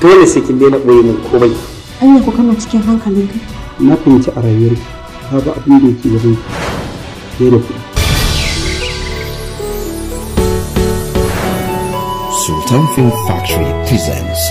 dole sai kin daina ɓoye min komai hanya ku kama cikin hankalinka na fahimci a rayuwarki babu abin da yake gaban ki da kuɗi Sultan Factory presents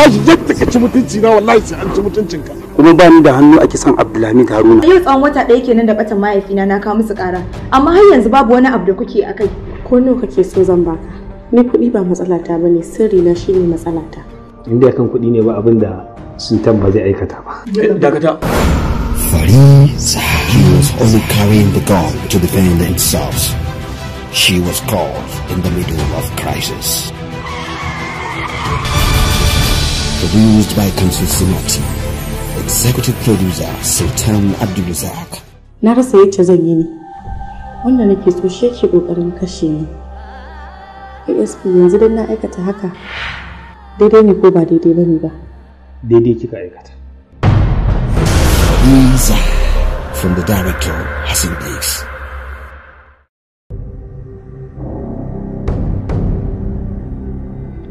tashi yadda ka ci mutunci na wallahi sai an ci mutuncin ka kuma ba ni da hannu a kisan Abdulhamid Haruna yau tsawon wata ɗaya kenan da batan mahaifina na kawo musu ƙara amma har yanzu babu wani abu da kuke akai ko nawa kake so zan baka ni kuɗi ba matsalata ne, sirri na shine matsalata inda kan kuɗi ne ba abin da Sultan ba zai aikata ba. Dakata. Fariza He was only carrying the gun to defend themselves She was caught in the middle of crisis. Produced by Kansu Sinati. Executive Producer Sultan Abdulrazak. Na rasa yadda zan yi ne. Wanda nake so shi yake kokarin kashe ni. ASP yanzu dan na aikata haka. Daidai ne ko ba daidai bane ba. Daidai kika aikata. Lisa from the director Hassan Biggs.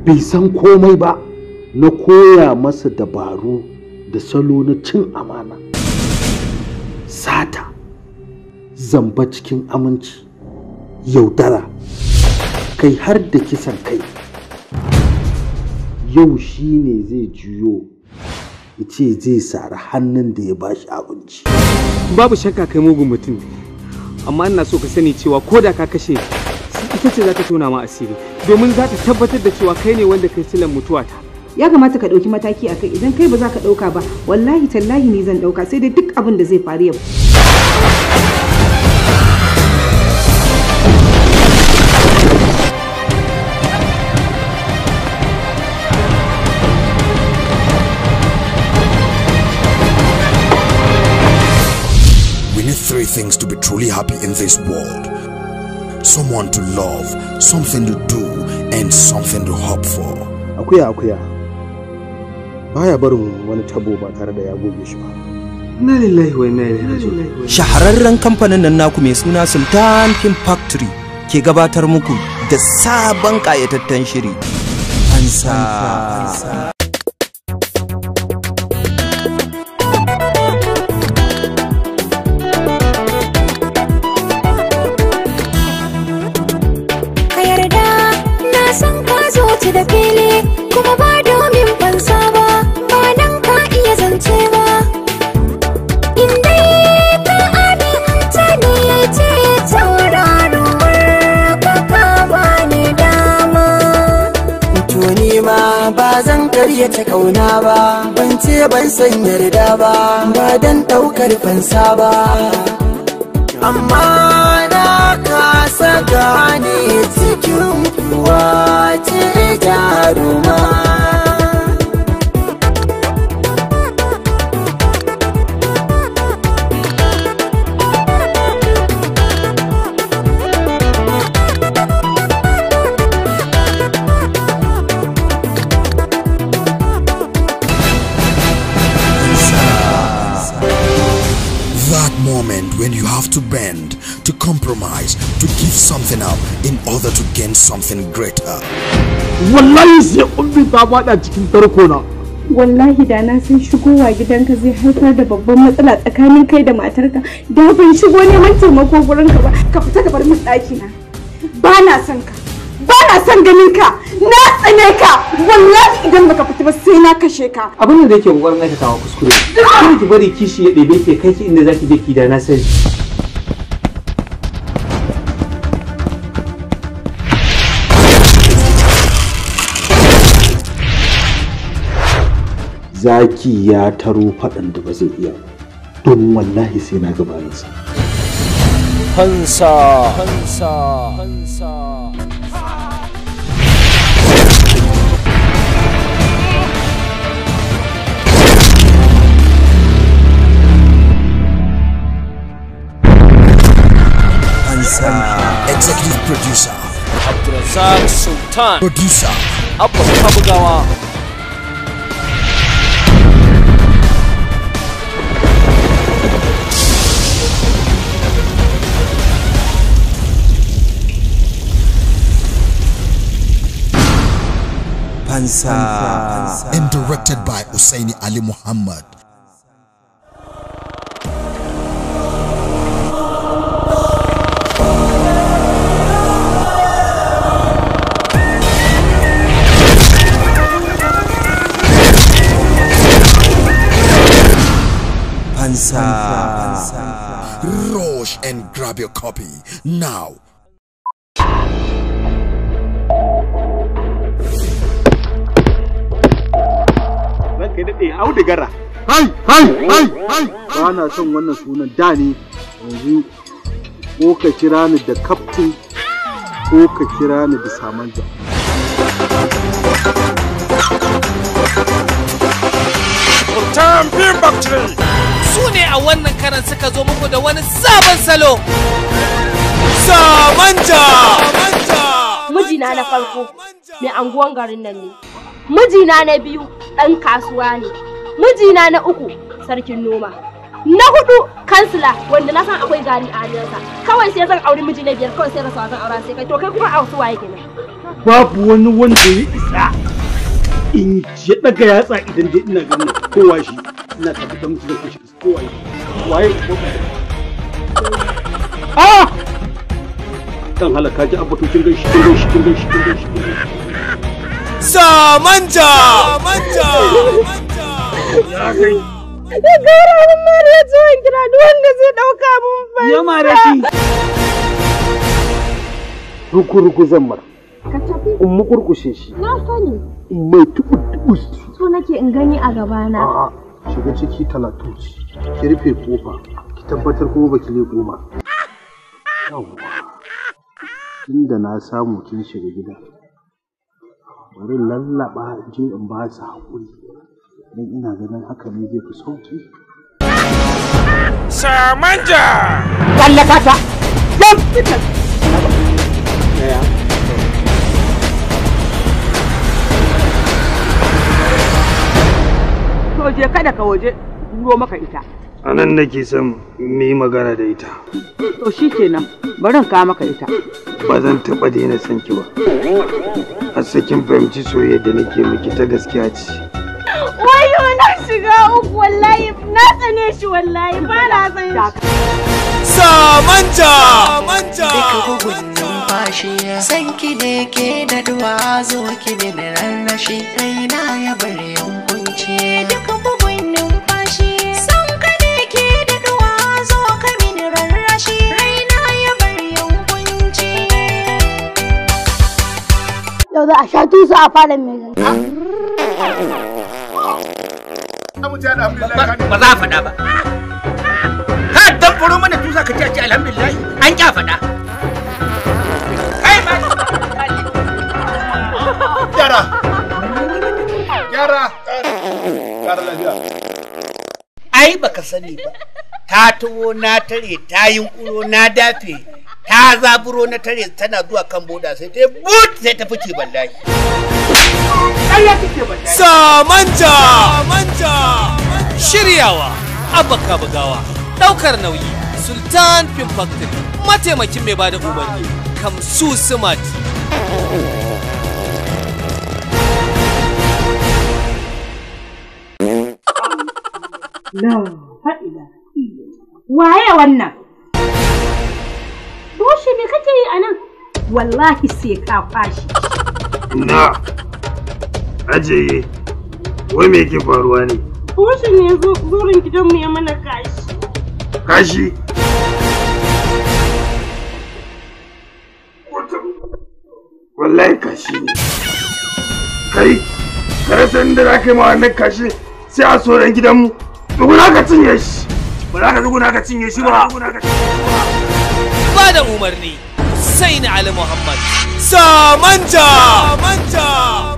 Bai san komai ba. na koya masa dabaru da salo na cin amana sata zamba cikin aminci yaudara kai har da kisan kai yau shi ne zai juyo ya ce zai sari hannun da ya bashi abinci babu shakka kai mugun mutum amma ina so ka sani cewa ko da ka kashe ita ce za ta tona ma asiri domin za ta tabbatar da cewa kai ne wanda kai silan mutuwata ya kamata ka ɗauki mataki a kai idan kai ba za ka ɗauka ba wallahi tallahi ne zan ɗauka sai dai duk abin da zai faru yau three things to be truly happy in this world someone to love, something to do, and something to hope for. Akuya, akuya. baya barin wani tabo ba tare da ya goge shi ba na lillahi wa inna ilaihi shahararren kamfanin nan naku mai suna Sultan Film Factory ke gabatar muku da sabon ƙayataccen shiri ansa da fili kuma ba ta kauna ba ban ce ban san yarda ba ba dan daukar fansa ba amma na kasa gane cikin kuwa ce jaruma then you have to bend, to compromise, to give something up in order to gain something greater. Wallahi sai ummi ta faɗa cikin tarko na. Wallahi da na san shigowa gidanka zai haifar da babban matsala tsakanin kai da matarka. Da ban shigo neman taimako ka ba, ka fita da bar min na. Ba na son ka, ba na son ganin ka. na tsane ka wallahi idan baka fita ba sai na kashe ka abin da yake kokarin aikata wa kuskure kada ki bari kishi ya ɗebe ke kai ki inda zaki je ki da na sani zaki ya taro faɗan da ba zai iya don wallahi sai na gabaninsa hansa hansa hansa Hamza. Executive Producer. Abdurazak Sultan. Producer. Abbas Kabugawa. Pansa. And directed by Usaini Ali Muhammad. now. Ranka daɗe audigara. Hai, hai, hai, hai. Ba na son wannan sunan da ne yanzu ko ka kira ni da kaftin ko ka kira ni da samanja. Champion Factory! Su ne a wannan karan suka zo muku da wani sabon salo. manja manja mijina na farko mai anguwan garin nan ne mijina na biyu ɗan kasuwa ne mijina na uku sarkin noma na hudu kansila wanda na san akwai gari a hannunsa kawai sai zan auri miji na biyar kawai sai rasa zan aura sai kai to kai kuma a wasu waye kenan babu wani wanda ya isa in je daga yatsa idan dai ina ganin kowa shi ina tafi da miki da kashi kowa waye ko ah kan halaka ji abu tukin kin gaishe kin gaishe kin gaishe kin gaishe samanja samanja ya kai da gaura mun mare zuwan kira duk wanda zai dauka mun fa ya mare ki ruku ruku zammar in makurkushe shi na sani in mai tubu tubu so nake in gani a gabana a'a shiga ciki talatin ki rufe kofa ki tabbatar kuma baki le goma yawwa da na samu kin shiga gida bari lallaɓa je in ba su haƙuri don ina ganin haka ne zai fi sauƙi. Samanja! Tallaka ta! Yan fitar! Soje kada ka waje, duro maka ita. a nan nake son mu yi magana da ita. To shi kenan barin ka maka ita. Ba zan taba daina son ki ba. A sakin fahimci soyayya da nake miki ta gaskiya ce. Wayo na shiga uku wallahi na tsane shi wallahi ba na san shi. Samanta! Samanta! San ki da ke da duwa zo ki da shi, raina ya bari yankunci duk yau za a sha tusu a falon mai gari. Hmm? Ba za a faɗa ba. Ha don furo mana tusa ka ce a ce alhamdulillah an kya faɗa. Kai ma Yara! Yara! Yara lafiya. Ai baka sani ba. Ta tuwo na tare ta yi na dafe ta zaburo na tare tana zuwa kan boda sai ta but sai ta fice wallahi samanta samanta shiryawa abaka bugawa daukar nauyi sultan film factory mataimakin mai bada umarni kamsu sumati fa'ila. Waye wannan? kwashe me kake yi anan? Wallahi sai ka kwashe. Na ajiye wai me yake faruwa ne? Kushin ne zo zurin gidanmu ya mana kashi. Kashi? Wallahi kashi ne. Kai, kare san da za ka yi ma wannan kashi sai a soran gidanmu. Duguna ka cinye shi. Ba za ka duguna ka cinye shi ba. da umarni sai na Ali Muhammad. Samanja! Samanja!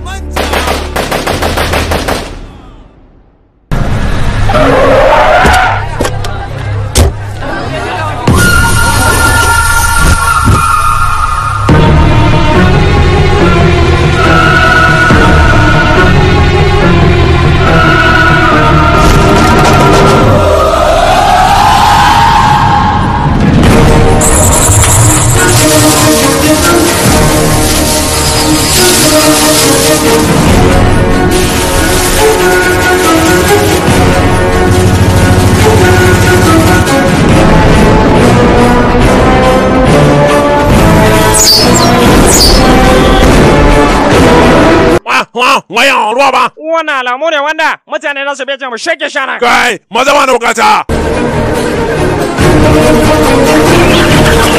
faruwa ba. Wannan alamu ne wanda mutane za su bejan mu shake shana. Kai, maza ma na bukata.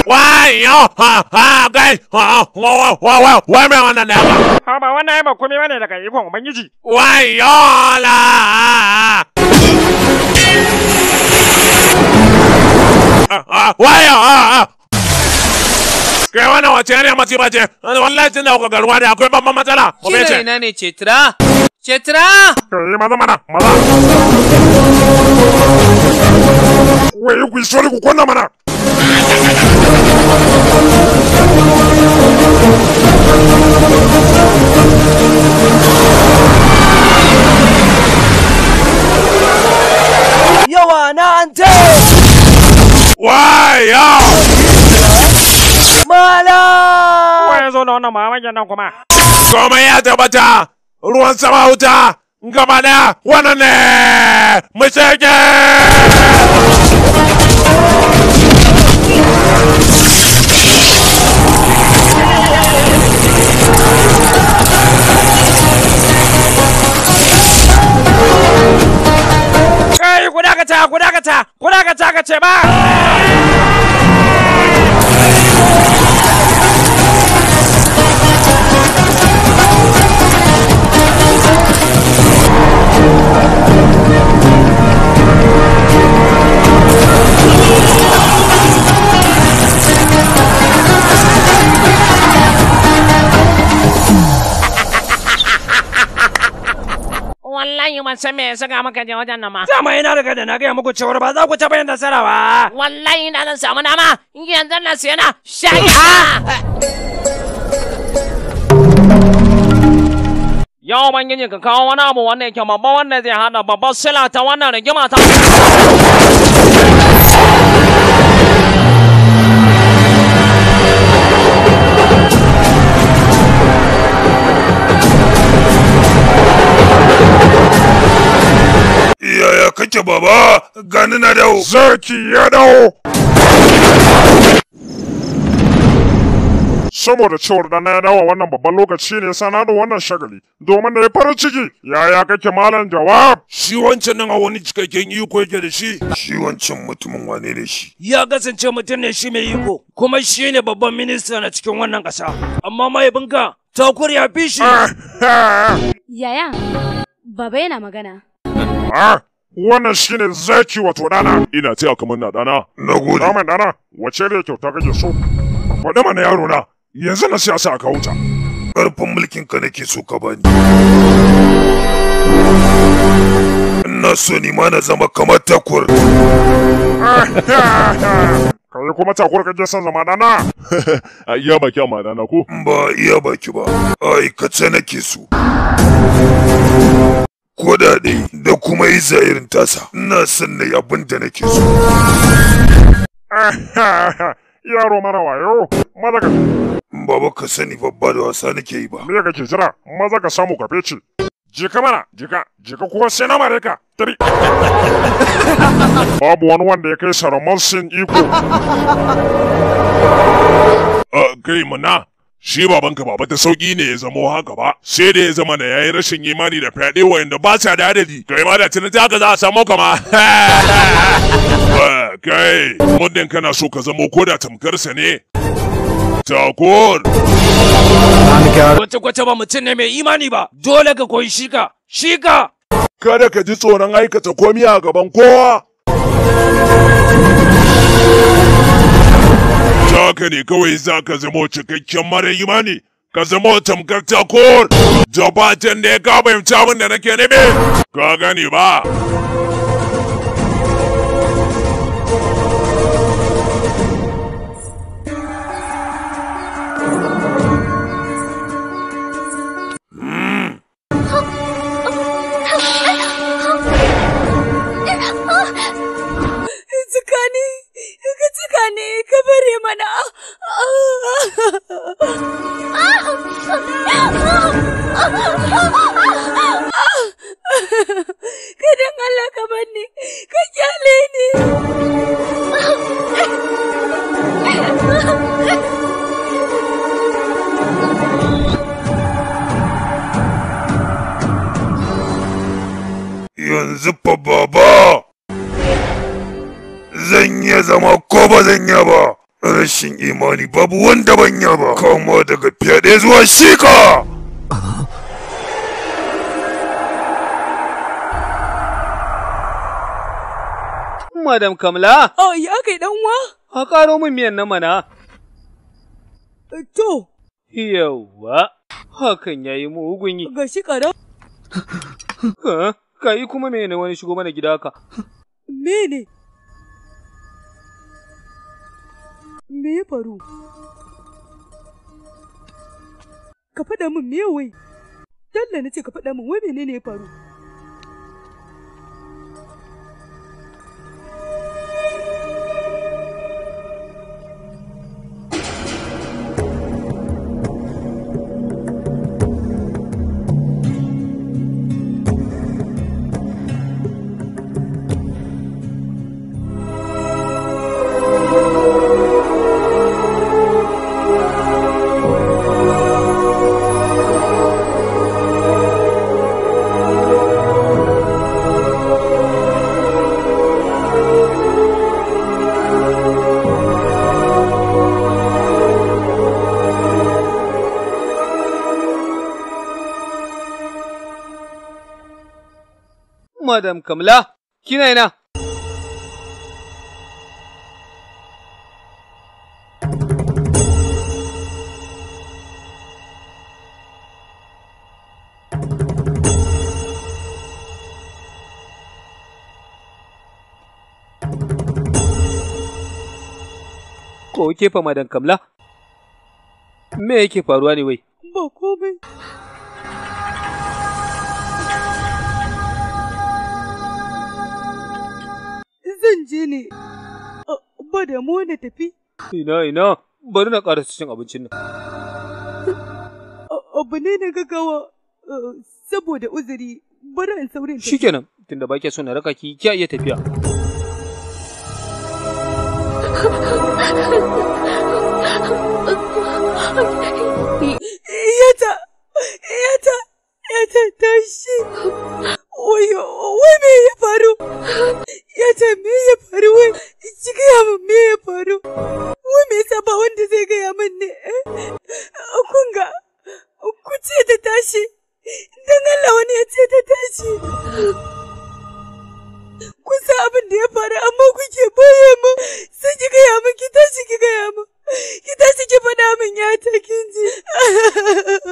Wai, yo, ha, ha, kai, wa, wa, wa, wa, wa, ne ba. Ha, ba wannan daga ikon Ubangiji. Wai, yo, la. Ah, ah, wai, yo, ah, kai wannan wace yariya mace ba ce wallahi tun da kuka garuwa ne akwai babban matsala ko me ce ina ne cetra cetra kai maza mana maza wai ku shori ku kona mana Yawa na ante! Why, yeah! Malam! Ko ya zo da wannan mamakin nan kuma? Komai ya tabbata! Ruwan sama wuta! Gaba daya wannan ne! Mu Kai ku dakata, ku dakata, ku dakata ka ce ba! wallahi ban san me ya ga maka je wajen nan ma. Dama na riga da na gaya muku cewar ba za ku taɓa bayan nasara ba. Wallahi na zan samu nama in yanzu na siya na shaƙa. ya ubangiji ka kawo wani abu wanda yake babba wanda zai hada babbar sila ta wannan rigima ta Yaya kake baba? Gani na dawo. Zaki ya dawo. Saboda cewar dana ya dawo wannan babban lokaci ne sana da wannan shagali. Domin da ya fara ciki, yaya kake malam jawab? Shi wancan nan a wani cikakken iko yake da shi. Shi wancan mutumin wane ne shi? Ya kasance mutum ne shi mai iko, kuma shi ne babban minista na cikin wannan kasa. Amma mahaifinka takur ya fi shi. Ah, ah. Yaya, baba yana magana. Ah, wannan shine zaki wato dana ina taya kamar na dana na gode dama dana wace da kyauta kake so faɗi mana yaro na yanzu na siyasa a kawo ta ƙarfin mulkin ka nake so ka bani ina so ni ma na zama kamar takur kai kuma takur kake son zama dana a iya baki amma dana ko ba iya baki ba aikace nake so kuɗaɗe da kuma yi irin tasa ina son na abin da nake so yaro mana wayo maza ka baba ka sani babba da wasa nake yi ba me kake jira maza ka samu ka fece jika mana jika jika kuma sai na mare ka tari babu wani wanda ya kai saramon sin iko kai mana shi babanka baba ta sauki ne ya zamo haka ba sai da ya zama da yayi rashin imani da fyaɗe wayanda ba sa da adadi to ima da tunanta haka za a samu kama kai muddin kana so ka zamo ko da tamkarsa ne takur kwace-kwace ba mutum ne mai imani ba dole ka koyi shika shika kada ka ji tsoron aikata komi a gaban kowa ta haka ne kawai za ka zamo cikakken mara ne? ka zamo tamkar takor da fatan da ya ka fahimci abin da nake nufi ka gani ba ka cika ne ka bare mana ka dan Allah ka bar ka kyale ni yanzu fa baba zan iya zama ko ba zan iya ba rashin imani babu wanda ban iya ba kama daga fyaɗe zuwa shika Madam Kamla? Oh, ya kai uwa? A karo min miyan na mana. Eh, to. Yawa. hakan ya yi mugun yi. Ga shi ƙara. Ka yi kuma mene wani shigo mana gida haka? Mene? Me ya faru? Ka faɗa min me wai? Dalla na ce ka faɗa min wai menene ya faru? Adam Kamla, kina ina? Ko ke fa Madam Kamla? Me yake faruwa ne wai? Ba komai. zan je ne. Ba da mu na tafi. Ina ina bari na ƙara cin abincin nan. Abu ne na gaggawa saboda uzuri bari in saurin tafi. Shikenan tunda ba ke so na raka ki kiya iya tafiya. Yata, yata, yata tashi. wai wai me ya faru ya ce me ya faru wai ki gaya min me ya faru wai me yasa ba wanda zai gaya min ne kun ga ku ce ta tashi dan Allah wani ya ce ta tashi kun sa abin da ya faru amma kuke boye mu sai ki gaya min ki tashi ki gaya min ki tashi ki faɗa min ya ta kinji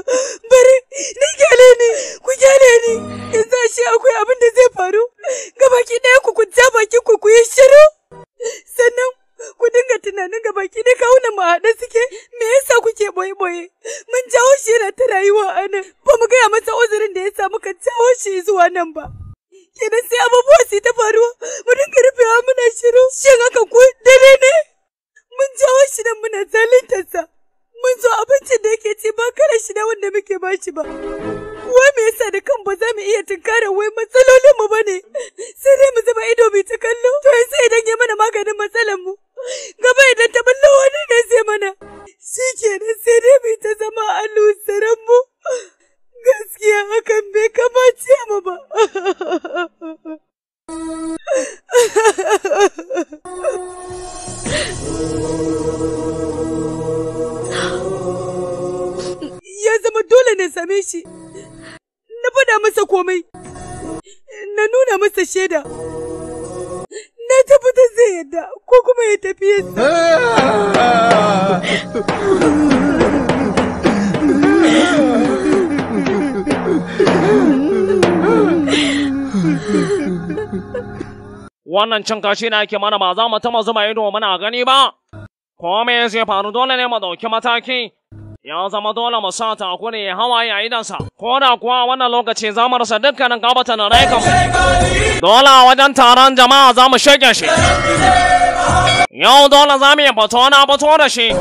caramba! wannan cin kashi da ake mana ba za mu tama zuba ido muna gani ba. Kome zai faru dole ne mu ɗauki mataki. Ya zama dole mu sa takuri ya hawa a idansa. Ko da kuwa wannan lokaci za mu rasa dukkanin gabata na rai Dole wajen taron jama'a za mu shige shi. Yau dole za mu yi fito na fito da shi.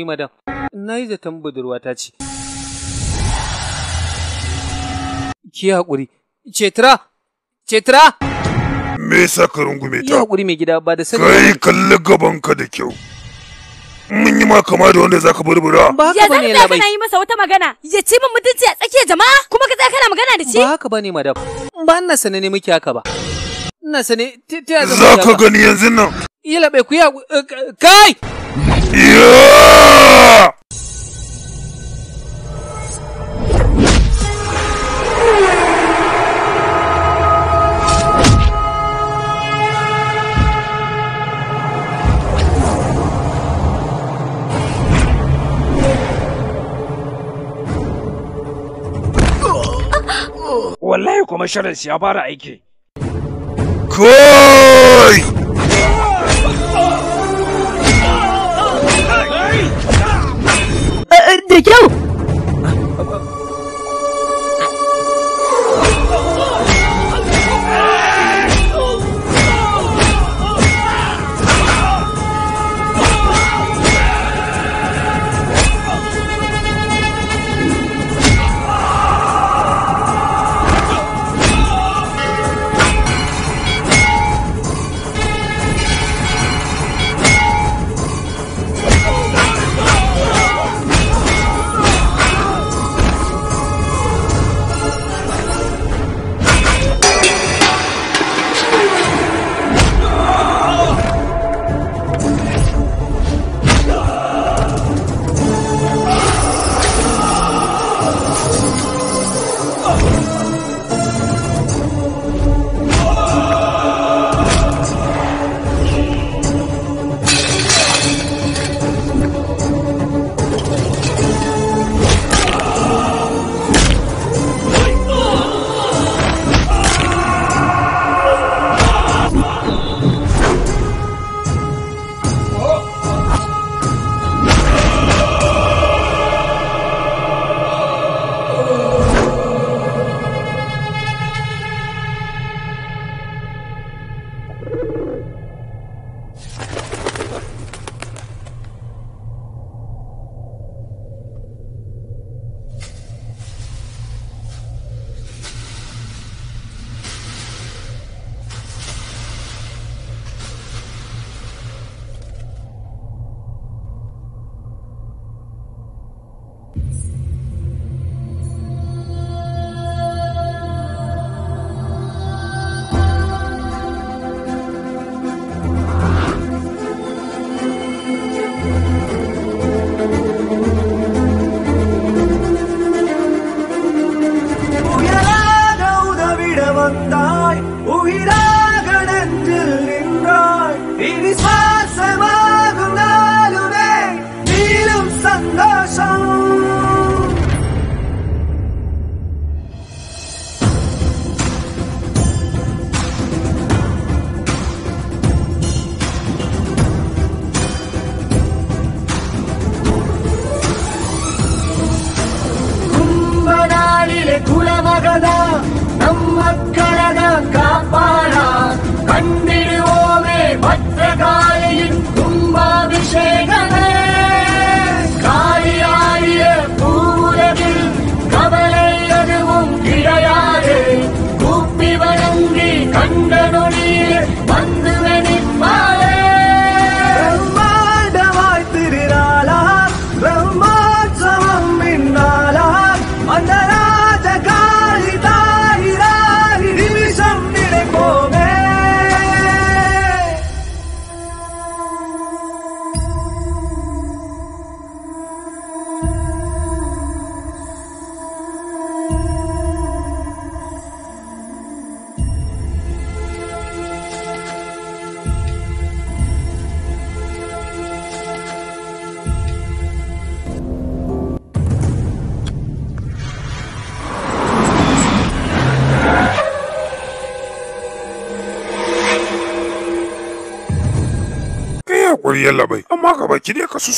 haƙuri madam, na yi zaton budurwa ta ce. Ki haƙuri, cetra cetra. Me yasa ka rungume ta? Ki haƙuri mai gida ba da sani. Kai kalli gabanka da kyau. mun yi ma kama da wanda za ka burbura. Ba haka bane labai. Ya kana yi masa wata magana. Ya ci min mutunci a tsakiyar jama'a kuma ka tsaya kana magana da shi. Ba haka ne madam. Ba ina sani ne muke haka ba. Ina sane ta ya zama. Za ka gani yanzu nan. Yi labai ku ya eh, kai. Yeah! Wallahi kuma shirin ya fara aiki. Kai! Did you?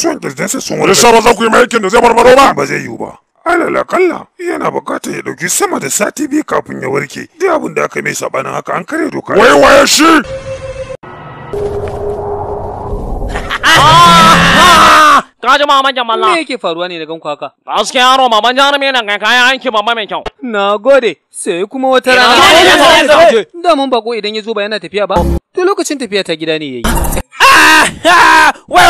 ciwon kirjinsa sun wani sha za ku yi aikin da zai barbaro ba ba zai yiwu ba alal kalla yana buƙatar ya dauki sama da sati biyu kafin ya warke duk abin da aka mai sabanin haka an kare doka wai waye shi Ka ji maman jamalla. Me yake faruwa ne da ganku haka? Gaskiya yaro mama jarumi nan kai kayan aiki mama mai kyau. Na gode. Sai kuma wata rana. Da eh, eh, eh, mun bako idan ya zo ba yana tafiya ba. To lokacin tafiya ta gida ne yayi. 啊哈！喂，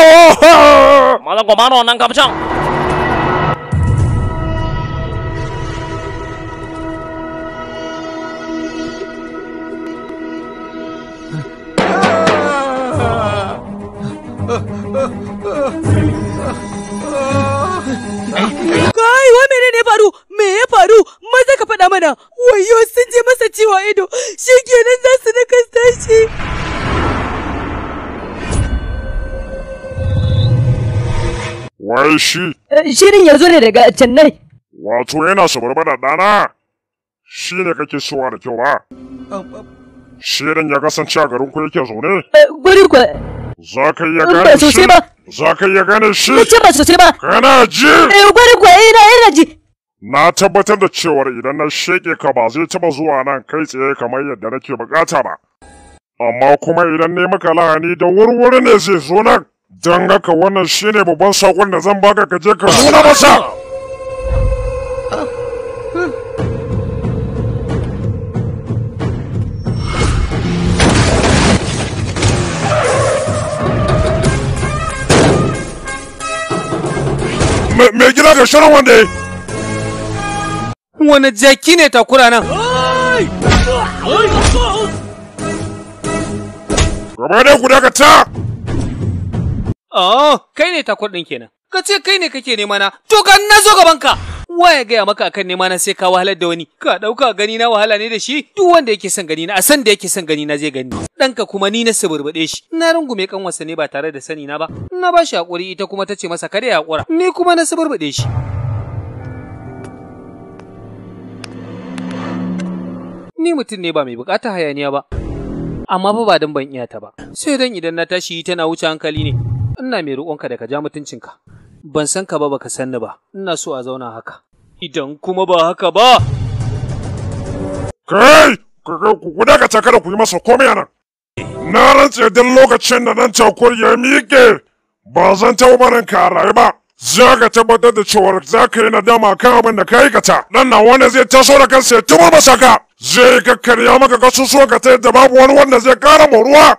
我，马上过马龙，难看不抢？Shirin ya zo ne daga Chennai. Wato yana sabarba da ɗana? Shi ne kake sowa da kyau ba? Shirin ya kasance a garin ku yake zaune? Eh, Gwari kwa. Za ka iya gane shi? Za ka iya gane shi? Ni ce ba sosai ba. Kana ji? Eh, Gwari kwa ina eh, ina ji. Na tabbatar da cewar idan na sheƙe ka ba zai taɓa zuwa nan kai tsaye kamar yadda nake buƙata ba. Amma kuma idan ne maka lahani da wurwuri ne zai zo nan. Don haka wannan shine babban sakon da zan baka ka je ka nuna masa. Me gida ga shirin wanda yi? Wani jaki ne takura nan? Gaba dai ku ta! Oh, kai ne ta kenan. Ka ce kai ne kake nema na, to ka na zo gaban ka. Wa ya gaya maka akan nema na sai ka wahalar da wani, ka ɗauka gani na wahala ne da shi, duk wanda yake son gani na, a san da yake son gani na zai gani. Ɗanka kuma ni na suburbuɗe shi, na rungume kanwarsa ne ba tare da sani na ba, na ba shi haƙuri ita kuma ta ce masa kada ya haƙura, ni kuma na suburbuɗe shi. Ni mutum ne ba mai buƙatar hayaniya ba, amma fa ba don ban iya ta ba, sai dan idan na tashi tana wuce hankali ne. ina mai roƙonka da ka ja mutuncinka. Ban san ka ba baka san ni ba, ina so a zauna haka. Idan kuma ba haka ba. Kai! Ku dakata kada ku yi masa komai a nan. Na rantse don lokacin da nan cakur ya miƙe ba zan taɓa barin ka rayu ba. Za ka tabbatar da cewar za ka yi nadama kan abin da ka aikata. Nan na wanda zai taso da kansa ya tuba masa ka. Zai kakkarya maka kasusuwa ka ta yadda babu wani wanda zai ƙara ruwa?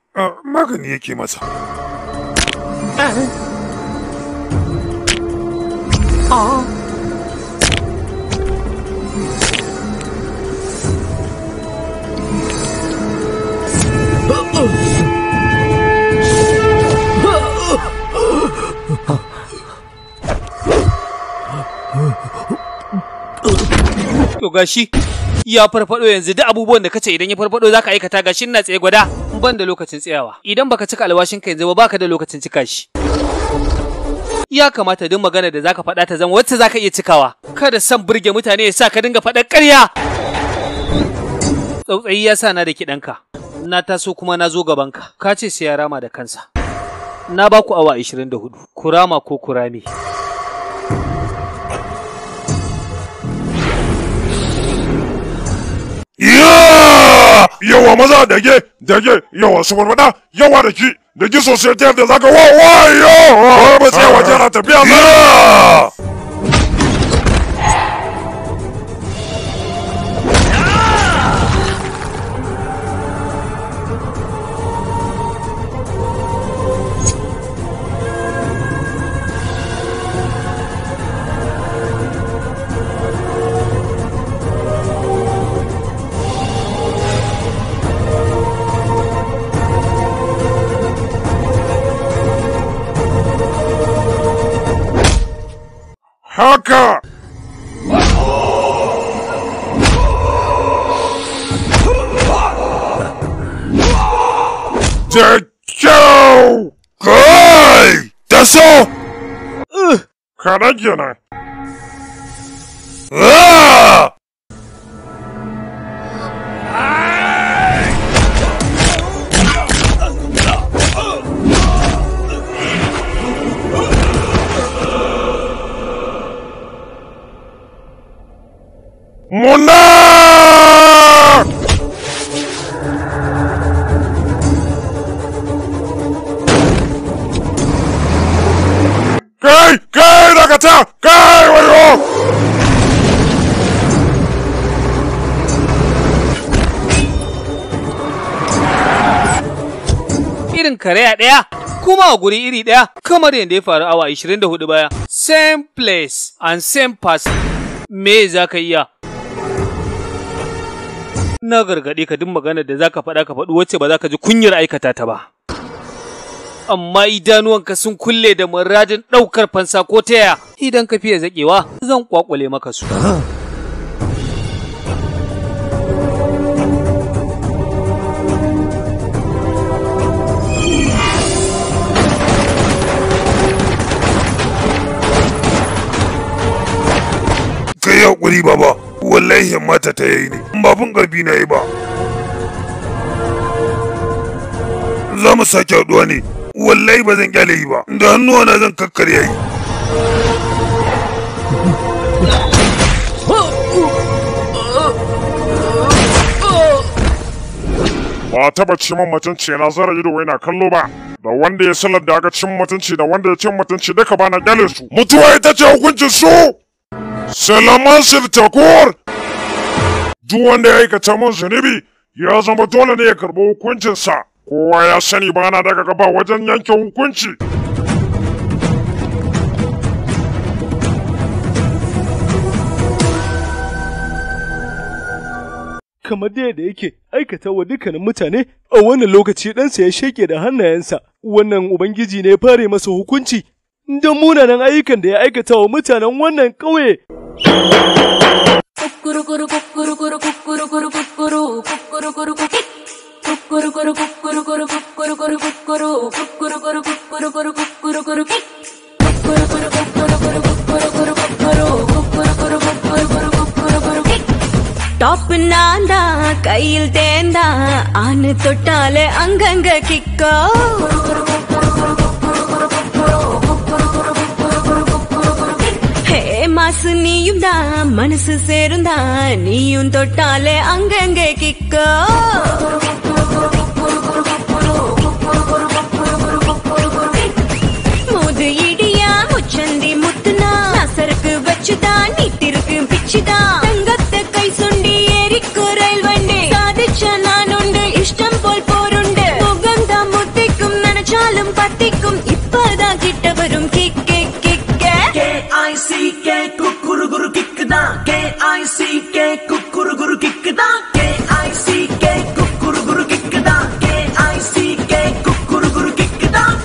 А маган Якимас. А. А. Тогаси. ya farfado yanzu duk abubuwan da kace idan ya farfado zaka aikata gashin na tsaye gwada ban da lokacin tsayawa idan baka cika alwashin ka yanzu ba baka da lokacin cika shi ya kamata duk magana da zaka faɗa ta zama wacce zaka iya cikawa kada san burge mutane ya sa ka dinga faɗar ƙarya tsautsayi ya sa na da kiɗanka na taso kuma na zo gabanka ka ce sai ya rama da kansa na ba ku awa 24 kurama ko Kurami? yawa maza dage dage yawa su barbada yawa da ki da ki sosai ta yadda zaka wa wa yo ba sai waje na tafiya ba Hacker! The you guy? That's all. Can I Karagina. Ah! Mona! Kai, kai daga ta, kai Irin kare a ɗaya? kuma a guri iri ɗaya kamar yadda ya faru awa 24 baya. Same place and same person. Me za ka iya? na gargaɗe ka duk maganar da zaka faɗa ka faɗi wacce ba za ka ji kunyar aikata ta ba amma idanuwanka sun kulle da marajin ɗaukar fansa ko ta yaya idan ka fiye zaƙewa zan kwakwale maka su Kai ba baba. wallahi himmata ta yayi ne ba fin karfi na yi ba za mu sake haɗuwa ne wallahi ba zan kyale yi ba da hannuwa na zan kakkarya yi ba taba ci min mutunci na zara ido yana kallo ba da wanda ya salar da aka cin mutunci da wanda ya cin mutunci duka bana kyale su mutuwa ita ce hukuncin su Selamansir Takur! duk wanda ya aikata mun zunubi ya zama dole ne ya karɓi hukuncinsa kowa ya sani ba na daga gaba wajen yanke hukunci kamar da yadda yake aikata wa dukkanin mutane a wannan lokaci ɗansa ya sheke da hannayensa wannan ubangiji ne ya fare masa hukunci don munanan ayyukan da ya aikata wa mutanen wannan ƙauye. కుక్కురు కురు కుక్కురు కురు కుక్కురు కుక్కురు కురు కుకి కుక్కురు కురు కుక్కురు కురు కుక్కురు కురు కుక్కురు కుక్కురు కురు కుక్కురు కురు కుక్కురు కురు కి కుక్కురు కురు కుక్కురు కురు కుక్కురు కురు కుక్కురు కుక్కురు కురు కుక్కురు కురు కుక్కురు కురు కి டாப்பு நான் தான் கையில் தேந்தா ஆணு தொட்டாலே அங்கங்க கிக்கோ மாசு நீயும் தான் மனசு சேருந்தா நீயும் தொட்டாலே அங்கங்கே கிக்கோ முது இடியா முச்சந்தி முத்துனா சரக்கு வச்சுதான் நீட்டிருக்கு பிச்சுதான் கே குக்குரு குரு கிக்கு தான் கே ஐ சி கே குக்குரு குரு கிக்கு தான் கே ஐ சி கே குக்குரு குரு கிக்கு தான் கே ஐ சி கே குக்குரு குரு கிக்கு தான்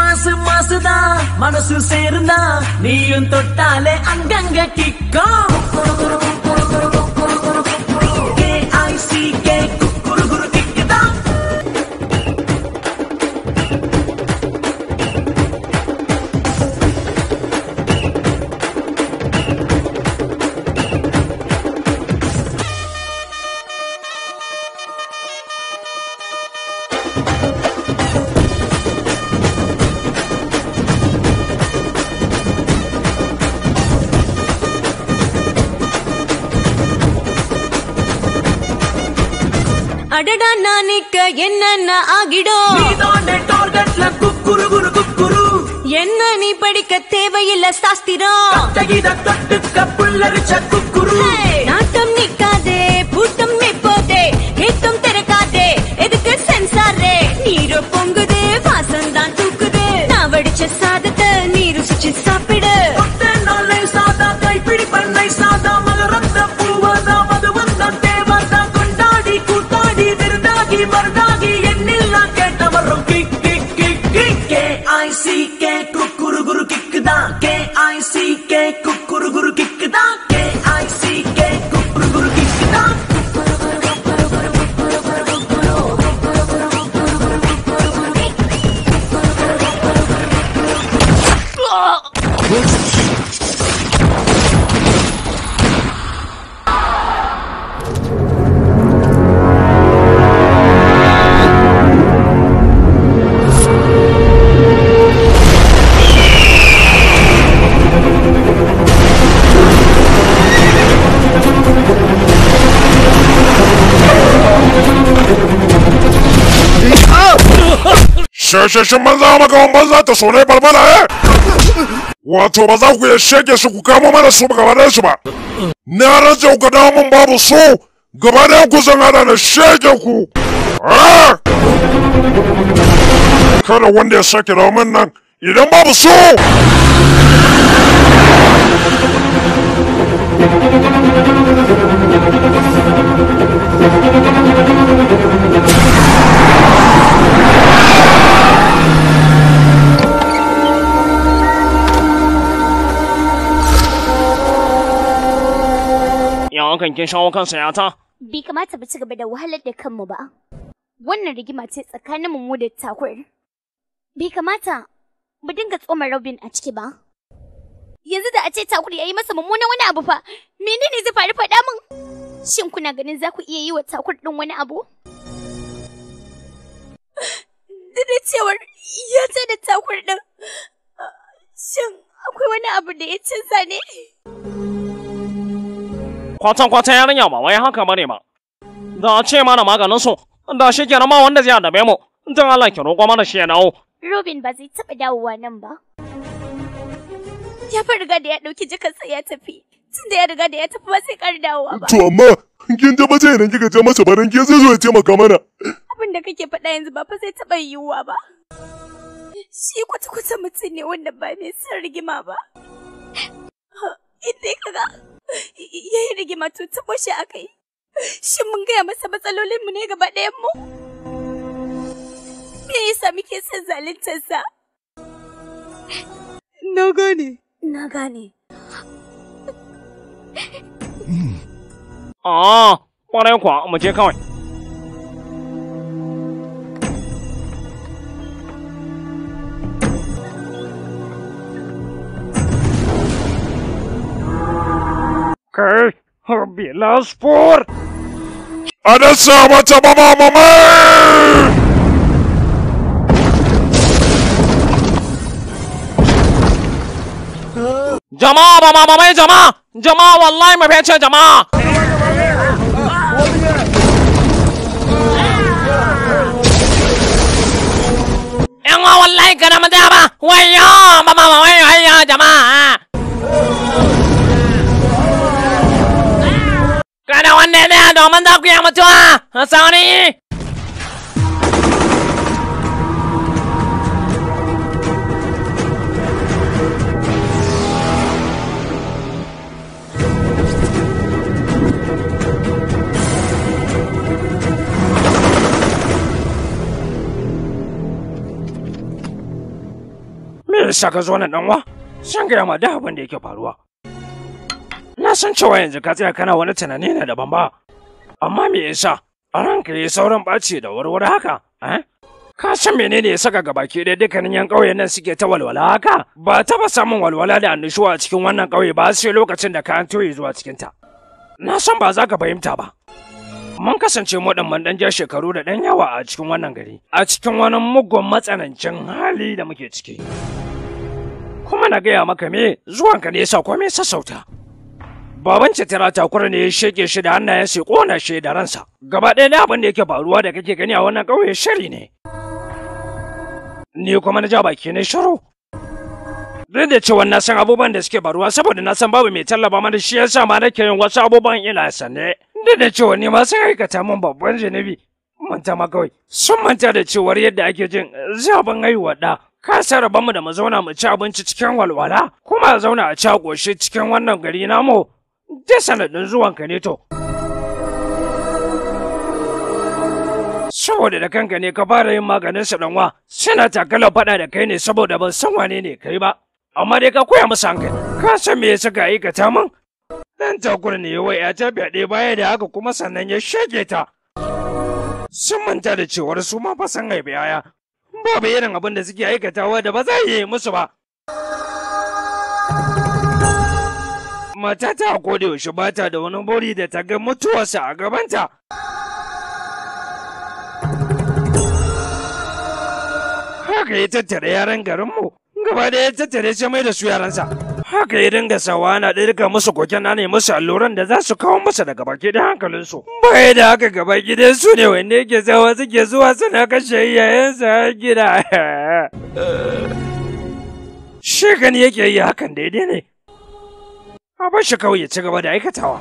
மாசு மாசுதான் மனசு சேர்ந்தா நீயும் தொட்டாலே அங்கங்க கிக்கோ என்னென்ன ஆகிடோ என்ன நீ படிக்க தேவையில்ல சாஸ்திரம் நாட்டம் நிக்காதே பூட்டம் நிப்போதே கேட்டும் திறக்காதே எதுக்கு சென்சாரே நீரோ பொங்குது வாசம் தான் தூக்குது நான் வடிச்ச சாதம் shashashin banza magawan banza ta so ne barbara eh wato ba za ku iya shege su ku kama mana su gaba da su ba na rantse ku dawo min babu su, gaba da ku zan hada na shege ku kada wanda ya sake dawo min nan idan babu su. Thank you. wankan kin shawo kansa ya ta? Bai kamata ba ci gaba da wahalar da kanmu ba. Wannan rigima ce tsakanin mu da takur. Bai kamata mu dinga tsoma Robin a ciki ba. Yanzu da a ce takur ya yi masa mummunan wani abu fa, menene zai faru faɗa min? Shin kuna ganin za ku iya yi wa takur ɗin wani abu? Dada cewar ya ce da takur ɗin. Shin akwai wani abu da ya canza ne? kwatan kwatan yarinya ba wai haka bane ba da a ce mana maganin su da shi kenan ma wanda zai adabe mu don Allah ki roƙo mana shi ya dawo Robin ba zai taɓa dawowa nan ba ya fa riga da ya ɗauki jikarsa ya tafi tun da ya riga da ya tafi ba sai ƙar dawowa ba to amma kin je ba sai idan kika je masa barin ke zai zo ya taimaka mana abin da kake faɗa yanzu ba fa sai taɓa yiwuwa ba shi kwata-kwata mutum wanda ba mai son rigima ba Inda ka ga Ya yi rigima to taɓo shi aka yi. Shin mun gaya masa matsalolinmu ne gaba ɗayan mu? Me yasa muke son zaluntarsa? Na gane. Na gane. Ah, ƙwarai kuwa, mu kawai. اوكي ربي لا اصبر انا سامة بابا ماما جماعة بابا ماما يا جماعة جماعة والله ما بيتش يا جماعة والله كلام ده بابا ويا ماما ويا يا جماعة Kada wanda ya tsaya domin za ku yi mutuwa a sauri. Me yasa ka zo nan ɗanwa? Shan gaya ma da abin da yake faruwa. na san cewa yanzu ka tsaya kana wani tunani ne daban ba. Amma me yasa a ranka ya sauran ɓaci da warware haka? Ka san menene ya saka gabaki ɗaya dukkanin yan ƙauyen nan suke ta walwala haka? Ba taɓa samun walwala da annushuwa a cikin wannan ƙauye ba sai lokacin da kayan toye zuwa cikinta. Na san ba za ka fahimta ba. Mun kasance mu ɗan ɗan jar shekaru da ɗan yawa a cikin wannan gari, a cikin wani mugun matsanancin hali da muke ciki. Kuma na gaya maka me zuwanka ne ya sa komai sassauta. Baban Cetera takura ne ya shege shi da hannayen sai kona shi da ransa. Gaba ɗaya da abin da yake faruwa da kake gani a wannan ƙauye shari ne. Ni kuma na ja baki ne shiru. Duk da cewa na san abubuwan da suke faruwa saboda na san babu mai tallaba mana shi yasa ma nake yin wasu abubuwan ina sanne. Duk da cewa ni ma sun aikata min babban mun Manta ma kawai sun manta da cewa yadda ake jin zaben haihuwa da ka sarrafa mu da mu zauna mu ci abinci cikin walwala kuma zauna a ci a cikin wannan gari namu ɗin sanadin ka ne to. Saboda da kanka ne ka fara yin maganin su ɗanwa suna takalar faɗa da kai ne saboda ban san wane ne kai ba. Amma dai ka koya musu hankali, ka san me ya suka aikata min? Ɗan takura ne wai ya ta fyaɗe baya da haka kuma sannan ya shege ta. Sun manta da cewar su ma fa san haifi yaya. Babu irin abin da suke aikatawa da ba za a yi musu ba. Matata ko da yaushe bata da wani buri da ta ga mutuwarsa a gabanta. Haka ya tattara yaran garinmu, gaba da ya tattare shi mai da su yaransa. Haka ya dinga sawa na ɗirka musu koken na ne musu alluran da za su kawo musu daga baki da hankalinsu. Baya da haka gaba gidan su ne wanda yake zawa suke zuwa suna kashe yayansa gida. Shekani yake yi hakan daidai ne. A bar shi kawai ya ci gaba da aikatawa.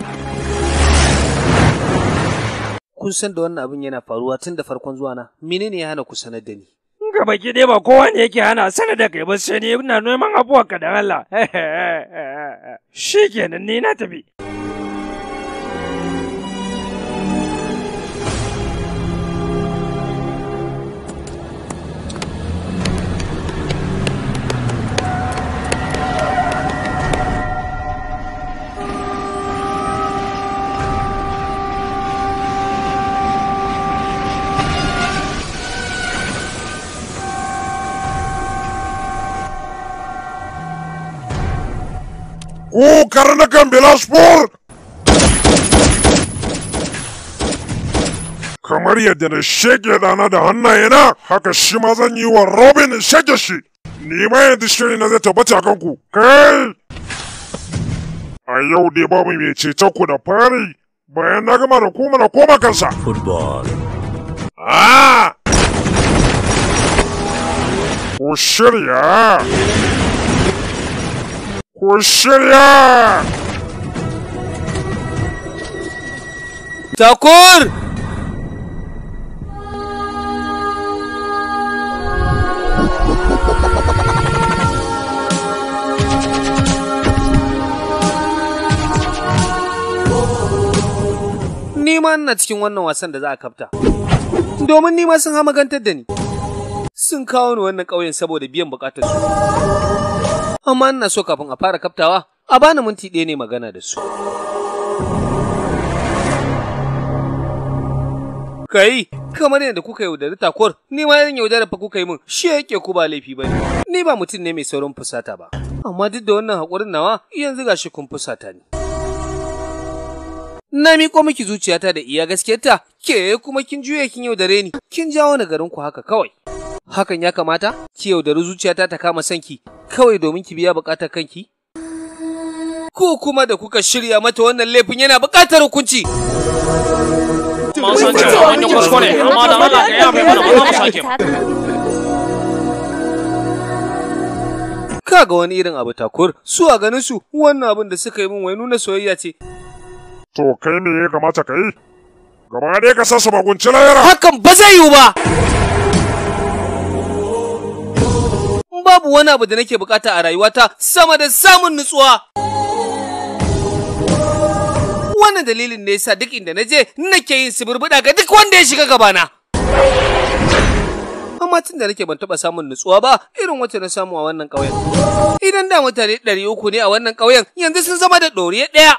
Kun san da wannan abin yana faruwa tun da farkon zuwa na, mini ne ya hana ku sanar da ni? Gaba ki dai ba kowa ne yake hana sanar da kai ba sai ne ina neman abuwa ka da Allah. Shi kenan ni na tafi. ओ कर्णकं Bilaspur kamar yadda na shege dana da hannayena haka shi ma zan yi wa robin in shege shi ni ma yanzu shiri na zai tabbata kanku kai a yau dai babu mai ceton ku da fari bayan na gama da kuma na koma kansa football ah ku shirya Ku Takur! Nima na cikin wannan wasan da za a kafta. Domin nima sun gantar da ni. Sun kawo ni wannan ƙauyen saboda biyan su. amma ina so kafin a fara kaftawa a bani minti ɗaya ne magana da su. Kai, kamar yadda kuka yaudari takwar, ni ma yan yaudara fa kuka yi min, shi yake ku ba laifi ba ne. Ni ba mutum ne mai saurin fusata ba, amma duk da wannan haƙurin nawa yanzu ga shi kun fusata ne. Na miƙo miki zuciyata da iya gaskiyarta, ke kuma kin juya kin yaudare ni, kin jawo garin ku haka kawai. hakan ya kamata? Ki yaudari zuciyata ta kama sanki kawai domin ki biya bukatar kanki? Ko kuma da kuka shirya mata wannan laifin yana bukatar hukunci? Ka ga wani irin abu takur, su a ganin su wannan abin da suka yi min wai nuna soyayya ce. To kai ne ya kamata ka yi? Gaba dai ka sasa magunci layara. Hakan ba zai yiwu ba! babu wani abu da nake bukata a rayuwata sama da samun nutsuwa. Wannan dalilin ne yasa duk inda na je nake yin suburbuɗa ga duk wanda ya shiga gabana. amma tun da nake ban taɓa samun nutsuwa ba irin wata na samu a wannan ƙauyen. Idan da mutane ɗari uku ne a wannan ƙauyen yanzu sun zama da ɗoriya ɗaya.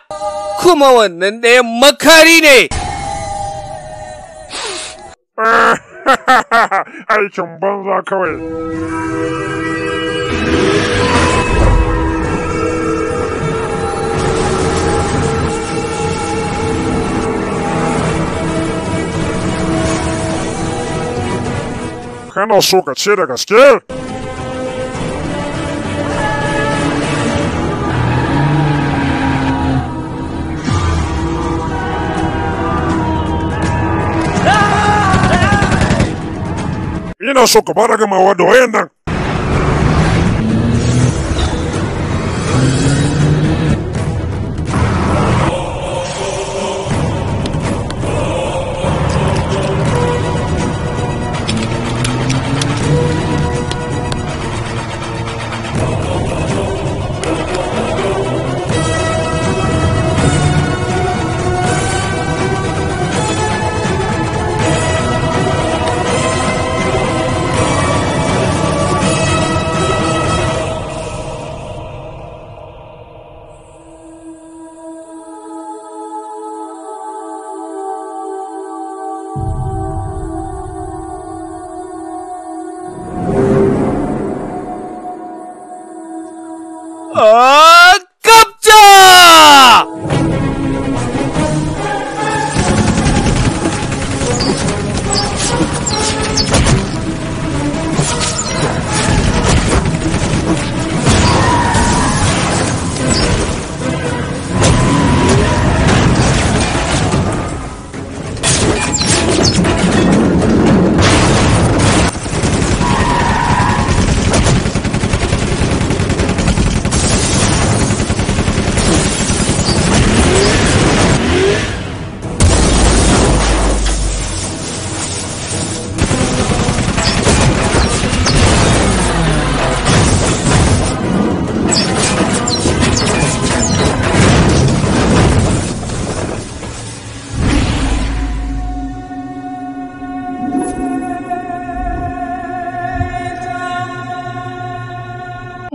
Kuma wannan ɗayan makari ne. Aikin banza kawai. Hanal Soka Tjera Gasker? Ina so ka bara gamawa da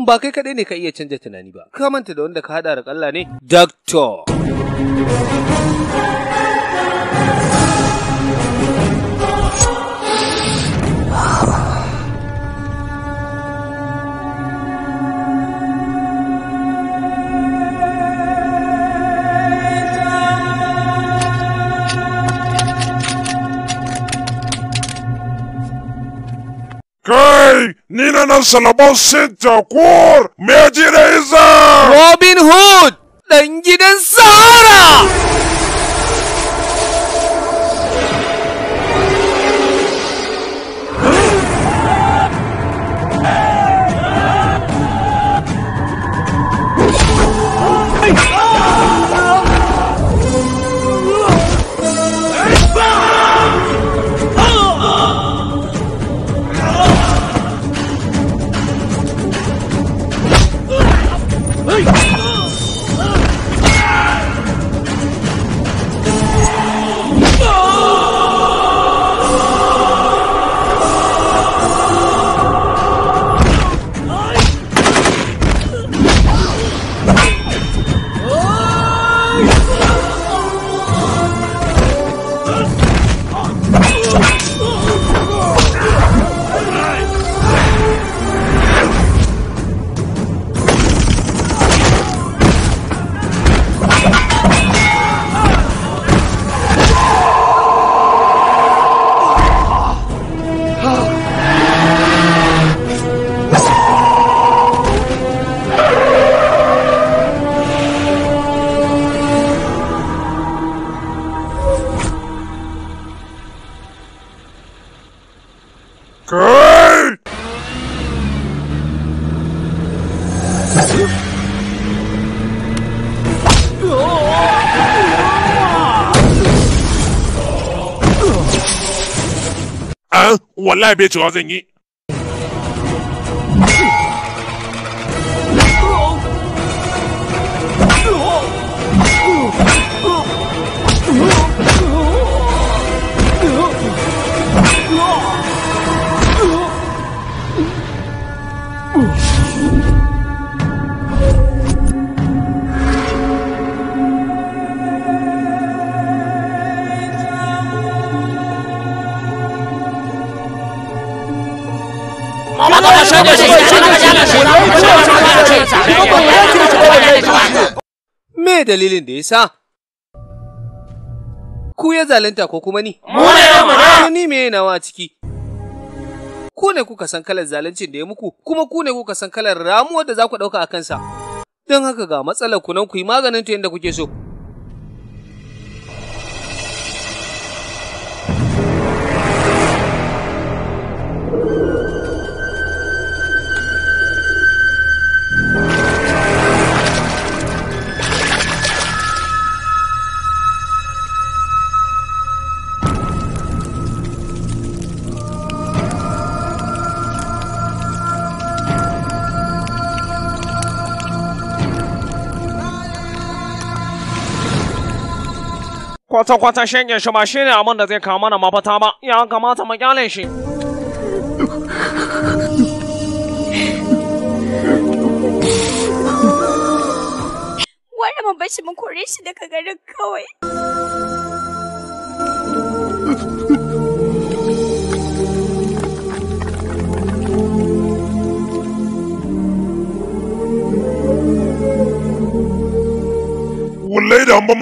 ba kai kaɗai ne ka iya canja tunani ba, ka manta da wanda ka haɗa da ƙalla ne? Doctor! Wannan Salomon Saint Jacour mai ji da Robin Hood ɗan gidan Sahara! 赖别主要是你。Me dalilin da ya sa? Ku ya zalunta ko kuma ni? Mu ne mu ne. Ni me nawa ciki? Ku ne kuka san kalar zaluncin da ya muku, kuma ku ne kuka san kalar ramuwar da za ku ɗauka a kansa. Don haka ga matsalar ku nan ku yi maganin ta yadda kuke so. kwata-kwata shanye shi ba shi ne abin da zai kawo mana mafata ba ya kamata mu kyale shi Wanda mu bashi mu mun kore shi daga garin kawai.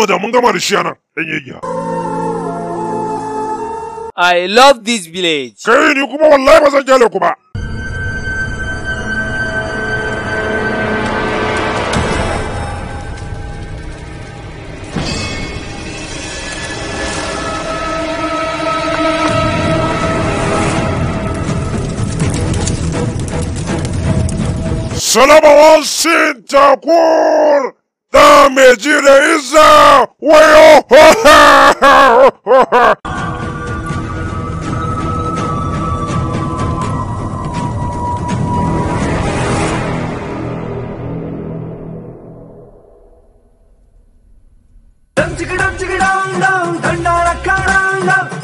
da mun gama da shi anan dan yayya I love this village. Kai ni kuma wallahi ku ba. Sintakur! The Vegeta is a whale! Dum chicka dum chicka dum dum, dum da da ka dum dum.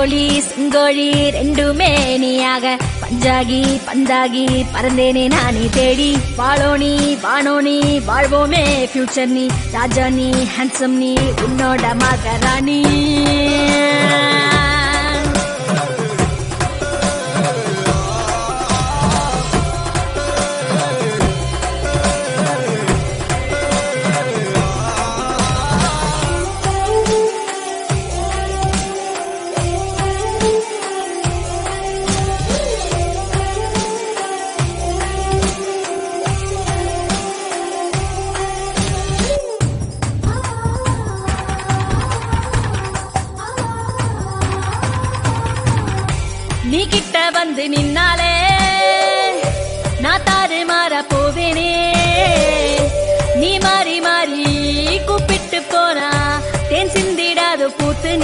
Police கோழி ரெண்டுமே நீயாக பஞ்சாகி பந்தாகி பறந்தேனே நானி தேடி வாழோனி வானோனி வாழ்வோமே ஃபியூச்சர் நீ ராஜா நீ ஹன்சம் நீ உன்னோட மகராணி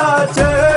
আছে